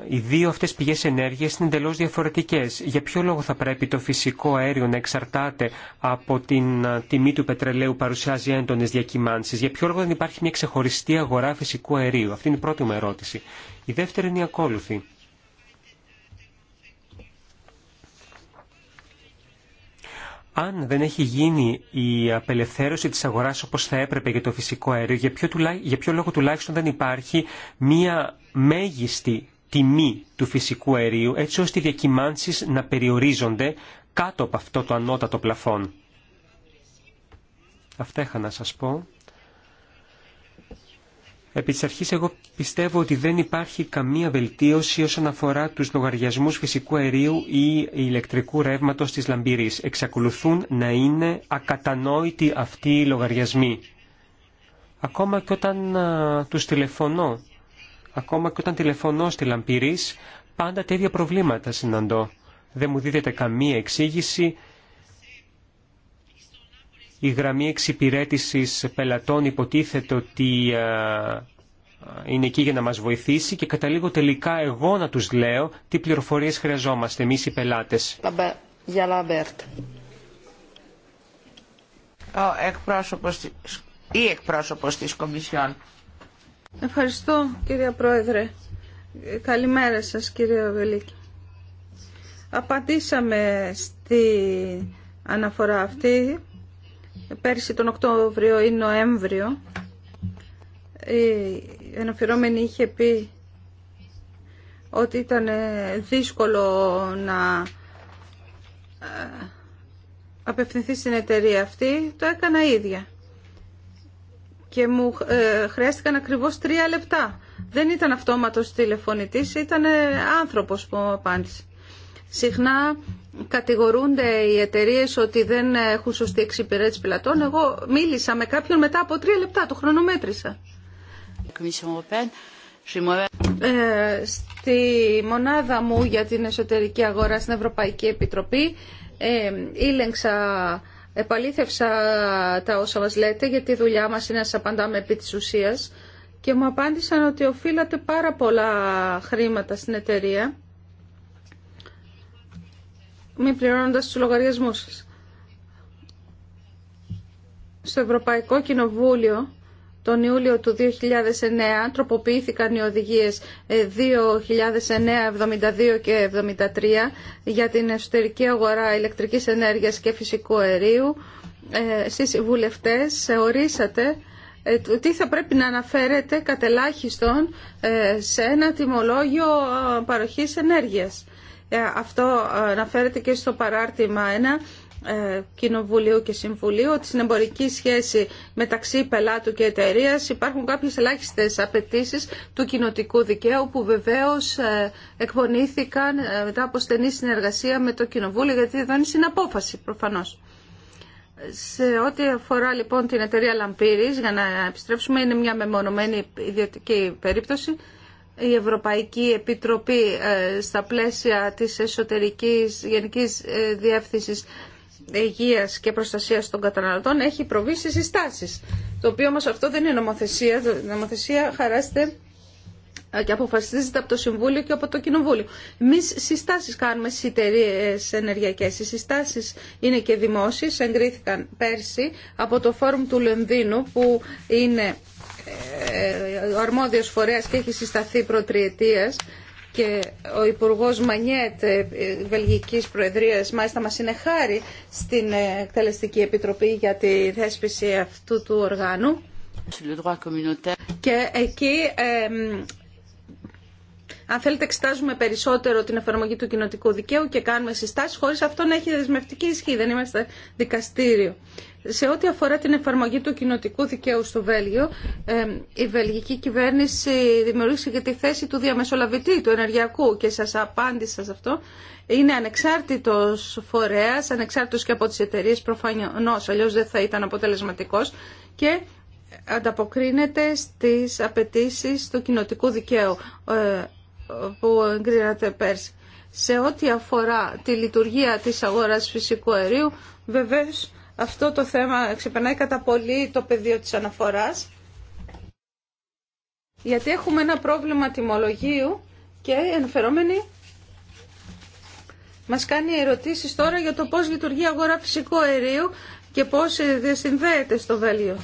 οι δύο αυτές πηγές ενέργειας είναι εντελώ διαφορετικές. Για ποιο λόγο θα πρέπει το φυσικό αέριο να εξαρτάται από την τιμή του πετρελαίου παρουσιάζει έντονες διακυμάνσεις. Για ποιο λόγο δεν υπάρχει μια ξεχωριστή αγορά φυσικού αερίου. Αυτή είναι η πρώτη μου ερώτηση. Η δεύτερη είναι η ακόλουθη. αν δεν έχει γίνει η απελευθέρωση της αγοράς όπως θα έπρεπε για το φυσικό αέριο, για ποιο, για ποιο λόγο τουλάχιστον δεν υπάρχει μία μέγιστη τιμή του φυσικού αερίου έτσι ώστε οι διακυμάνσεις να περιορίζονται κάτω από αυτό το ανώτατο πλαφόν. Αυτά είχα να σας πω. Επί της αρχής εγώ πιστεύω ότι δεν υπάρχει καμία βελτίωση όσον αφορά τους λογαριασμούς φυσικού αερίου ή ηλεκτρικού ρεύματος της λαμπύρης. Εξακολουθούν να είναι ακατανόητοι αυτοί οι λογαριασμοί. Ακόμα και όταν α, τηλεφωνώ Ακόμα και όταν τηλεφωνώ στη Λαμπυρή, πάντα τέτοια προβλήματα συναντώ. Δεν μου δίδεται καμία εξήγηση. Η γραμμή εξυπηρέτησης πελατών υποτίθεται ότι ε, είναι εκεί για να μας βοηθήσει και καταλήγω τελικά εγώ να τους λέω τι πληροφορίες χρειαζόμαστε εμείς οι πελάτες. Ο εκπρόσωπος ή εκπρόσωπος της Κομισιόν. Ευχαριστώ κύριε Πρόεδρε. Καλημέρα σας κύριε Βελίκη. Απαντήσαμε στη αναφορά αυτή πέρσι τον Οκτώβριο ή Νοέμβριο. Η αναφερόμενη είχε πει ότι ήταν δύσκολο να ε, απευθυνθεί στην εταιρεία αυτή. Το έκανα ίδια και μου ε, χρειάστηκαν ακριβώς τρία λεπτά. Δεν ήταν αυτόματος τηλεφωνητής, ήταν ε, άνθρωπος που μου απάντησε. Συχνά κατηγορούνται οι εταιρείε ότι δεν έχουν σωστή εξυπηρέτηση πελατών. Εγώ μίλησα με κάποιον μετά από τρία λεπτά, το χρονομέτρησα. Ε, στη μονάδα μου για την εσωτερική αγορά στην Ευρωπαϊκή Επιτροπή ε, ήλεγξα επαλήθευσα τα όσα μας λέτε γιατί η δουλειά μας είναι να σας απαντάμε επί της ουσίας και μου απάντησαν ότι οφείλατε πάρα πολλά χρήματα στην εταιρεία μη πληρώνοντας τους λογαριασμούς σας. Στο Ευρωπαϊκό Κοινοβούλιο τον Ιούλιο του 2009 τροποποιήθηκαν οι οδηγίες 2009-72 ε, και 73 για την εσωτερική αγορά ηλεκτρικής ενέργειας και φυσικού αερίου. Ε, εσείς οι βουλευτές ορίσατε ε, τι θα πρέπει να αναφέρετε κατελάχιστον σε ένα τιμολόγιο παροχής ενέργειας. Αυτό αναφέρεται και στο παράρτημα 1 ε, Κοινοβουλίου και Συμβουλίου ότι στην εμπορική σχέση μεταξύ πελάτου και εταιρεία υπάρχουν κάποιε ελάχιστε απαιτήσει του κοινοτικού δικαίου που βεβαίως ε, εκπονήθηκαν ε, μετά από στενή συνεργασία με το Κοινοβούλιο γιατί δεν είναι συναπόφαση προφανώς. Σε ό,τι αφορά λοιπόν την εταιρεία Λαμπύρης, για να επιστρέψουμε, είναι μια μεμονωμένη ιδιωτική περίπτωση. Η Ευρωπαϊκή Επιτροπή στα πλαίσια της εσωτερικής γενικής διεύθυνσης Υγεία και Προστασία των καταναλωτών έχει προβεί σε συστάσει. Το οποίο όμω αυτό δεν είναι νομοθεσία. Η νομοθεσία χαράστε και αποφασίζεται από το Συμβούλιο και από το Κοινοβούλιο. Εμεί συστάσει κάνουμε στι εταιρείε ενεργειακέ. Οι συστάσει είναι και δημόσιε, εγκρίθηκαν πέρσι από το Φόρουμ του Λονδίνου, που είναι ε, ο αρμόδιο φορέα και έχει συσταθεί προτριετία και ο υπουργό Μανιέτ ε, Βελγικής Προεδρία, μάλιστα μα είναι χάρη στην ε, Εκτελεστική Επιτροπή για τη θέσπιση αυτού του οργάνου και εκεί αν θέλετε εξετάζουμε περισσότερο την εφαρμογή του κοινοτικού δικαίου και κάνουμε συστάσεις χωρίς αυτό να έχει δεσμευτική ισχύ, δεν είμαστε δικαστήριο. Σε ό,τι αφορά την εφαρμογή του κοινοτικού δικαίου στο Βέλγιο, η βελγική κυβέρνηση δημιουργήσε και τη θέση του διαμεσολαβητή, του ενεργειακού και σας απάντησα σε αυτό. Είναι ανεξάρτητος φορέας, ανεξάρτητος και από τις εταιρείες προφανώς, αλλιώς δεν θα ήταν αποτελεσματικός και ανταποκρίνεται στις απαιτήσει του κοινοτικού δικαίου ε, που εγκρίνατε πέρσι. Σε ό,τι αφορά τη λειτουργία της αγοράς φυσικού αερίου, βεβαίως αυτό το θέμα ξεπερνάει κατά πολύ το πεδίο της αναφοράς γιατί έχουμε ένα πρόβλημα τιμολογίου και ενφερόμενοι μας κάνει ερωτήσεις τώρα για το πώς λειτουργεί η αγορά φυσικού αερίου και πώς ε, συνδέεται στο βέλιο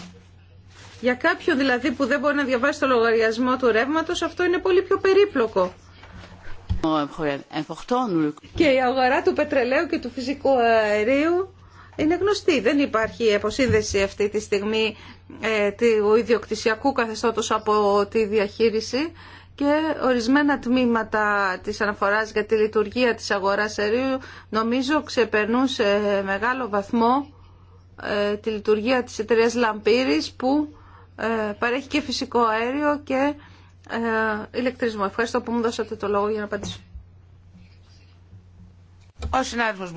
Για κάποιον δηλαδή που δεν μπορεί να διαβάσει το λογαριασμό του ρεύματος, αυτό είναι πολύ πιο περίπλοκο. Και η αγορά του πετρελαίου και του φυσικού αερίου είναι γνωστή. Δεν υπάρχει η αποσύνδεση αυτή τη στιγμή ε, του ιδιοκτησιακού καθεστώτος από τη διαχείριση και ορισμένα τμήματα της αναφοράς για τη λειτουργία της αγοράς αερίου νομίζω ξεπερνούν σε μεγάλο βαθμό ε, τη λειτουργία της εταιρεία Λαμπύρης που ε, παρέχει και φυσικό αέριο και ηλεκτρισμό. Ευχαριστώ που μου δώσατε το λόγο για να απαντήσω. Ο συνάδελφος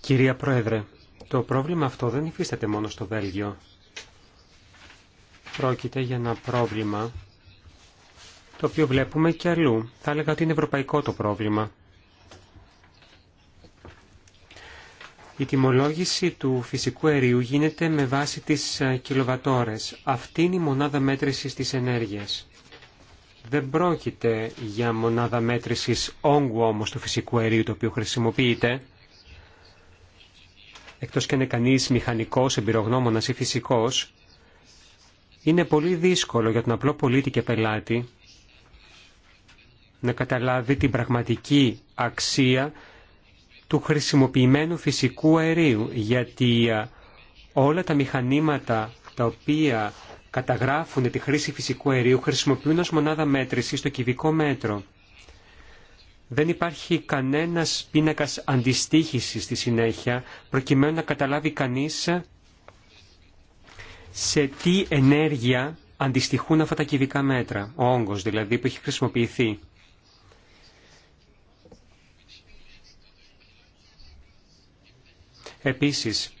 Κυρία Πρόεδρε, το πρόβλημα αυτό δεν υφίσταται μόνο στο Βέλγιο. Πρόκειται για ένα πρόβλημα το οποίο βλέπουμε και αλλού. Θα έλεγα ότι είναι ευρωπαϊκό το πρόβλημα. Η τιμολόγηση του φυσικού αερίου γίνεται με βάση τις ε, κιλοβατόρες. Αυτή είναι η μονάδα μέτρησης της ενέργειας. Δεν πρόκειται για μονάδα μέτρησης όγκου όμως του φυσικού αερίου το οποίο χρησιμοποιείται εκτός και είναι κανείς μηχανικός, εμπειρογνώμονας ή φυσικός, είναι πολύ δύσκολο για τον απλό πολίτη και πελάτη να καταλάβει την πραγματική αξία του χρησιμοποιημένου φυσικού αερίου, γιατί όλα τα μηχανήματα τα οποία καταγράφουν τη χρήση φυσικού αερίου χρησιμοποιούν ως μονάδα μέτρησης το κυβικό μέτρο δεν υπάρχει κανένας πίνακας αντιστοίχηση στη συνέχεια, προκειμένου να καταλάβει κανείς σε τι ενέργεια αντιστοιχούν αυτά τα κυβικά μέτρα, ο όγκος δηλαδή που έχει χρησιμοποιηθεί. Επίσης,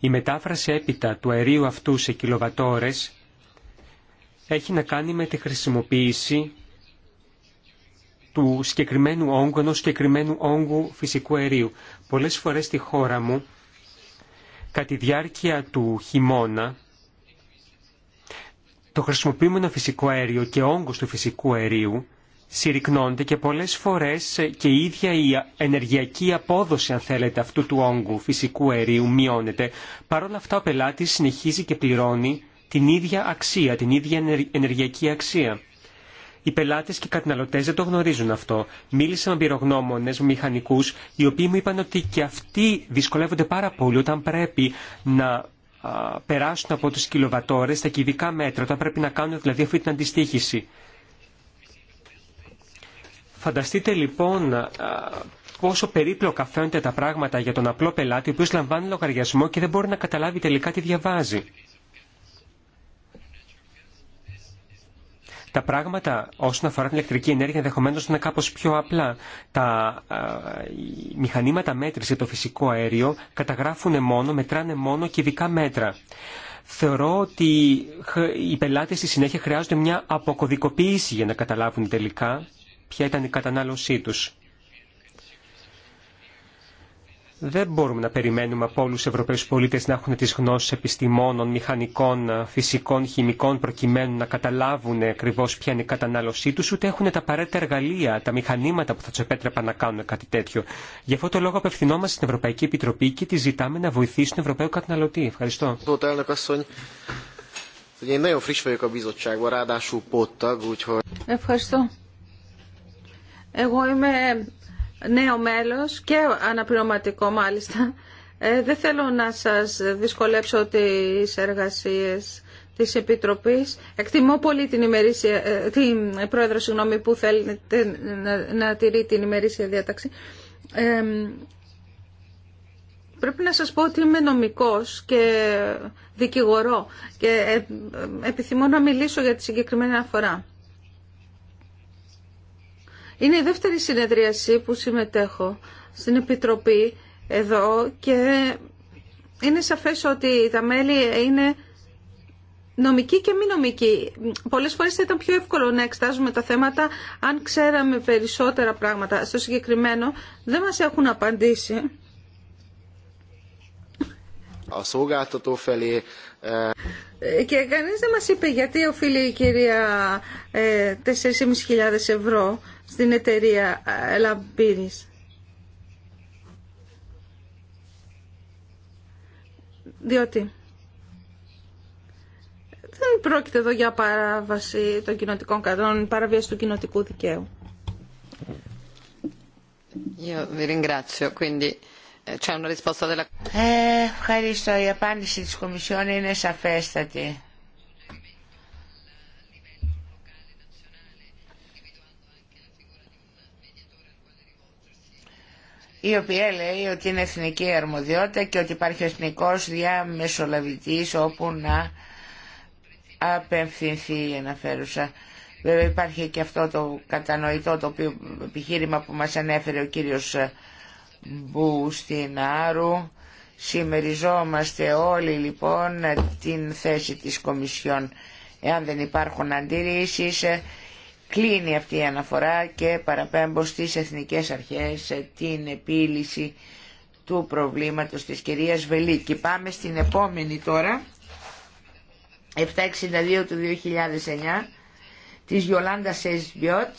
η μετάφραση έπειτα του αερίου αυτού σε κιλοβατόρες έχει να κάνει με τη χρησιμοποίηση του συγκεκριμένου όγκου, ενός συγκεκριμένου όγκου φυσικού αερίου. Πολλές φορές στη χώρα μου, κατά τη διάρκεια του χειμώνα, το χρησιμοποιούμενο φυσικό αέριο και όγκο του φυσικού αερίου συρρυκνώνται και πολλές φορές ε, και η ίδια η ενεργειακή απόδοση, αν θέλετε, αυτού του όγκου φυσικού αερίου μειώνεται. Παρ' όλα αυτά ο πελάτης συνεχίζει και πληρώνει την ίδια αξία, την ίδια ενεργειακή αξία. Οι πελάτε και οι καταναλωτέ δεν το γνωρίζουν αυτό. Μίλησα με πυρογνώμονε, με μηχανικού, οι οποίοι μου είπαν ότι και αυτοί δυσκολεύονται πάρα πολύ όταν πρέπει να περάσουν από του κιλοβατόρε στα κυβικά μέτρα, όταν πρέπει να κάνουν δηλαδή αυτή την αντιστοίχηση. Φανταστείτε λοιπόν πόσο περίπλοκα φαίνονται τα πράγματα για τον απλό πελάτη, ο οποίο λαμβάνει λογαριασμό και δεν μπορεί να καταλάβει τελικά τι διαβάζει. Τα πράγματα όσον αφορά την ηλεκτρική ενέργεια ενδεχομένω είναι κάπω πιο απλά. Τα ε, μηχανήματα μέτρηση για το φυσικό αέριο καταγράφουν μόνο, μετράνε μόνο και ειδικά μέτρα. Θεωρώ ότι οι πελάτες στη συνέχεια χρειάζονται μια αποκωδικοποίηση για να καταλάβουν τελικά ποια ήταν η κατανάλωσή τους. Δεν μπορούμε να περιμένουμε από όλου του Ευρωπαίου πολίτε να έχουν τι γνώσει επιστημόνων, μηχανικών, φυσικών, χημικών, προκειμένου να καταλάβουν ακριβώ ποια είναι η κατανάλωσή του, ούτε έχουν τα απαραίτητα εργαλεία, τα μηχανήματα που θα του επέτρεπαν να κάνουν κάτι τέτοιο. Γι' αυτό το λόγο απευθυνόμαστε στην Ευρωπαϊκή Επιτροπή και τη ζητάμε να βοηθήσει τον Ευρωπαίο καταναλωτή. Ευχαριστώ. Ευχαριστώ νέο μέλος και αναπληρωματικό μάλιστα. Ε, δεν θέλω να σας δυσκολέψω τις εργασίες της Επιτροπής. Εκτιμώ πολύ την, ημερήσια, ε, την πρόεδρο συγγνώμη, που θέλει να, να τηρεί την ημερήσια διάταξη. πρέπει να σας πω ότι είμαι νομικός και δικηγορό και ε, επιθυμώ να μιλήσω για τη συγκεκριμένη αφορά. Είναι η δεύτερη συνεδρίαση που συμμετέχω στην Επιτροπή εδώ και είναι σαφές ότι τα μέλη είναι νομικοί και μη νομικοί. Πολλές φορές θα ήταν πιο εύκολο να εξτάζουμε τα θέματα αν ξέραμε περισσότερα πράγματα. Στο συγκεκριμένο δεν μας έχουν απαντήσει ε, και κανείς δεν μας είπε γιατί οφείλει η κυρία 4.500 ε, ευρώ στην εταιρεία ε, Λαμπύρης. Διότι δεν πρόκειται εδώ για παράβαση των κοινοτικών κανόνων, παραβίαση του κοινοτικού δικαίου. Io ε, ευχαριστώ. Η απάντηση της Κομισιόν είναι σαφέστατη. η οποία λέει ότι είναι εθνική αρμοδιότητα και ότι υπάρχει εθνικός διαμεσολαβητής όπου να απευθυνθεί η αναφέρουσα. Βέβαια υπάρχει και αυτό το κατανοητό το οποίο, επιχείρημα που μας ανέφερε ο κύριος στην Άρου Σημεριζόμαστε όλοι λοιπόν την θέση της Κομισιόν. Εάν δεν υπάρχουν αντιρρήσεις, κλείνει αυτή η αναφορά και παραπέμπω στις εθνικές αρχές την επίλυση του προβλήματος της κυρίας Βελίκη. Πάμε στην επόμενη τώρα, 762 του 2009, της Γιολάντα Σεσβιώτ,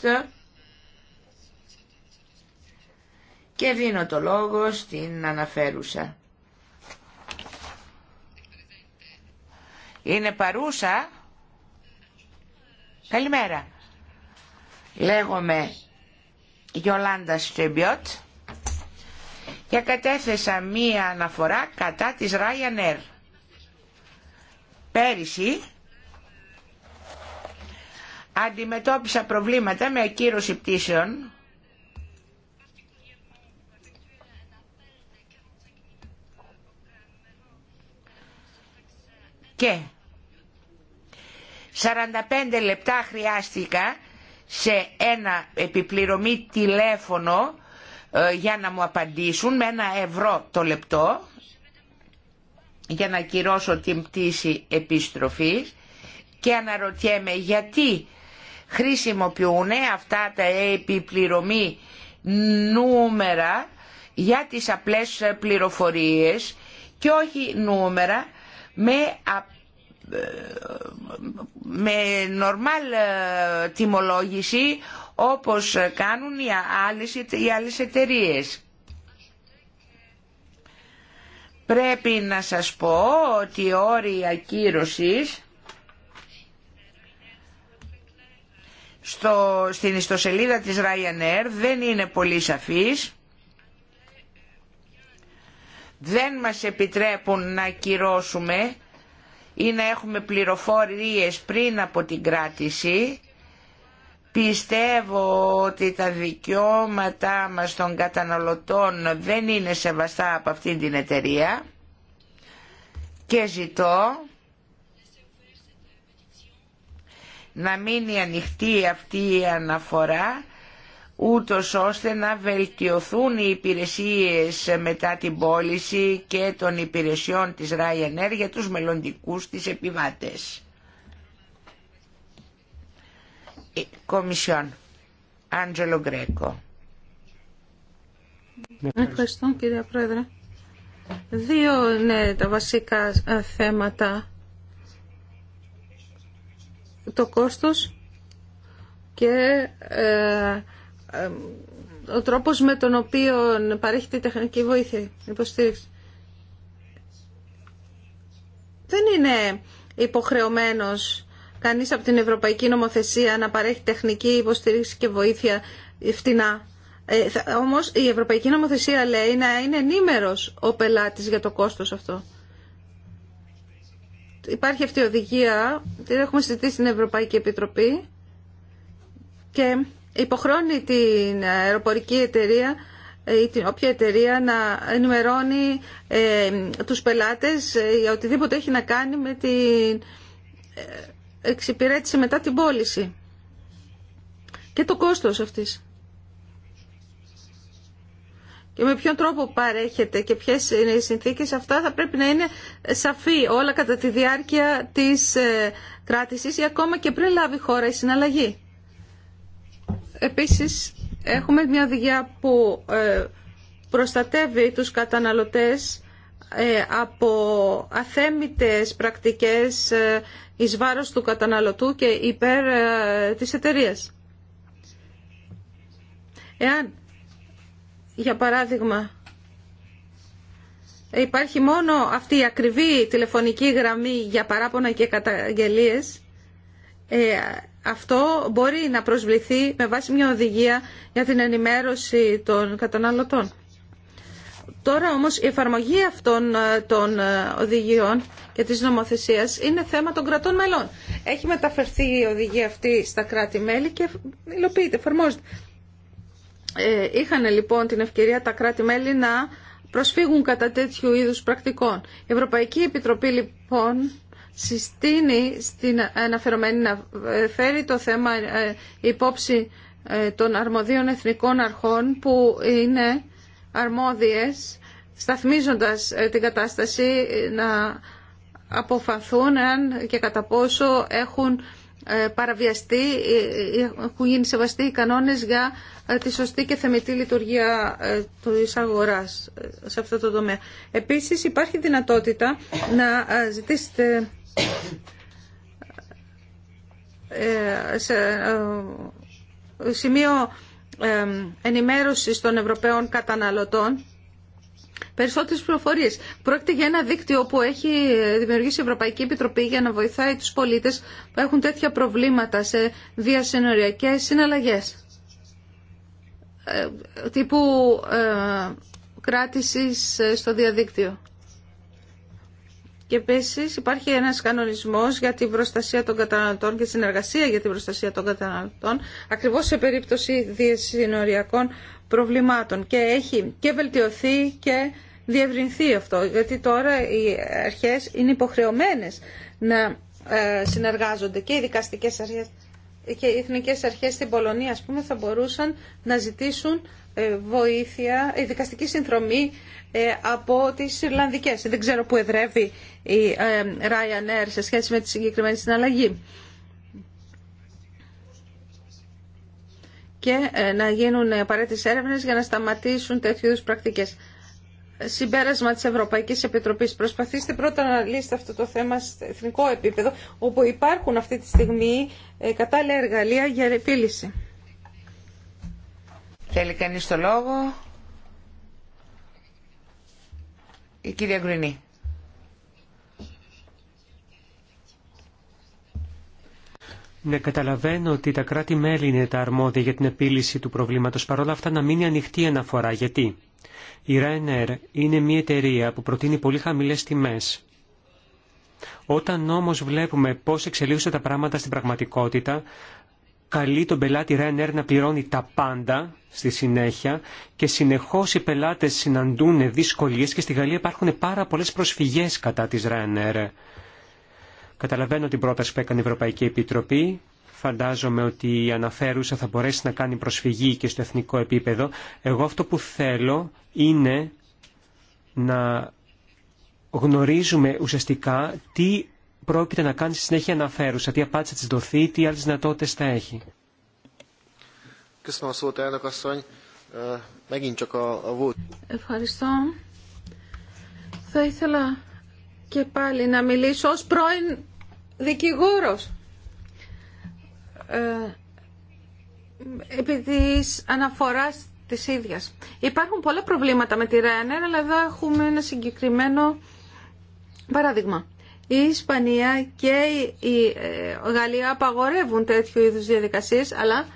και δίνω το λόγο στην αναφέρουσα. Είναι παρούσα. Καλημέρα. Λέγομαι Γιολάντα Στεμπιότ και κατέθεσα μία αναφορά κατά της Ryanair. Πέρυσι αντιμετώπισα προβλήματα με ακύρωση πτήσεων και 45 λεπτά χρειάστηκα σε ένα επιπληρωμή τηλέφωνο ε, για να μου απαντήσουν με ένα ευρώ το λεπτό για να κυρώσω την πτήση επιστροφής και αναρωτιέμαι γιατί χρησιμοποιούν αυτά τα επιπληρωμή νούμερα για τις απλές πληροφορίες και όχι νούμερα με με νορμάλ ε, τιμολόγηση όπως κάνουν οι άλλες, οι άλλες εταιρείες. Πρέπει να σας πω ότι οι όροι ακύρωσης στο, στην ιστοσελίδα της Ryanair δεν είναι πολύ σαφής δεν μας επιτρέπουν να κυρώσουμε ή να έχουμε πληροφορίες πριν από την κράτηση πιστεύω ότι τα δικαιώματά μας των καταναλωτών δεν είναι σεβαστά από αυτήν την εταιρεία και ζητώ να μείνει ανοιχτή αυτή η αναφορά ούτως ώστε να βελτιωθούν οι υπηρεσίες μετά την πώληση και των υπηρεσιών της Ryanair για τους μελλοντικούς της επιβάτες. Κομισιόν. Άντζελο Γκρέκο. Ευχαριστώ κύριε Πρόεδρε. Δύο είναι τα βασικά θέματα. Το κόστος και ε, ο τρόπος με τον οποίο παρέχεται η τεχνική βοήθεια, υποστήριξη. Δεν είναι υποχρεωμένος κανείς από την Ευρωπαϊκή Νομοθεσία να παρέχει τεχνική υποστήριξη και βοήθεια φτηνά. Ε, όμως η Ευρωπαϊκή Νομοθεσία λέει να είναι ενήμερος ο πελάτης για το κόστος αυτό. Υπάρχει αυτή η οδηγία, την έχουμε συζητήσει στην Ευρωπαϊκή Επιτροπή και υποχρώνει την αεροπορική εταιρεία ε, ή την όποια εταιρεία να ενημερώνει ε, τους πελάτες ε, για οτιδήποτε έχει να κάνει με την εξυπηρέτηση μετά την πώληση και το κόστος αυτής. Και με ποιον τρόπο παρέχεται και ποιες είναι οι συνθήκες, αυτά θα πρέπει να είναι σαφή όλα κατά τη διάρκεια της κράτησης ή ακόμα και πριν λάβει χώρα η συναλλαγή. Επίσης, έχουμε μια οδηγία που ε, προστατεύει τους καταναλωτές ε, από αθέμητες πρακτικές ε, εις βάρος του καταναλωτού και υπέρ της εταιρείας. Εάν, για παράδειγμα, υπάρχει μόνο αυτή η ακριβή τηλεφωνική γραμμή για παράπονα και καταγγελίες, αυτό μπορεί να προσβληθεί με βάση μια οδηγία για την ενημέρωση των καταναλωτών. Τώρα όμως η εφαρμογή αυτών ε, των ε, οδηγιών και της νομοθεσίας είναι θέμα των κρατών μελών. Έχει μεταφερθεί η οδηγία αυτή στα κράτη-μέλη και υλοποιείται, εφαρμόζεται. Ε, είχαν λοιπόν την ευκαιρία τα κράτη-μέλη να προσφύγουν κατά τέτοιου είδους πρακτικών. Η Ευρωπαϊκή Επιτροπή λοιπόν συστήνει στην αναφερομένη να φέρει το θέμα ε, υπόψη ε, των αρμοδίων εθνικών αρχών που είναι αρμόδιες σταθμίζοντας ε, την κατάσταση να αποφαθούν αν και κατά πόσο έχουν παραβιαστεί, έχουν γίνει σεβαστοί οι κανόνες για τη σωστή και θεμητή λειτουργία της αγοράς σε αυτό το τομέα. Επίσης υπάρχει δυνατότητα να ζητήσετε ε, σε ε, σημείο ε, ενημέρωσης των Ευρωπαίων καταναλωτών περισσότερες πληροφορίες. Πρόκειται για ένα δίκτυο που έχει δημιουργήσει η Ευρωπαϊκή Επιτροπή για να βοηθάει τους πολίτες που έχουν τέτοια προβλήματα σε διασυνοριακές συναλλαγές. τύπου κράτησης στο διαδίκτυο. Και επίση υπάρχει ένα κανονισμό για την προστασία των καταναλωτών και συνεργασία για την προστασία των καταναλωτών, ακριβώ σε περίπτωση διεσυνοριακών προβλημάτων. Και έχει και βελτιωθεί και διευρυνθεί αυτό, γιατί τώρα οι αρχές είναι υποχρεωμένες να ε, συνεργάζονται και οι δικαστικέ αρχέ και οι εθνικέ αρχέ στην Πολωνία, πούμε, θα μπορούσαν να ζητήσουν ε, βοήθεια, η δικαστική συνδρομή ε, από τις Ιρλανδικές. Δεν ξέρω που εδρεύει η ε, Ryanair σε σχέση με τη συγκεκριμένη συναλλαγή. Και να γίνουν απαραίτητες έρευνες για να σταματήσουν τέτοιου είδους πρακτικές. Συμπέρασμα της Ευρωπαϊκής Επιτροπής. Προσπαθήστε πρώτα να λύσετε αυτό το θέμα σε εθνικό επίπεδο, όπου υπάρχουν αυτή τη στιγμή κατάλληλα εργαλεία για επίλυση. Θέλει κανείς το λόγο. Η κυρία Γκρινή. Ναι, καταλαβαίνω ότι τα κράτη-μέλη είναι τα αρμόδια για την επίλυση του προβλήματος. παρόλα αυτά να μείνει ανοιχτή αναφορά. Γιατί η Ryanair είναι μια εταιρεία που προτείνει πολύ χαμηλές τιμές. Όταν όμως βλέπουμε πώς εξελίσσονται τα πράγματα στην πραγματικότητα, καλεί τον πελάτη Ryanair να πληρώνει τα πάντα στη συνέχεια και συνεχώς οι πελάτες συναντούν δυσκολίες και στη Γαλλία υπάρχουν πάρα πολλές προσφυγές κατά της Ryanair. Καταλαβαίνω την πρόταση που έκανε η Ευρωπαϊκή Επιτροπή. Φαντάζομαι ότι η αναφέρουσα θα μπορέσει να κάνει προσφυγή και στο εθνικό επίπεδο. Εγώ αυτό που θέλω είναι να γνωρίζουμε ουσιαστικά τι πρόκειται να κάνει συνέχεια αναφέρουσα, τι απάντηση θα της δοθεί, τι άλλε δυνατότητε θα έχει. Ευχαριστώ. Θα ήθελα και πάλι να μιλήσω ως πρώην δικηγόρος. Ε, επί αναφοράς της ίδιας. Υπάρχουν πολλά προβλήματα με τη ΡΕΝΕΡ αλλά εδώ έχουμε ένα συγκεκριμένο παράδειγμα η Ισπανία και η ε, Γαλλία απαγορεύουν τέτοιου είδους διαδικασίες, αλλά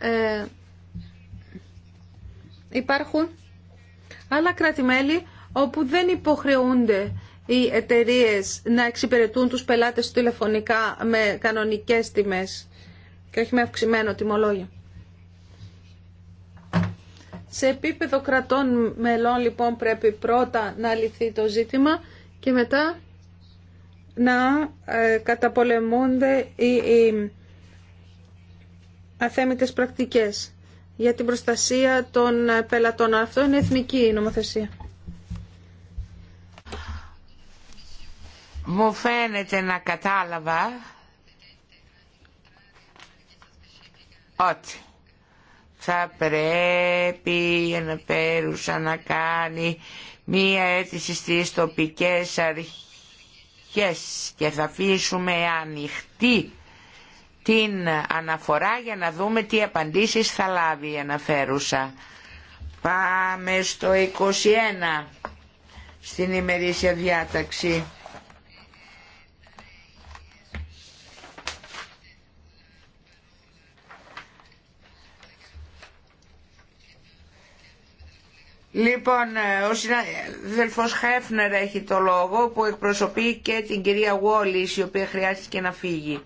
ε, υπάρχουν άλλα κράτη-μέλη όπου δεν υποχρεούνται οι εταιρείε να εξυπηρετούν τους πελάτες τηλεφωνικά με κανονικές τιμές και όχι με αυξημένο τιμολόγιο. Σε επίπεδο κρατών μελών λοιπόν πρέπει πρώτα να λυθεί το ζήτημα και μετά να ε, καταπολεμούνται οι αθέμητες πρακτικές για την προστασία των ε, πελατών. Αυτό είναι εθνική νομοθεσία. Μου φαίνεται να κατάλαβα ότι θα πρέπει η Ενεπέρουσα να κάνει μία αίτηση στις τοπικές αρχές και θα αφήσουμε ανοιχτή την αναφορά για να δούμε τι απαντήσεις θα λάβει η αναφέρουσα. Πάμε στο 21 στην ημερήσια διάταξη. Λοιπόν, ε, ο συνάδελφος Χέφνερ έχει το λόγο που εκπροσωπεί και την κυρία Γουόλης η οποία χρειάστηκε να φύγει.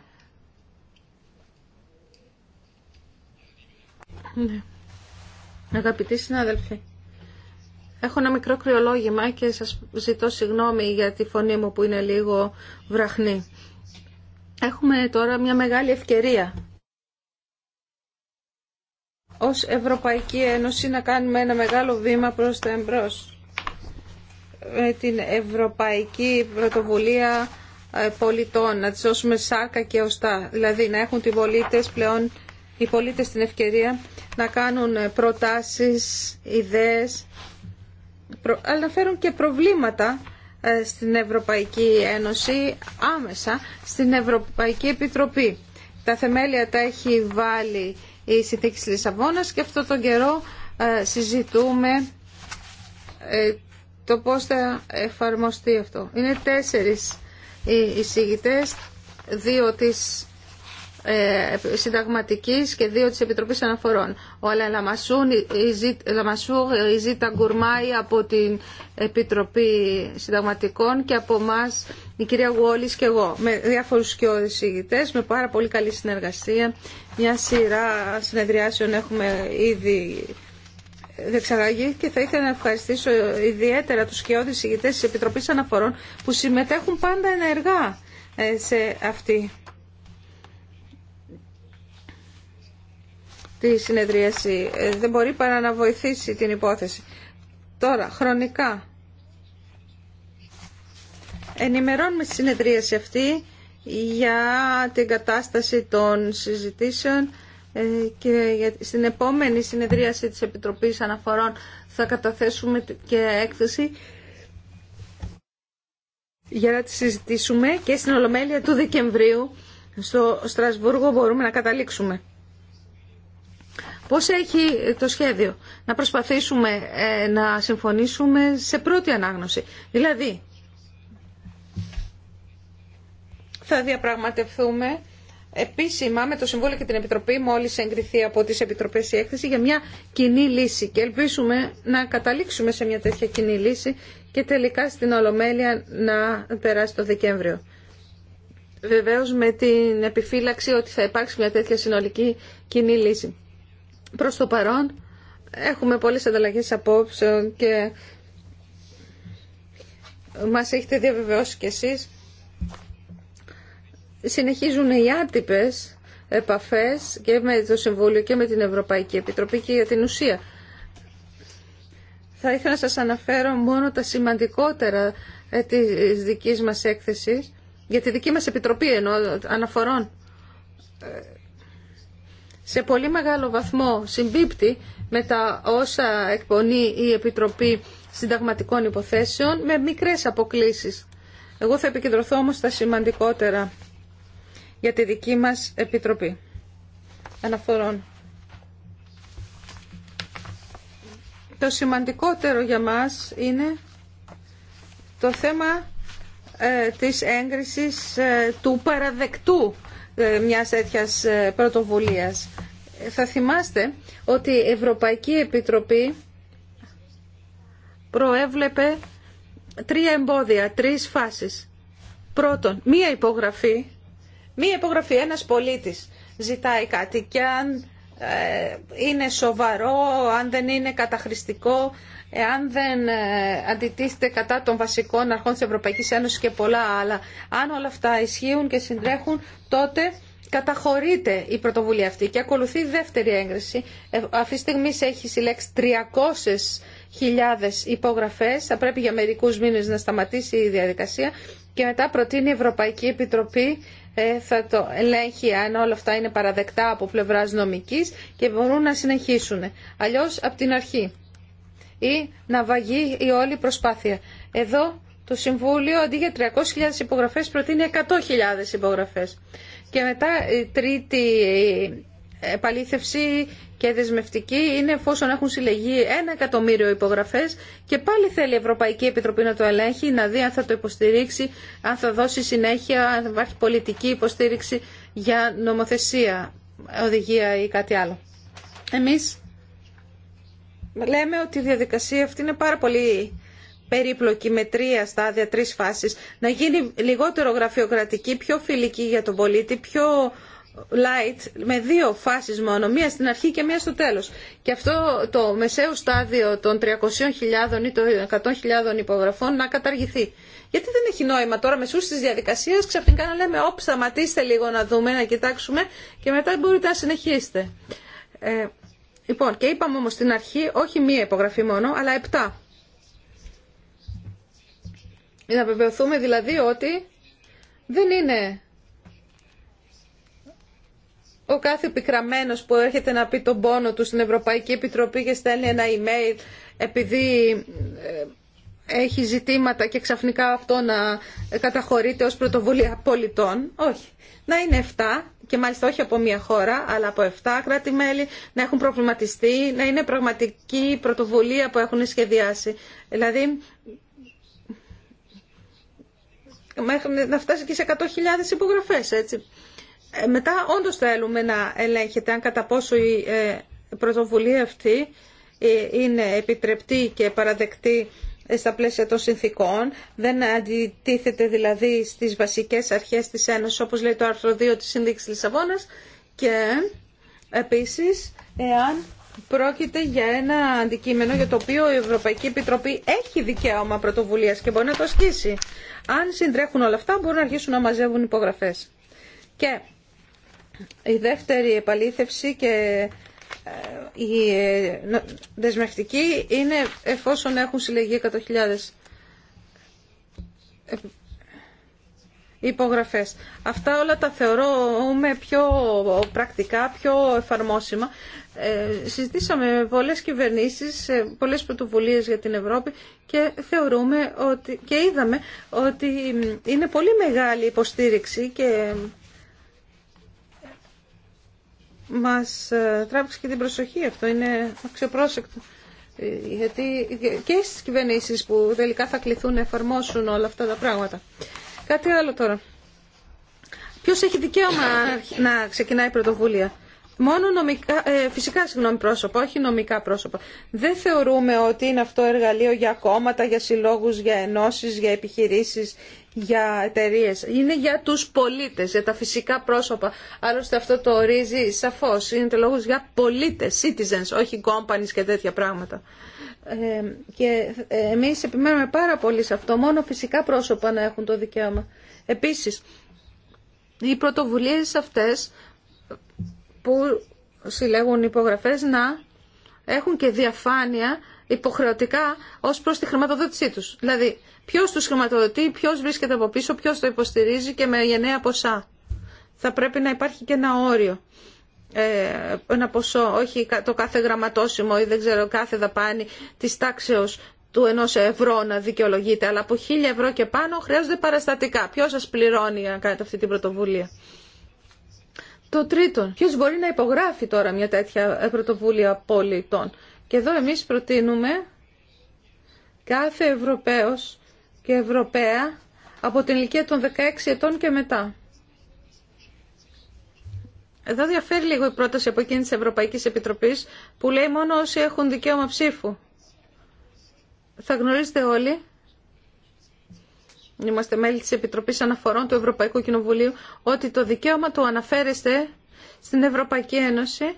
Ναι. Αγαπητοί συνάδελφοι, έχω ένα μικρό κρυολόγημα και σας ζητώ συγγνώμη για τη φωνή μου που είναι λίγο βραχνή. Έχουμε τώρα μια μεγάλη ευκαιρία ως Ευρωπαϊκή Ένωση να κάνουμε ένα μεγάλο βήμα προς τα εμπρός με την Ευρωπαϊκή Πρωτοβουλία ε, Πολιτών, να τις δώσουμε σάρκα και οστά, δηλαδή να έχουν οι πολίτες πλέον οι πολίτες την ευκαιρία να κάνουν ε, προτάσεις, ιδέες, αλλά να φέρουν και προβλήματα ε, στην Ευρωπαϊκή Ένωση άμεσα στην Ευρωπαϊκή Επιτροπή. Τα θεμέλια τα έχει βάλει η συνθήκη τη Λισαβόνα και αυτό τον καιρό ε, συζητούμε ε, το πώς θα εφαρμοστεί αυτό. Είναι τέσσερις οι εισηγητές, δύο της ε, συνταγματικής και δύο της Επιτροπής Αναφορών. Ο Αλέ Λαμασούρ, η Ζήτα Γκουρμάη από την Επιτροπή Συνταγματικών και από εμά η κυρία Γουόλης και εγώ με διάφορους και οδησηγητές, με πάρα πολύ καλή συνεργασία μια σειρά συνεδριάσεων έχουμε ήδη δεξαγαγή και θα ήθελα να ευχαριστήσω ιδιαίτερα τους σκιώδεις ηγητές της Επιτροπής Αναφορών που συμμετέχουν πάντα ενεργά ε, σε αυτή τη συνεδρίαση. Ε, δεν μπορεί παρά να βοηθήσει την υπόθεση. Τώρα, χρονικά, ενημερώνουμε τη συνεδρίαση αυτή για την κατάσταση των συζητήσεων ε, και στην επόμενη συνεδρίαση της Επιτροπής Αναφορών θα καταθέσουμε και έκθεση για να τη συζητήσουμε και στην Ολομέλεια του Δεκεμβρίου στο Στρασβούργο μπορούμε να καταλήξουμε. Πώς έχει το σχέδιο να προσπαθήσουμε ε, να συμφωνήσουμε σε πρώτη ανάγνωση. Δηλαδή, θα διαπραγματευθούμε επίσημα με το Συμβούλιο και την Επιτροπή μόλις εγκριθεί από τις Επιτροπές η έκθεση για μια κοινή λύση και ελπίζουμε να καταλήξουμε σε μια τέτοια κοινή λύση και τελικά στην Ολομέλεια να περάσει το Δεκέμβριο. Βεβαίω με την επιφύλαξη ότι θα υπάρξει μια τέτοια συνολική κοινή λύση. Προ το παρόν έχουμε πολλέ ανταλλαγέ απόψεων και μας έχετε διαβεβαιώσει κι εσείς συνεχίζουν οι άτυπες επαφές και με το Συμβούλιο και με την Ευρωπαϊκή Επιτροπή και για την ουσία. Θα ήθελα να σας αναφέρω μόνο τα σημαντικότερα ε, της δικής μας έκθεσης, για τη δική μας Επιτροπή ενώ αναφορών. Ε, σε πολύ μεγάλο βαθμό συμπίπτει με τα όσα εκπονεί η Επιτροπή Συνταγματικών Υποθέσεων με μικρές αποκλήσεις. Εγώ θα επικεντρωθώ όμως στα σημαντικότερα για τη δική μας Επιτροπή Αναφορών. Το σημαντικότερο για μας είναι το θέμα ε, της έγκρισης ε, του παραδεκτού ε, μιας τέτοιας πρωτοβουλίας. Θα θυμάστε ότι η Ευρωπαϊκή Επιτροπή προέβλεπε τρία εμπόδια, τρεις φάσεις. Πρώτον, μία υπογραφή Μία υπογραφή, ένας πολίτης ζητάει κάτι και αν ε, είναι σοβαρό, αν δεν είναι καταχρηστικό, αν δεν ε, αντιτίθεται κατά των βασικών αρχών της Ευρωπαϊκής Ένωσης και πολλά άλλα. Αν όλα αυτά ισχύουν και συντρέχουν, τότε καταχωρείται η πρωτοβουλία αυτή και ακολουθεί η δεύτερη έγκριση. Ε, αυτή τη στιγμή έχει συλλέξει 300.000 υπογραφές, θα πρέπει για μερικούς μήνες να σταματήσει η διαδικασία και μετά προτείνει η Ευρωπαϊκή Επιτροπή ε, θα το ελέγχει αν όλα αυτά είναι παραδεκτά από πλευράς νομικής και μπορούν να συνεχίσουν. Αλλιώς από την αρχή ή να βαγεί η όλη προσπάθεια. Εδώ το Συμβούλιο αντί για 300.000 υπογραφές προτείνει 100.000 υπογραφές. Και μετά η τρίτη επαλήθευση και δεσμευτική είναι εφόσον έχουν συλλεγεί ένα εκατομμύριο υπογραφέ και πάλι θέλει η Ευρωπαϊκή Επιτροπή να το ελέγχει, να δει αν θα το υποστηρίξει, αν θα δώσει συνέχεια, αν θα υπάρχει πολιτική υποστήριξη για νομοθεσία, οδηγία ή κάτι άλλο. Εμείς λέμε ότι η διαδικασία αυτή είναι πάρα πολύ περίπλοκη με τρία στάδια, τρεις φάσεις, να γίνει λιγότερο γραφειοκρατική, πιο φιλική για τον πολίτη, πιο light με δύο φάσεις μόνο, μία στην αρχή και μία στο τέλος. Και αυτό το μεσαίο στάδιο των 300.000 ή των 100.000 υπογραφών να καταργηθεί. Γιατί δεν έχει νόημα τώρα μεσού τη διαδικασία ξαφνικά να λέμε όπ, σταματήστε λίγο να δούμε, να κοιτάξουμε και μετά μπορείτε να συνεχίσετε. Ε, λοιπόν, και είπαμε όμως στην αρχή όχι μία υπογραφή μόνο, αλλά επτά. Να βεβαιωθούμε δηλαδή ότι δεν είναι ο κάθε πικραμένος που έρχεται να πει τον πόνο του στην Ευρωπαϊκή Επιτροπή και στέλνει ένα email επειδή ε, έχει ζητήματα και ξαφνικά αυτό να καταχωρείται ως πρωτοβουλία πολιτών. Όχι. Να είναι 7 και μάλιστα όχι από μια χώρα, αλλά από 7 κράτη-μέλη να έχουν προβληματιστεί, να είναι πραγματική πρωτοβουλία που έχουν σχεδιάσει. Δηλαδή, να φτάσει και σε 100.000 υπογραφές, έτσι. Ε, μετά όντως θέλουμε να ελέγχεται αν κατά πόσο η ε, πρωτοβουλία αυτή ε, είναι επιτρεπτή και παραδεκτή στα πλαίσια των συνθήκων, δεν αντιτίθεται δηλαδή στις βασικές αρχές της Ένωσης, όπως λέει το άρθρο 2 της Συνδίκης Λισαβόνας, και επίσης εάν πρόκειται για ένα αντικείμενο για το οποίο η Ευρωπαϊκή Επιτροπή έχει δικαίωμα πρωτοβουλίας και μπορεί να το ασκήσει. Αν συντρέχουν όλα αυτά, μπορούν να αρχίσουν να μαζεύουν υπογραφές. Και η δεύτερη επαλήθευση και ε, η ε, δεσμευτική είναι εφόσον έχουν συλλεγεί 100.000 ε, υπογραφές. Αυτά όλα τα θεωρούμε πιο πρακτικά, πιο εφαρμόσιμα. Ε, συζητήσαμε με πολλές κυβερνήσεις, πολλές πρωτοβουλίες για την Ευρώπη και θεωρούμε ότι, και είδαμε ότι είναι πολύ μεγάλη υποστήριξη και μας ε, τράβηξε και την προσοχή αυτό, είναι αξιοπρόσεκτο. Ε, γιατί και στις κυβερνήσεις που τελικά θα κληθούν να εφαρμόσουν όλα αυτά τα πράγματα. Κάτι άλλο τώρα. Ποιος έχει δικαίωμα να ξεκινάει η πρωτοβουλία. Μόνο νομικά, ε, φυσικά συγγνώμη πρόσωπα, όχι νομικά πρόσωπα. Δεν θεωρούμε ότι είναι αυτό εργαλείο για κόμματα, για συλλόγους, για ενώσεις, για επιχειρήσεις για εταιρείε. Είναι για τους πολίτες, για τα φυσικά πρόσωπα. Άλλωστε αυτό το ορίζει σαφώς. Είναι το για πολίτες, citizens, όχι companies και τέτοια πράγματα. Ε, και ε, εμείς επιμένουμε πάρα πολύ σε αυτό. Μόνο φυσικά πρόσωπα να έχουν το δικαίωμα. Επίσης, οι πρωτοβουλίε αυτές που συλλέγουν υπογραφέ να έχουν και διαφάνεια υποχρεωτικά ως προς τη χρηματοδότησή τους. Δηλαδή, Ποιο του χρηματοδοτεί, ποιο βρίσκεται από πίσω, ποιο το υποστηρίζει και με γενναία ποσά. Θα πρέπει να υπάρχει και ένα όριο, ε, ένα ποσό, όχι το κάθε γραμματόσημο ή δεν ξέρω κάθε δαπάνη τη τάξεω του ενό ευρώ να δικαιολογείται, αλλά από χίλια ευρώ και πάνω χρειάζονται παραστατικά. Ποιο σα πληρώνει να κάνετε αυτή την πρωτοβουλία. Το τρίτο. ποιο μπορεί να υπογράφει τώρα μια τέτοια ε, πρωτοβουλία πολιτών. Και εδώ εμείς προτείνουμε κάθε Ευρωπαίος και Ευρωπαία από την ηλικία των 16 ετών και μετά. Εδώ διαφέρει λίγο η πρόταση από εκείνη τη Ευρωπαϊκής Επιτροπής που λέει μόνο όσοι έχουν δικαίωμα ψήφου. Θα γνωρίζετε όλοι, είμαστε μέλη της Επιτροπής Αναφορών του Ευρωπαϊκού Κοινοβουλίου, ότι το δικαίωμα του αναφέρεστε στην Ευρωπαϊκή Ένωση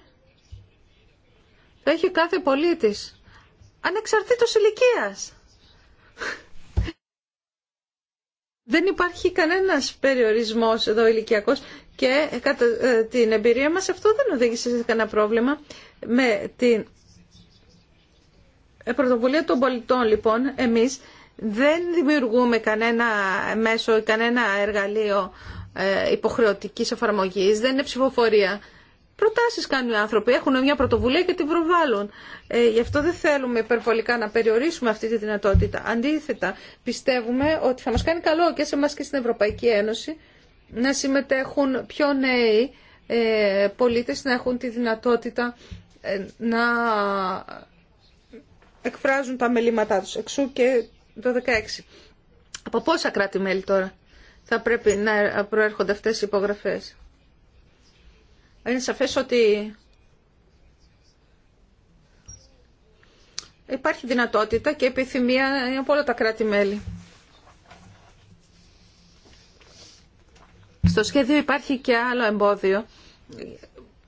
το έχει κάθε πολίτης, ανεξαρτήτως ηλικίας. Δεν υπάρχει κανένας περιορισμός εδώ ηλικιακός και κατά ε, την εμπειρία μας αυτό δεν οδήγησε σε κανένα πρόβλημα με την ε, πρωτοβουλία των πολιτών λοιπόν εμείς δεν δημιουργούμε κανένα μέσο ή κανένα εργαλείο ε, υποχρεωτικής εφαρμογής, δεν είναι ψηφοφορία. Προτάσει κάνουν οι άνθρωποι, έχουν μια πρωτοβουλία και την προβάλλουν. Ε, γι' αυτό δεν θέλουμε υπερβολικά να περιορίσουμε αυτή τη δυνατότητα. Αντίθετα, πιστεύουμε ότι θα μας κάνει καλό και σε εμά και στην Ευρωπαϊκή Ένωση να συμμετέχουν πιο νέοι ε, πολίτες να έχουν τη δυνατότητα ε, να εκφράζουν τα μελήματά τους. Εξού και το 16. Από πόσα κράτη-μέλη τώρα θα πρέπει να προέρχονται αυτές οι υπογραφές. Είναι σαφές ότι υπάρχει δυνατότητα και επιθυμία από όλα τα κράτη-μέλη. Στο σχέδιο υπάρχει και άλλο εμπόδιο.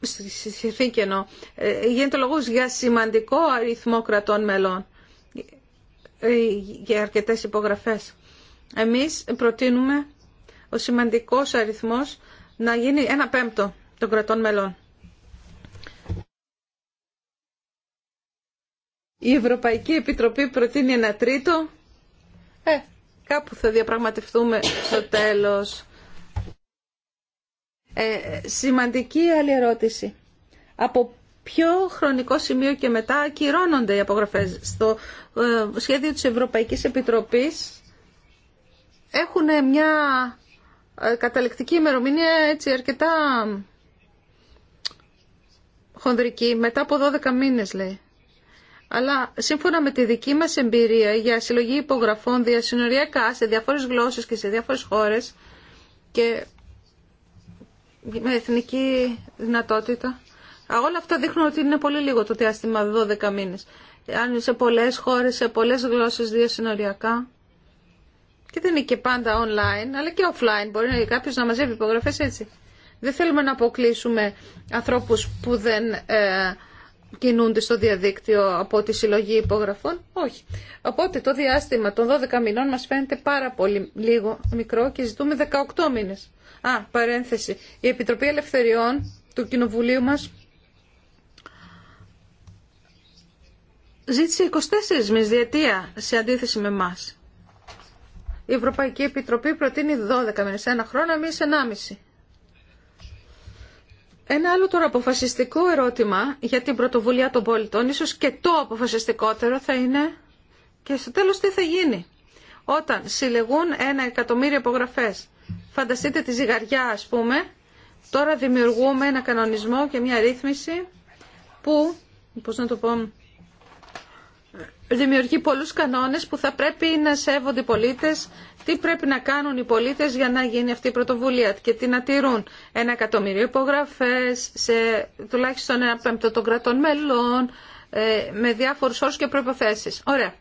Στη συνθήκη εννοώ. Ε, γίνεται λόγος για σημαντικό αριθμό κρατών μελών. Ε, για αρκετές υπογραφές. Εμείς προτείνουμε ο σημαντικός αριθμός να γίνει ένα πέμπτο των κρατών μελών. Η Ευρωπαϊκή Επιτροπή προτείνει ένα τρίτο. Ε, κάπου θα διαπραγματευτούμε στο τέλος. Ε, σημαντική άλλη ερώτηση. Από ποιο χρονικό σημείο και μετά ακυρώνονται οι απογραφές. Στο ε, σχέδιο της Ευρωπαϊκής Επιτροπής έχουν μια ε, καταληκτική ημερομηνία έτσι αρκετά χονδρική μετά από 12 μήνες λέει. Αλλά σύμφωνα με τη δική μας εμπειρία για συλλογή υπογραφών διασυνοριακά σε διάφορες γλώσσες και σε διάφορες χώρες και με εθνική δυνατότητα, όλα αυτά δείχνουν ότι είναι πολύ λίγο το διάστημα 12 μήνες. Αν σε πολλές χώρες, σε πολλές γλώσσες διασυνοριακά και δεν είναι και πάντα online αλλά και offline μπορεί να να μαζεύει υπογραφές έτσι. Δεν θέλουμε να αποκλείσουμε ανθρώπους που δεν ε, κινούνται στο διαδίκτυο από τη συλλογή υπογραφών. Όχι. Οπότε το διάστημα των 12 μηνών μας φαίνεται πάρα πολύ λίγο μικρό και ζητούμε 18 μήνες. Α, παρένθεση. Η Επιτροπή Ελευθεριών του Κοινοβουλίου μας ζήτησε 24 μήνες διετία σε αντίθεση με εμά. Η Ευρωπαϊκή Επιτροπή προτείνει 12 μήνες, ένα χρόνο, εμείς 1,5. Ένα άλλο τώρα αποφασιστικό ερώτημα για την πρωτοβουλία των πολιτών, ίσως και το αποφασιστικότερο θα είναι και στο τέλος τι θα γίνει. Όταν συλλεγούν ένα εκατομμύριο υπογραφές, φανταστείτε τη ζυγαριά ας πούμε, τώρα δημιουργούμε ένα κανονισμό και μια ρύθμιση που, πώς να το πω, δημιουργεί πολλούς κανόνες που θα πρέπει να σέβονται οι πολίτες, τι πρέπει να κάνουν οι πολίτες για να γίνει αυτή η πρωτοβουλία και τι να τηρούν. Ένα εκατομμύριο υπογραφές σε τουλάχιστον ένα πέμπτο των κρατών μελών, ε, με διάφορους όρους και προϋποθέσεις. Ωραία.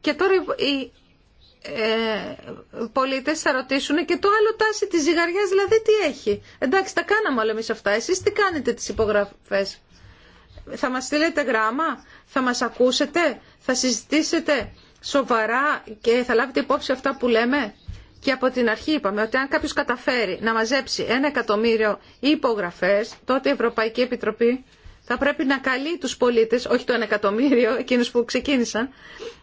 Και τώρα οι ε, πολίτες θα ρωτήσουν και το άλλο τάση της ζυγαριάς δηλαδή τι έχει. Εντάξει τα κάναμε όλα εμείς αυτά, εσείς τι κάνετε τις υπογραφές. Θα μας στείλετε γράμμα, θα μας ακούσετε, θα συζητήσετε σοβαρά και θα λάβετε υπόψη αυτά που λέμε. Και από την αρχή είπαμε ότι αν κάποιος καταφέρει να μαζέψει ένα εκατομμύριο υπογραφές, τότε η Ευρωπαϊκή Επιτροπή θα πρέπει να καλεί τους πολίτες, όχι το ένα εκατομμύριο, εκείνους που ξεκίνησαν,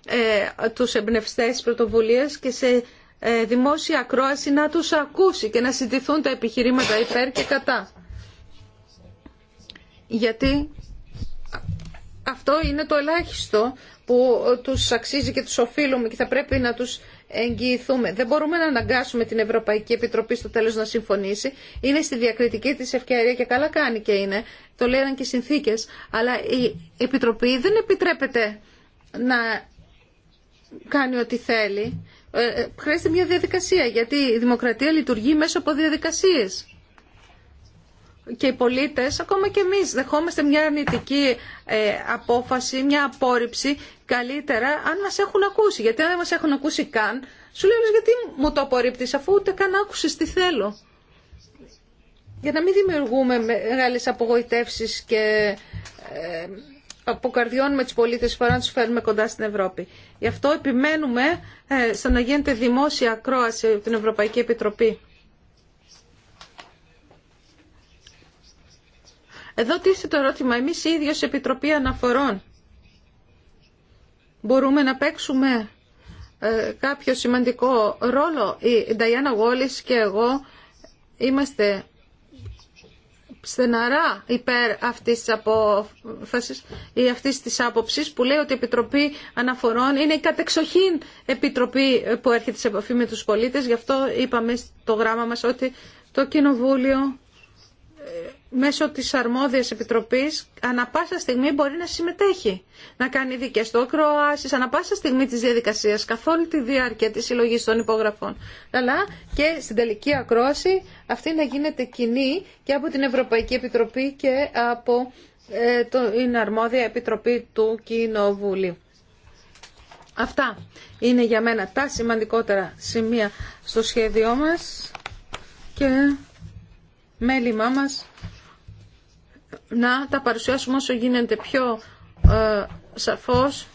ε, τους εμπνευστές πρωτοβουλίες και σε ε, δημόσια ακρόαση να τους ακούσει και να συντηθούν τα επιχειρήματα υπέρ και κατά. Γιατί αυτό είναι το ελάχιστο που τους αξίζει και τους οφείλουμε και θα πρέπει να τους εγγυηθούμε. Δεν μπορούμε να αναγκάσουμε την Ευρωπαϊκή Επιτροπή στο τέλος να συμφωνήσει. Είναι στη διακριτική της ευκαιρία και καλά κάνει και είναι. Το λέγανε και οι συνθήκες. Αλλά η Επιτροπή δεν επιτρέπεται να κάνει ό,τι θέλει. Ε, ε, χρειάζεται μια διαδικασία γιατί η δημοκρατία λειτουργεί μέσω από διαδικασίες και οι πολίτες, ακόμα και εμείς, δεχόμαστε μια αρνητική ε, απόφαση, μια απόρριψη καλύτερα αν μας έχουν ακούσει. Γιατί αν δεν μας έχουν ακούσει καν, σου λέω, γιατί μου το απορρίπτεις αφού ούτε καν άκουσες τι θέλω. Για να μην δημιουργούμε μεγάλες απογοητεύσεις και ε, αποκαρδιώνουμε τις πολίτες παρά να τους φέρνουμε κοντά στην Ευρώπη. Γι' αυτό επιμένουμε ε, στο να γίνεται δημόσια ακρόαση από την Ευρωπαϊκή Επιτροπή. Εδώ τίθεται το ερώτημα, εμείς οι ίδιοι ως Επιτροπή Αναφορών μπορούμε να παίξουμε ε, κάποιο σημαντικό ρόλο. Η Νταϊάννα Γόλης και εγώ είμαστε στεναρά υπέρ αυτής της απόφασης ή αυτής της άποψης που λέει ότι η Επιτροπή Αναφορών είναι η κατεξοχήν επιτροπή που έρχεται σε επαφή με τους πολίτες. Γι' αυτό είπαμε στο γράμμα μας ότι το Κοινοβούλιο ε, μέσω της αρμόδιας επιτροπής ανα πάσα στιγμή μπορεί να συμμετέχει, να κάνει δικές του ακροάσεις, ανα πάσα στιγμή της διαδικασίας, καθ' όλη τη διάρκεια της συλλογή των υπογραφών. Αλλά και στην τελική ακρόαση αυτή να γίνεται κοινή και από την Ευρωπαϊκή Επιτροπή και από ε, το, την αρμόδια Επιτροπή του Κοινοβουλίου. Αυτά είναι για μένα τα σημαντικότερα σημεία στο σχέδιό μας και μέλημά μας να τα παρουσιάσουμε όσο γίνεται πιο ε, σαφώς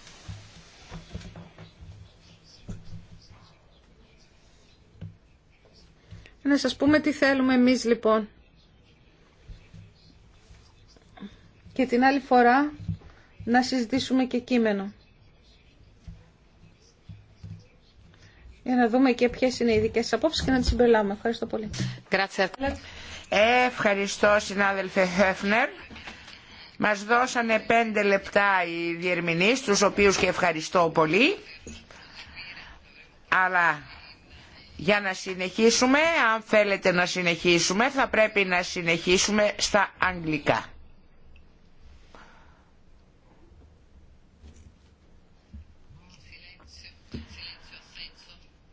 Να σας πούμε τι θέλουμε εμείς λοιπόν. Και την άλλη φορά να συζητήσουμε και κείμενο. Για να δούμε και ποιες είναι οι ειδικές απόψεις και να τις συμπεριλάβουμε. Ευχαριστώ πολύ. Grazie. Ευχαριστώ συνάδελφε Χέφνερ. Μας δώσανε πέντε λεπτά οι διερμηνείς, τους οποίους και ευχαριστώ πολύ. Αλλά για να συνεχίσουμε, αν θέλετε να συνεχίσουμε, θα πρέπει να συνεχίσουμε στα αγγλικά.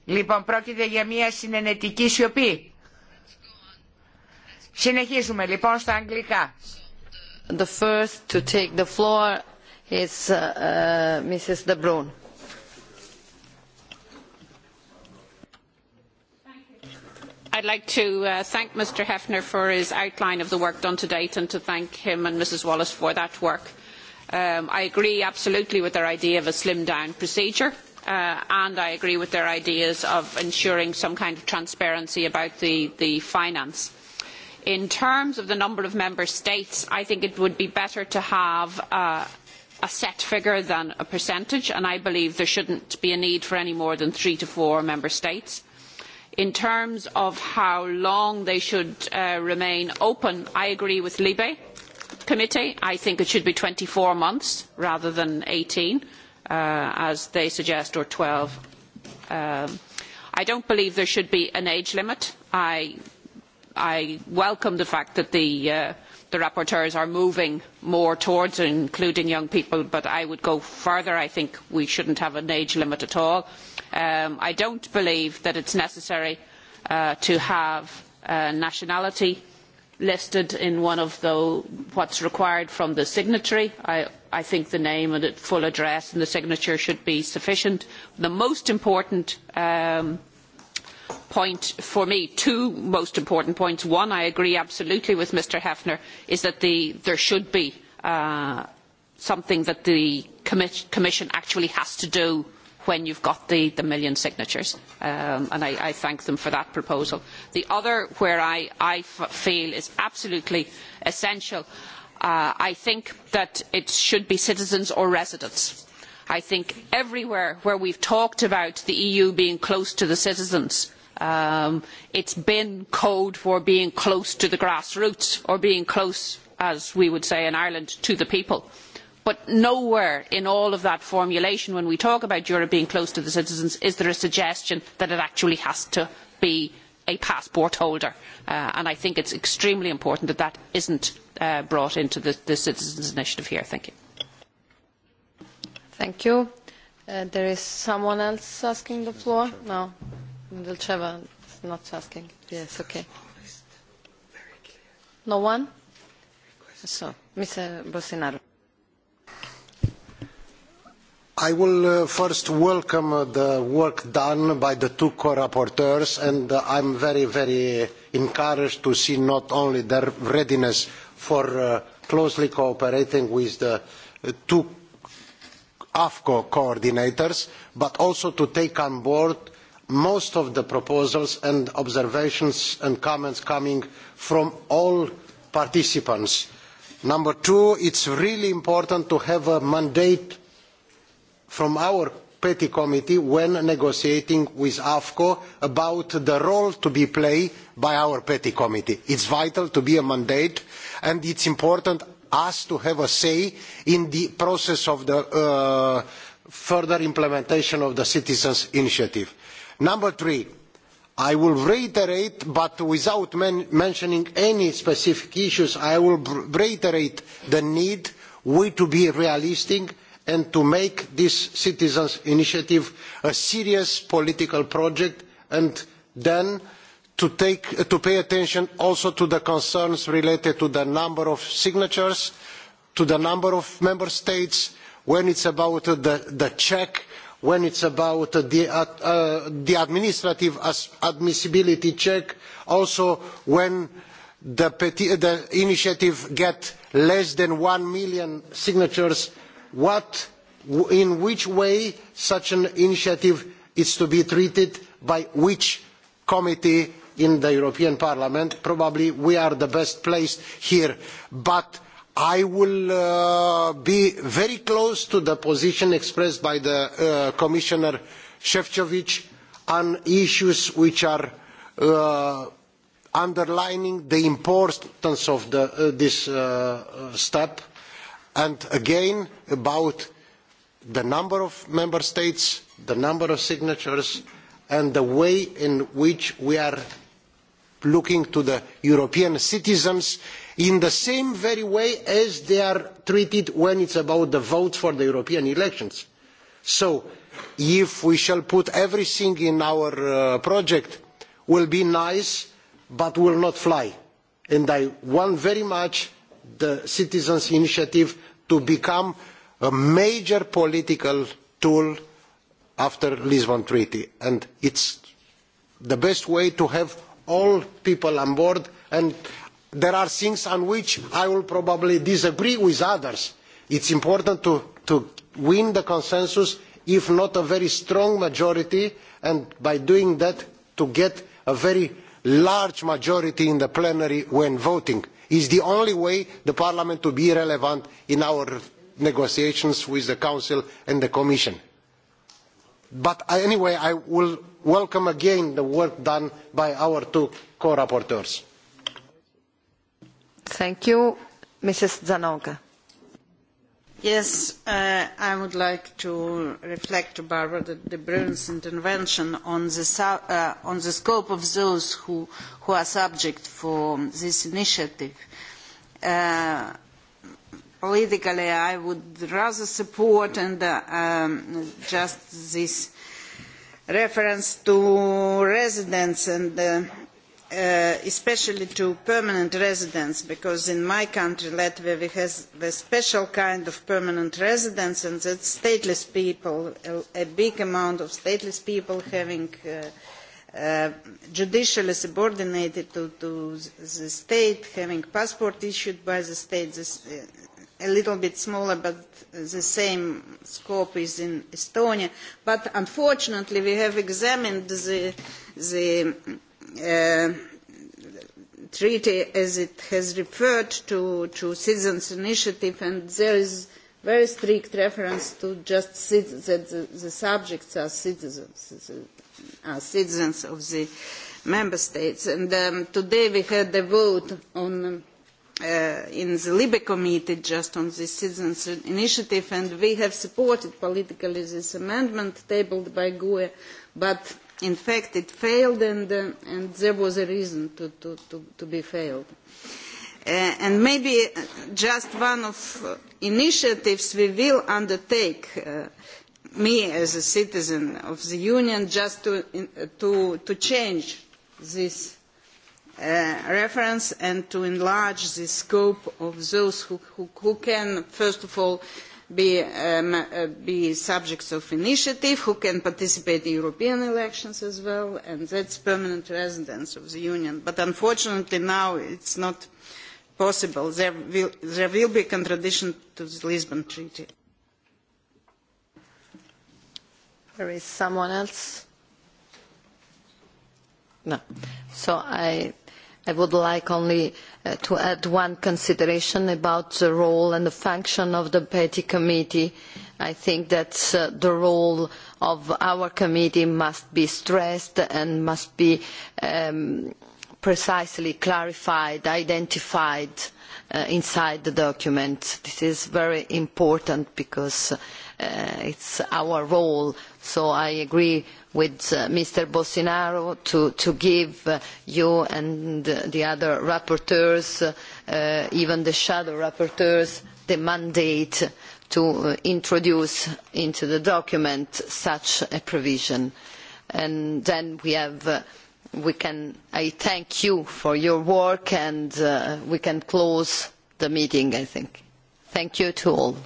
Λοιπόν, πρόκειται για μια συνενετική σιωπή. Συνεχίζουμε λοιπόν στα αγγλικά. The first to take the floor is uh, Mrs. De Bruyne. I'd like to thank Mr Hefner for his outline of the work done to date and to thank him and Mrs Wallace for that work. I agree absolutely with their idea of a slimmed down procedure and I agree with their ideas of ensuring some kind of transparency about the finance in terms of the number of member states i think it would be better to have a set figure than a percentage and i believe there should not be a need for any more than three to four member states. in terms of how long they should remain open i agree with the libe committee i think it should be twenty four months rather than eighteen as they suggest or. twelve i do believe there should be an age limit. i I welcome the fact that the rapporteurs are moving more towards including young people, but I would go further. I think we shouldn't have an age limit at all. I don't believe that it's necessary to have nationality listed in one of the what's required from the signatory. I think the name and full address and the signature should be sufficient. The most important point for me two most important points one i agree absolutely with mr Hefner, is that there should be something that the commission actually has to do when you've got the million signatures and i thank them for that proposal. the other where i feel is absolutely essential i think that it should be citizens or residents. i think everywhere where we've talked about the eu being close to the citizens It's been code for being close to the grassroots or being close, as we would say in Ireland, to the people. But nowhere in all of that formulation, when we talk about Europe being close to the citizens, is there a suggestion that it actually has to be a passport holder. And I think it's extremely important that that isn't brought into the citizens' initiative here. Thank you. Thank you. There is someone else asking the floor? is not asking. Yes, okay. No one? So, Mr. Bolsonaro. I will first welcome the work done by the two co-rapporteurs and I'm very, very encouraged to see not only their readiness for closely cooperating with the two AFCO coordinators, but also to take on board most of the proposals and observations and comments coming from all participants. Number two, it's really important to have a mandate from our petty Committee when negotiating with AFCO about the role to be played by our Peti Committee. It's vital to be a mandate and it's important us to have a say in the process of the further implementation of the Citizens' Initiative number three i will reiterate but without mentioning any specific issues i will reiterate the need to be realistic and to make this citizens' initiative a serious political project and then to pay attention also to the concerns related to the number of signatures to the number of member states when it is about the check when it is about the administrative admissibility check also when the initiative gets less than one million signatures in which way such an initiative is to be treated by which committee in the european parliament probably we are the best placed here but I will be very close to the position expressed by the Commissioner Shevchovich on issues which are underlining the importance of this step and again about the number of member states, the number of signatures and the way in which we are looking to the European citizens in the same very way as they are treated when it is about the vote for the European elections. So if we shall put everything in our project will be nice but will not fly. And I want very much the citizens' initiative to become a major political tool after the Lisbon Treaty and it is the best way to have all people on board and there are things on which i will probably disagree with others. it is important to win the consensus if not a very strong majority and by doing that to get a very large majority in the plenary when voting. it is the only way for parliament to be relevant in our negotiations with the council and the commission. But anyway, I will welcome again the work done by our two co-rapporteurs. Thank you. Mrs. Zanoga. Yes, I would like to reflect to Barbara de intervention on the scope of those who are subject for this initiative politically I would rather support and just this reference to residents and especially to permanent residents because in my country Latvia we have a special kind of permanent residents and that's stateless people, a big amount of stateless people having judicially subordinated to the state, having passport issued by the state a little bit smaller, but the same scope is in Estonia. But unfortunately, we have examined the treaty as it has referred to citizens' initiative, and there is very strict reference to just that the subjects are citizens, are citizens of the member states. And today we had a vote on in the LIBE committee just on this citizens' initiative, and we have supported politically this amendment tabled by GUE, but in fact it failed, and there was a reason to be failed. And maybe just one of initiatives we will undertake, me as a citizen of the Union, just to change this reference and to enlarge the scope of those who can, first of all, be subjects of initiative, who can participate in European elections as well, and that's permanent residents of the Union. But unfortunately now it's not possible. There will be a contradiction to the Lisbon Treaty. There is someone else? No. So I I would like only to add one consideration about the role and the function of the Petty Committee. I think that the role of our committee must be stressed and must be precisely clarified, identified inside the document. This is very important because it's our role So I agree with Mr. Bolsonaro to give you and the other rapporteurs, even the shadow rapporteurs, the mandate to introduce into the document such a provision. And then we have we can I thank you for your work and we can close the meeting, I think. Thank you to all.